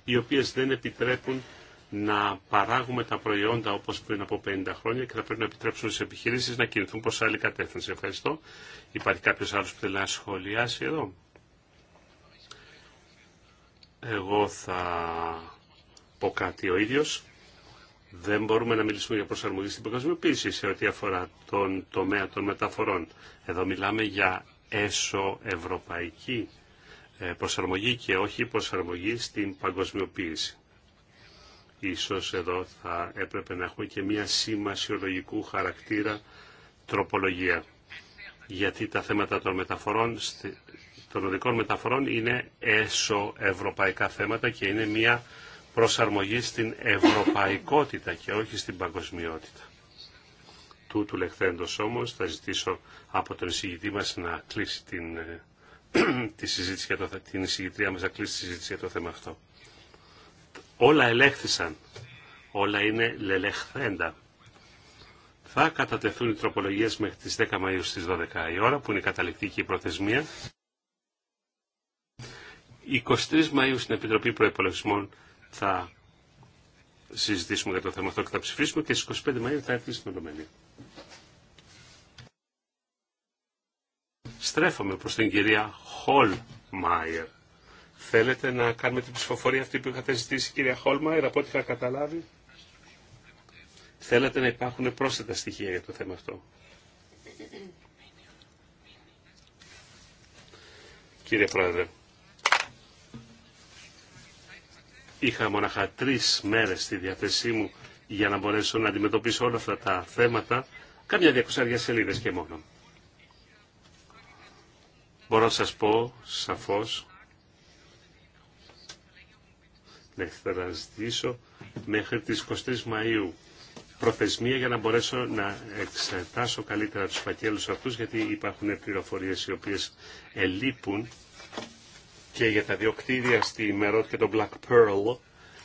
οι οποίε δεν επιτρέπουν να παράγουμε τα προϊόντα όπω πριν από 50 χρόνια και θα πρέπει να επιτρέψουμε στι επιχείρησει να κινηθούν προ άλλη κατεύθυνση. Ευχαριστώ. Υπάρχει κάποιο άλλο που θέλει να σχολιάσει εδώ. Εγώ θα πω κάτι ο ίδιο. Δεν μπορούμε να μιλήσουμε για προσαρμογή στην παγκοσμιοποίηση σε ό,τι αφορά τον τομέα των μεταφορών. Εδώ μιλάμε για έσω-ευρωπαϊκή ε, προσαρμογή και όχι προσαρμογή στην παγκοσμιοποίηση. Ίσως εδώ θα έπρεπε να έχουμε και μια σημασιολογικού χαρακτήρα τροπολογία. Γιατί τα θέματα των μεταφορών, των οδικών μεταφορών είναι έσω-ευρωπαϊκά θέματα και είναι μια προσαρμογή στην ευρωπαϊκότητα και όχι στην παγκοσμιότητα. Του του λεχθέντος όμως θα ζητήσω από τον εισηγητή μας να κλείσει την, ε, <clears throat> τη συζήτηση για το, την εισηγητρία μας να κλείσει τη συζήτηση για το θέμα αυτό. Όλα ελέγχθησαν. Όλα είναι λελεχθέντα. Θα κατατεθούν οι τροπολογίες μέχρι τις 10 Μαΐου στις 12 η ώρα που είναι η καταληκτική προθεσμία. 23 Μαΐου στην Επιτροπή Προεπολευσμών θα συζητήσουμε για το θέμα αυτό και θα ψηφίσουμε και στις 25 Μαΐου θα έρθει στην Ολομέλεια. Στρέφομαι προς την κυρία Χολμάιερ. Θέλετε να κάνουμε την ψηφοφορία αυτή που είχατε ζητήσει, κυρία Χολμάιερ, από ό,τι είχα καταλάβει. Θέλετε να υπάρχουν πρόσθετα στοιχεία για το θέμα αυτό. Κύριε Πρόεδρε, είχα μοναχα τρεις μέρες στη διάθεσή μου για να μπορέσω να αντιμετωπίσω όλα αυτά τα θέματα, κάμια διακοσάρια σελίδες και μόνο. Μπορώ να σας πω σαφώς ναι, θα ζητήσω μέχρι τις 23 Μαΐου προθεσμία για να μπορέσω να εξετάσω καλύτερα τους φακέλους αυτούς γιατί υπάρχουν πληροφορίες οι οποίες ελείπουν και για τα δύο κτίρια στη Μερότ και το Black Pearl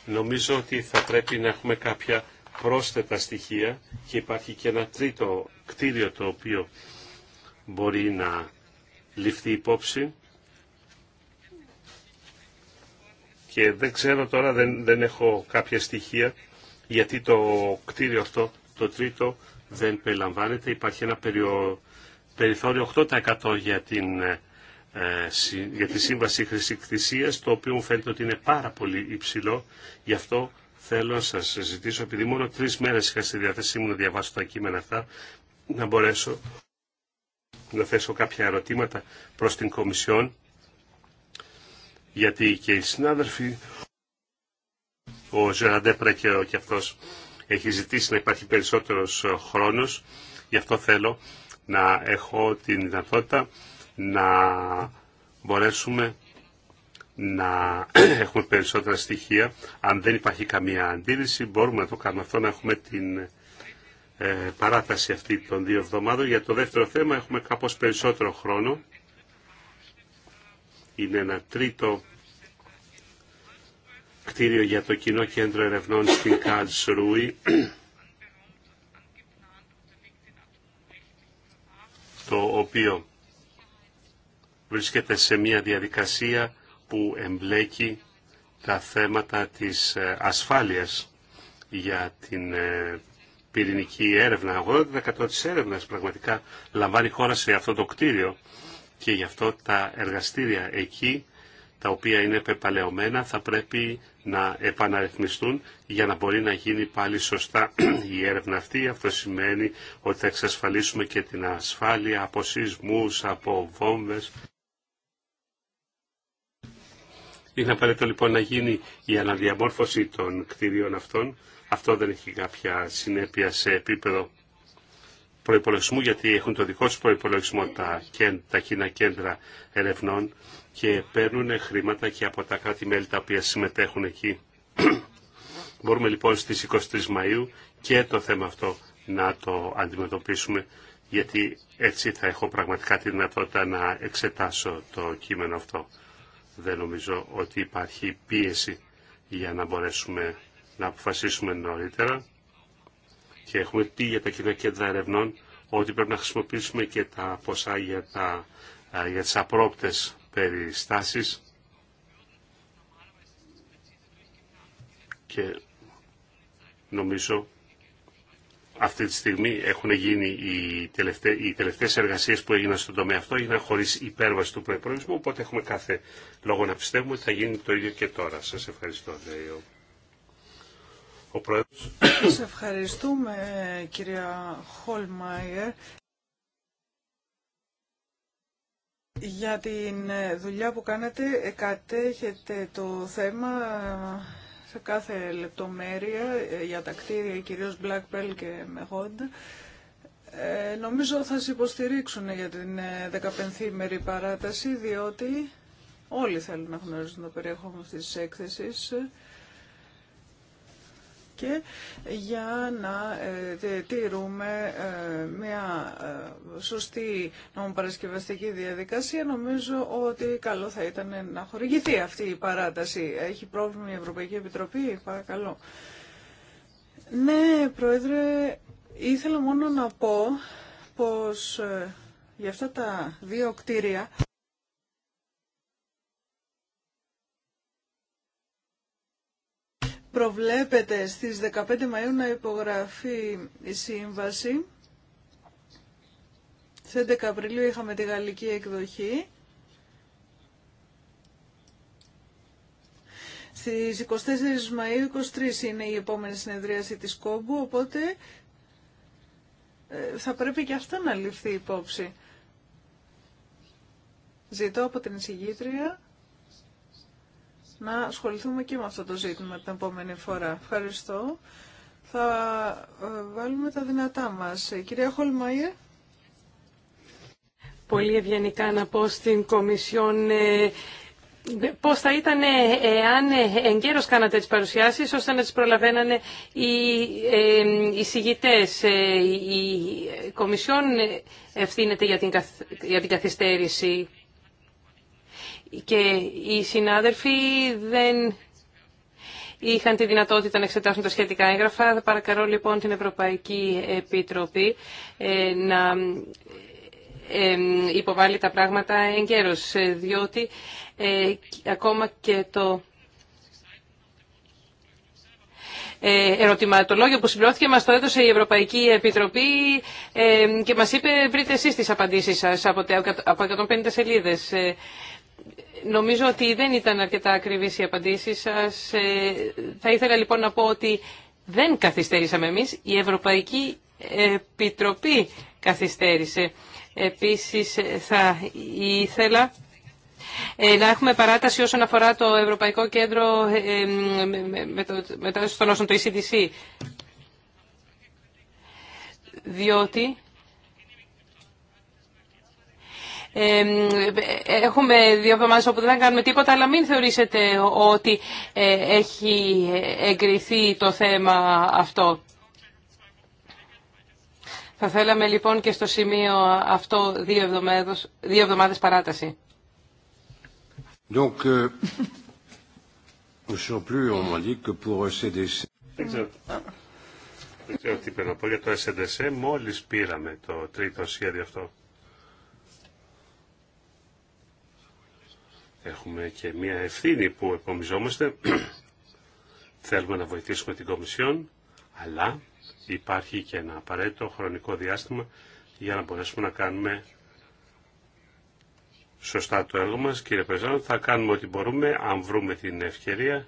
νομίζω ότι θα πρέπει να έχουμε κάποια πρόσθετα στοιχεία και υπάρχει και ένα τρίτο κτίριο το οποίο μπορεί να ληφθεί υπόψη και δεν ξέρω τώρα, δεν, δεν έχω κάποια στοιχεία γιατί το κτίριο αυτό, το τρίτο δεν περιλαμβάνεται. Υπάρχει ένα περιο, περιθώριο 8% για την ε, για τη Σύμβαση Χρησικτησίας, το οποίο μου φαίνεται ότι είναι πάρα πολύ υψηλό. Γι' αυτό θέλω να σας ζητήσω, επειδή μόνο τρεις μέρες είχα στη διάθεσή μου να διαβάσω τα κείμενα αυτά, να μπορέσω να θέσω κάποια ερωτήματα προς την Κομισιόν, γιατί και οι συνάδελφοι, ο Ζεραντέπρα και, ο, αυτός έχει ζητήσει να υπάρχει περισσότερος χρόνος, γι' αυτό θέλω να έχω την δυνατότητα να μπορέσουμε να <clears throat> έχουμε περισσότερα στοιχεία. Αν δεν υπάρχει καμία αντίρρηση, μπορούμε να το κάνουμε αυτό, να έχουμε την ε, παράταση αυτή των δύο εβδομάδων. Για το δεύτερο θέμα έχουμε κάπως περισσότερο χρόνο. Είναι ένα τρίτο κτίριο για το Κοινό Κέντρο Ερευνών στην Καλς Ρούι. το οποίο βρίσκεται σε μια διαδικασία που εμπλέκει τα θέματα της ε, ασφάλειας για την ε, πυρηνική έρευνα. 80% της έρευνας πραγματικά λαμβάνει χώρα σε αυτό το κτίριο και γι' αυτό τα εργαστήρια εκεί τα οποία είναι πεπαλαιωμένα θα πρέπει να επαναρρυθμιστούν για να μπορεί να γίνει πάλι σωστά <clears throat> η έρευνα αυτή. Αυτό σημαίνει ότι θα εξασφαλίσουμε και την ασφάλεια από σεισμούς, από βόμβες. Είναι απαραίτητο λοιπόν να γίνει η αναδιαμόρφωση των κτηρίων αυτών. Αυτό δεν έχει κάποια συνέπεια σε επίπεδο προϋπολογισμού γιατί έχουν το δικό τους προϋπολογισμό τα, τα κοινά κέντρα ερευνών και παίρνουν χρήματα και από τα κράτη-μέλη τα οποία συμμετέχουν εκεί. <clears throat> Μπορούμε λοιπόν στις 23 Μαΐου και το θέμα αυτό να το αντιμετωπίσουμε γιατί έτσι θα έχω πραγματικά τη δυνατότητα να εξετάσω το κείμενο αυτό δεν νομίζω ότι υπάρχει πίεση για να μπορέσουμε να αποφασίσουμε νωρίτερα και έχουμε πει για τα κοινά κέντρα ερευνών ότι πρέπει να χρησιμοποιήσουμε και τα ποσά για, τα, για τις απρόπτες περιστάσεις και νομίζω αυτή τη στιγμή έχουν γίνει οι, τελευταί, οι τελευταίες εργασίες που έγιναν στον τομέα αυτό έγιναν χωρίς υπέρβαση του προϋπολογισμού, οπότε έχουμε κάθε λόγο να πιστεύουμε ότι θα γίνει το ίδιο και τώρα. Σας ευχαριστώ, λέει ο, Πρόεδρος. Σας ευχαριστούμε, κυρία Χολμάιερ. Για την δουλειά που κάνετε, κατέχετε το θέμα σε κάθε λεπτομέρεια ε, για τα κτίρια, κυρίως Black Pearl και με Ε, νομίζω θα σε υποστηρίξουν για την 15η ε, ημερή παράταση, διότι όλοι θέλουν να γνωρίζουν το περιεχόμενο αυτής της έκθεσης και για να ε, τηρούμε ε, μια ε, σωστή νομοπαρασκευαστική διαδικασία νομίζω ότι καλό θα ήταν να χορηγηθεί αυτή η παράταση. Έχει πρόβλημα η Ευρωπαϊκή Επιτροπή, παρακαλώ. Ναι, Πρόεδρε, ήθελα μόνο να πω πως για αυτά τα δύο κτίρια προβλέπεται στις 15 Μαΐου να υπογραφεί η σύμβαση. Σε 11 Απριλίου είχαμε τη γαλλική εκδοχή. Στις 24 Μαΐου 23 είναι η επόμενη συνεδρίαση της Κόμπου, οπότε ε, θα πρέπει και αυτό να ληφθεί υπόψη. Ζητώ από την εισηγήτρια να ασχοληθούμε και με αυτό το ζήτημα την επόμενη φορά. Ευχαριστώ. Θα ε, βάλουμε τα δυνατά μας. Ε, κυρία Χολμαϊέ. Πολύ ευγενικά να πω στην Κομισιόν ε, πώς θα ήταν εάν εγκαίρως κάνατε τις παρουσιάσεις ώστε να τις προλαβαίνανε οι συγητέ. Η Κομισιόν ευθύνεται για την καθυστέρηση και οι συνάδελφοι δεν είχαν τη δυνατότητα να εξετάσουν τα σχετικά έγγραφα. Παρακαλώ λοιπόν την Ευρωπαϊκή Επιτροπή ε, να ε, υποβάλει τα πράγματα εγκαίρως, ε, διότι ακόμα και το ερωτηματολόγιο που συμπληρώθηκε μας το έδωσε η Ευρωπαϊκή Επιτροπή και μας είπε βρείτε εσείς τις απαντήσεις σας από 150 σελίδες. Νομίζω ότι δεν ήταν αρκετά η οι απαντήσεις σας. Ε, θα ήθελα λοιπόν να πω ότι δεν καθυστερήσαμε εμεί. Η Ευρωπαϊκή Επιτροπή καθυστέρησε. Επίσης θα ήθελα ε, να έχουμε παράταση όσον αφορά το Ευρωπαϊκό Κέντρο ε, μετά στον Όσων, το ECDC. Διότι έχουμε δύο εβδομάδες όπου δεν κάνουμε τίποτα, αλλά μην θεωρήσετε ότι ε, έχει εγκριθεί το θέμα αυτό. Θα θέλαμε λοιπόν και στο σημείο αυτό δύο εβδομάδες, δύο εβδομάδες παράταση. Donc, euh, <laughs> plus, on m'a dit que pour CDC... Δεν ξέρω, να πω για το SNDC. Μόλις πήραμε το τρίτο σχέδιο αυτό. Έχουμε και μια ευθύνη που επομιζόμαστε. <clears throat> Θέλουμε να βοηθήσουμε την Κομισιόν, αλλά υπάρχει και ένα απαραίτητο χρονικό διάστημα για να μπορέσουμε να κάνουμε σωστά το έργο μας. Κύριε Πεζάνο, θα κάνουμε ό,τι μπορούμε, αν βρούμε την ευκαιρία,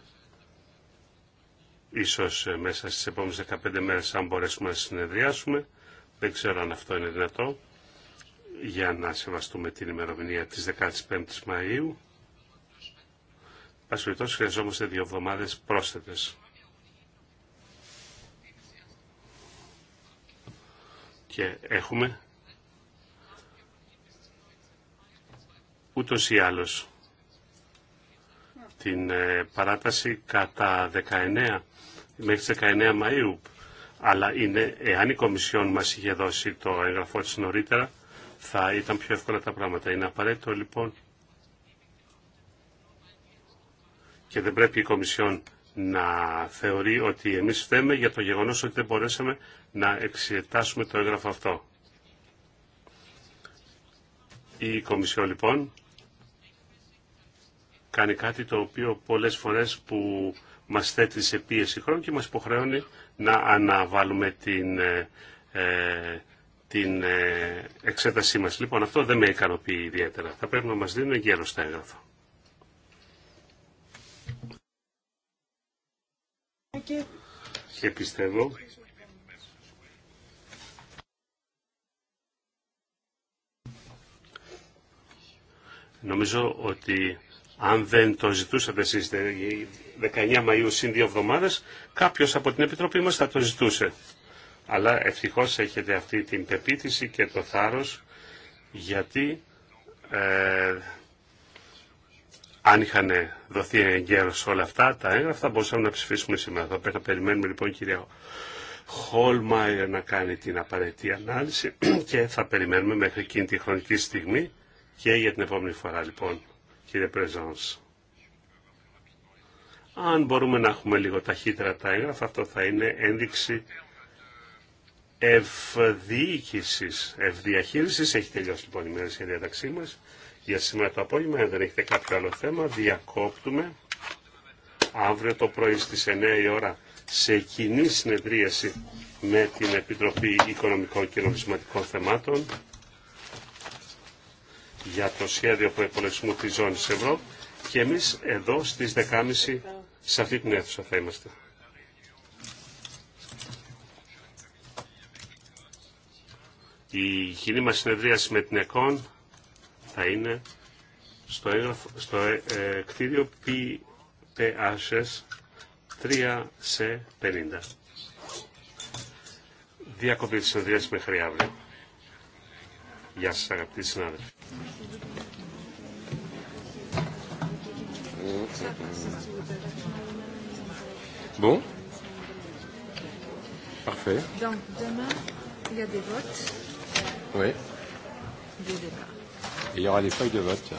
ίσως μέσα στις επόμενες 15 μέρες, αν μπορέσουμε να συνεδριάσουμε. Δεν ξέρω αν αυτό είναι δυνατό για να σεβαστούμε την ημερομηνία της 15ης Μαΐου Ασφαλιτός χρειαζόμαστε δύο εβδομάδες πρόσθετες. Και έχουμε ούτως ή άλλως την ε, παράταση κατά 19, μέχρι 19 Μαΐου. Αλλά είναι, εάν η Κομισιόν μας είχε δώσει το έγγραφό της νωρίτερα, θα ήταν πιο εύκολα τα πράγματα. Είναι απαραίτητο λοιπόν και δεν πρέπει η Κομισιόν να θεωρεί ότι εμείς φταίμε για το γεγονός ότι δεν μπορέσαμε να εξετάσουμε το έγγραφο αυτό. Η Κομισιόν λοιπόν κάνει κάτι το οποίο πολλές φορές που μας θέτει σε πίεση χρόνου και μας υποχρεώνει να αναβάλουμε την, ε, ε, την ε, εξέτασή μας. Λοιπόν, αυτό δεν με ικανοποιεί ιδιαίτερα. Θα πρέπει να μας δίνουν γέρο στα έγγραφα. και πιστεύω νομίζω ότι αν δεν το ζητούσατε εσείς 19 Μαΐου συν δύο εβδομάδες, κάποιος από την Επιτροπή μας θα το ζητούσε. Αλλά ευτυχώς έχετε αυτή την πεποίθηση και το θάρρος γιατί ε, αν είχαν δοθεί εγκαίρω όλα αυτά τα έγγραφα, μπορούσαμε να ψηφίσουμε σήμερα. Θα πρέπει περιμένουμε λοιπόν, κυρία Χόλμα να κάνει την απαραίτητη ανάλυση <clears throat> και θα περιμένουμε μέχρι εκείνη τη χρονική στιγμή και για την επόμενη φορά, λοιπόν, κύριε Πρεζόνς. Αν μπορούμε να έχουμε λίγο ταχύτερα τα έγγραφα, αυτό θα είναι ένδειξη ευδιοίκησης, ευδιαχείρισης. Έχει τελειώσει λοιπόν η μέρα για διαταξή μας για σήμερα το απόγευμα. Αν δεν έχετε κάποιο άλλο θέμα, διακόπτουμε. Αύριο το πρωί στις 9 η ώρα σε κοινή συνεδρίαση με την Επιτροπή Οικονομικών και Νομισματικών Θεμάτων για το σχέδιο προϋπολογισμού της Ζώνης Ευρώ και εμείς εδώ στις 10.30 σε αυτή την αίθουσα θα είμαστε. Η κοινή μας συνεδρίαση με την ΕΚΟΝ θα είναι στο, έγραφο, στο ε, ε, κτίριο PPHS 3C50. Διακοπή της συνεδρίας μέχρι αύριο. Γεια σας αγαπητοί συνάδελφοι. Bon. Parfait. Donc demain, il y a des votes. Oui. Des débats il y aura des feuilles de vote.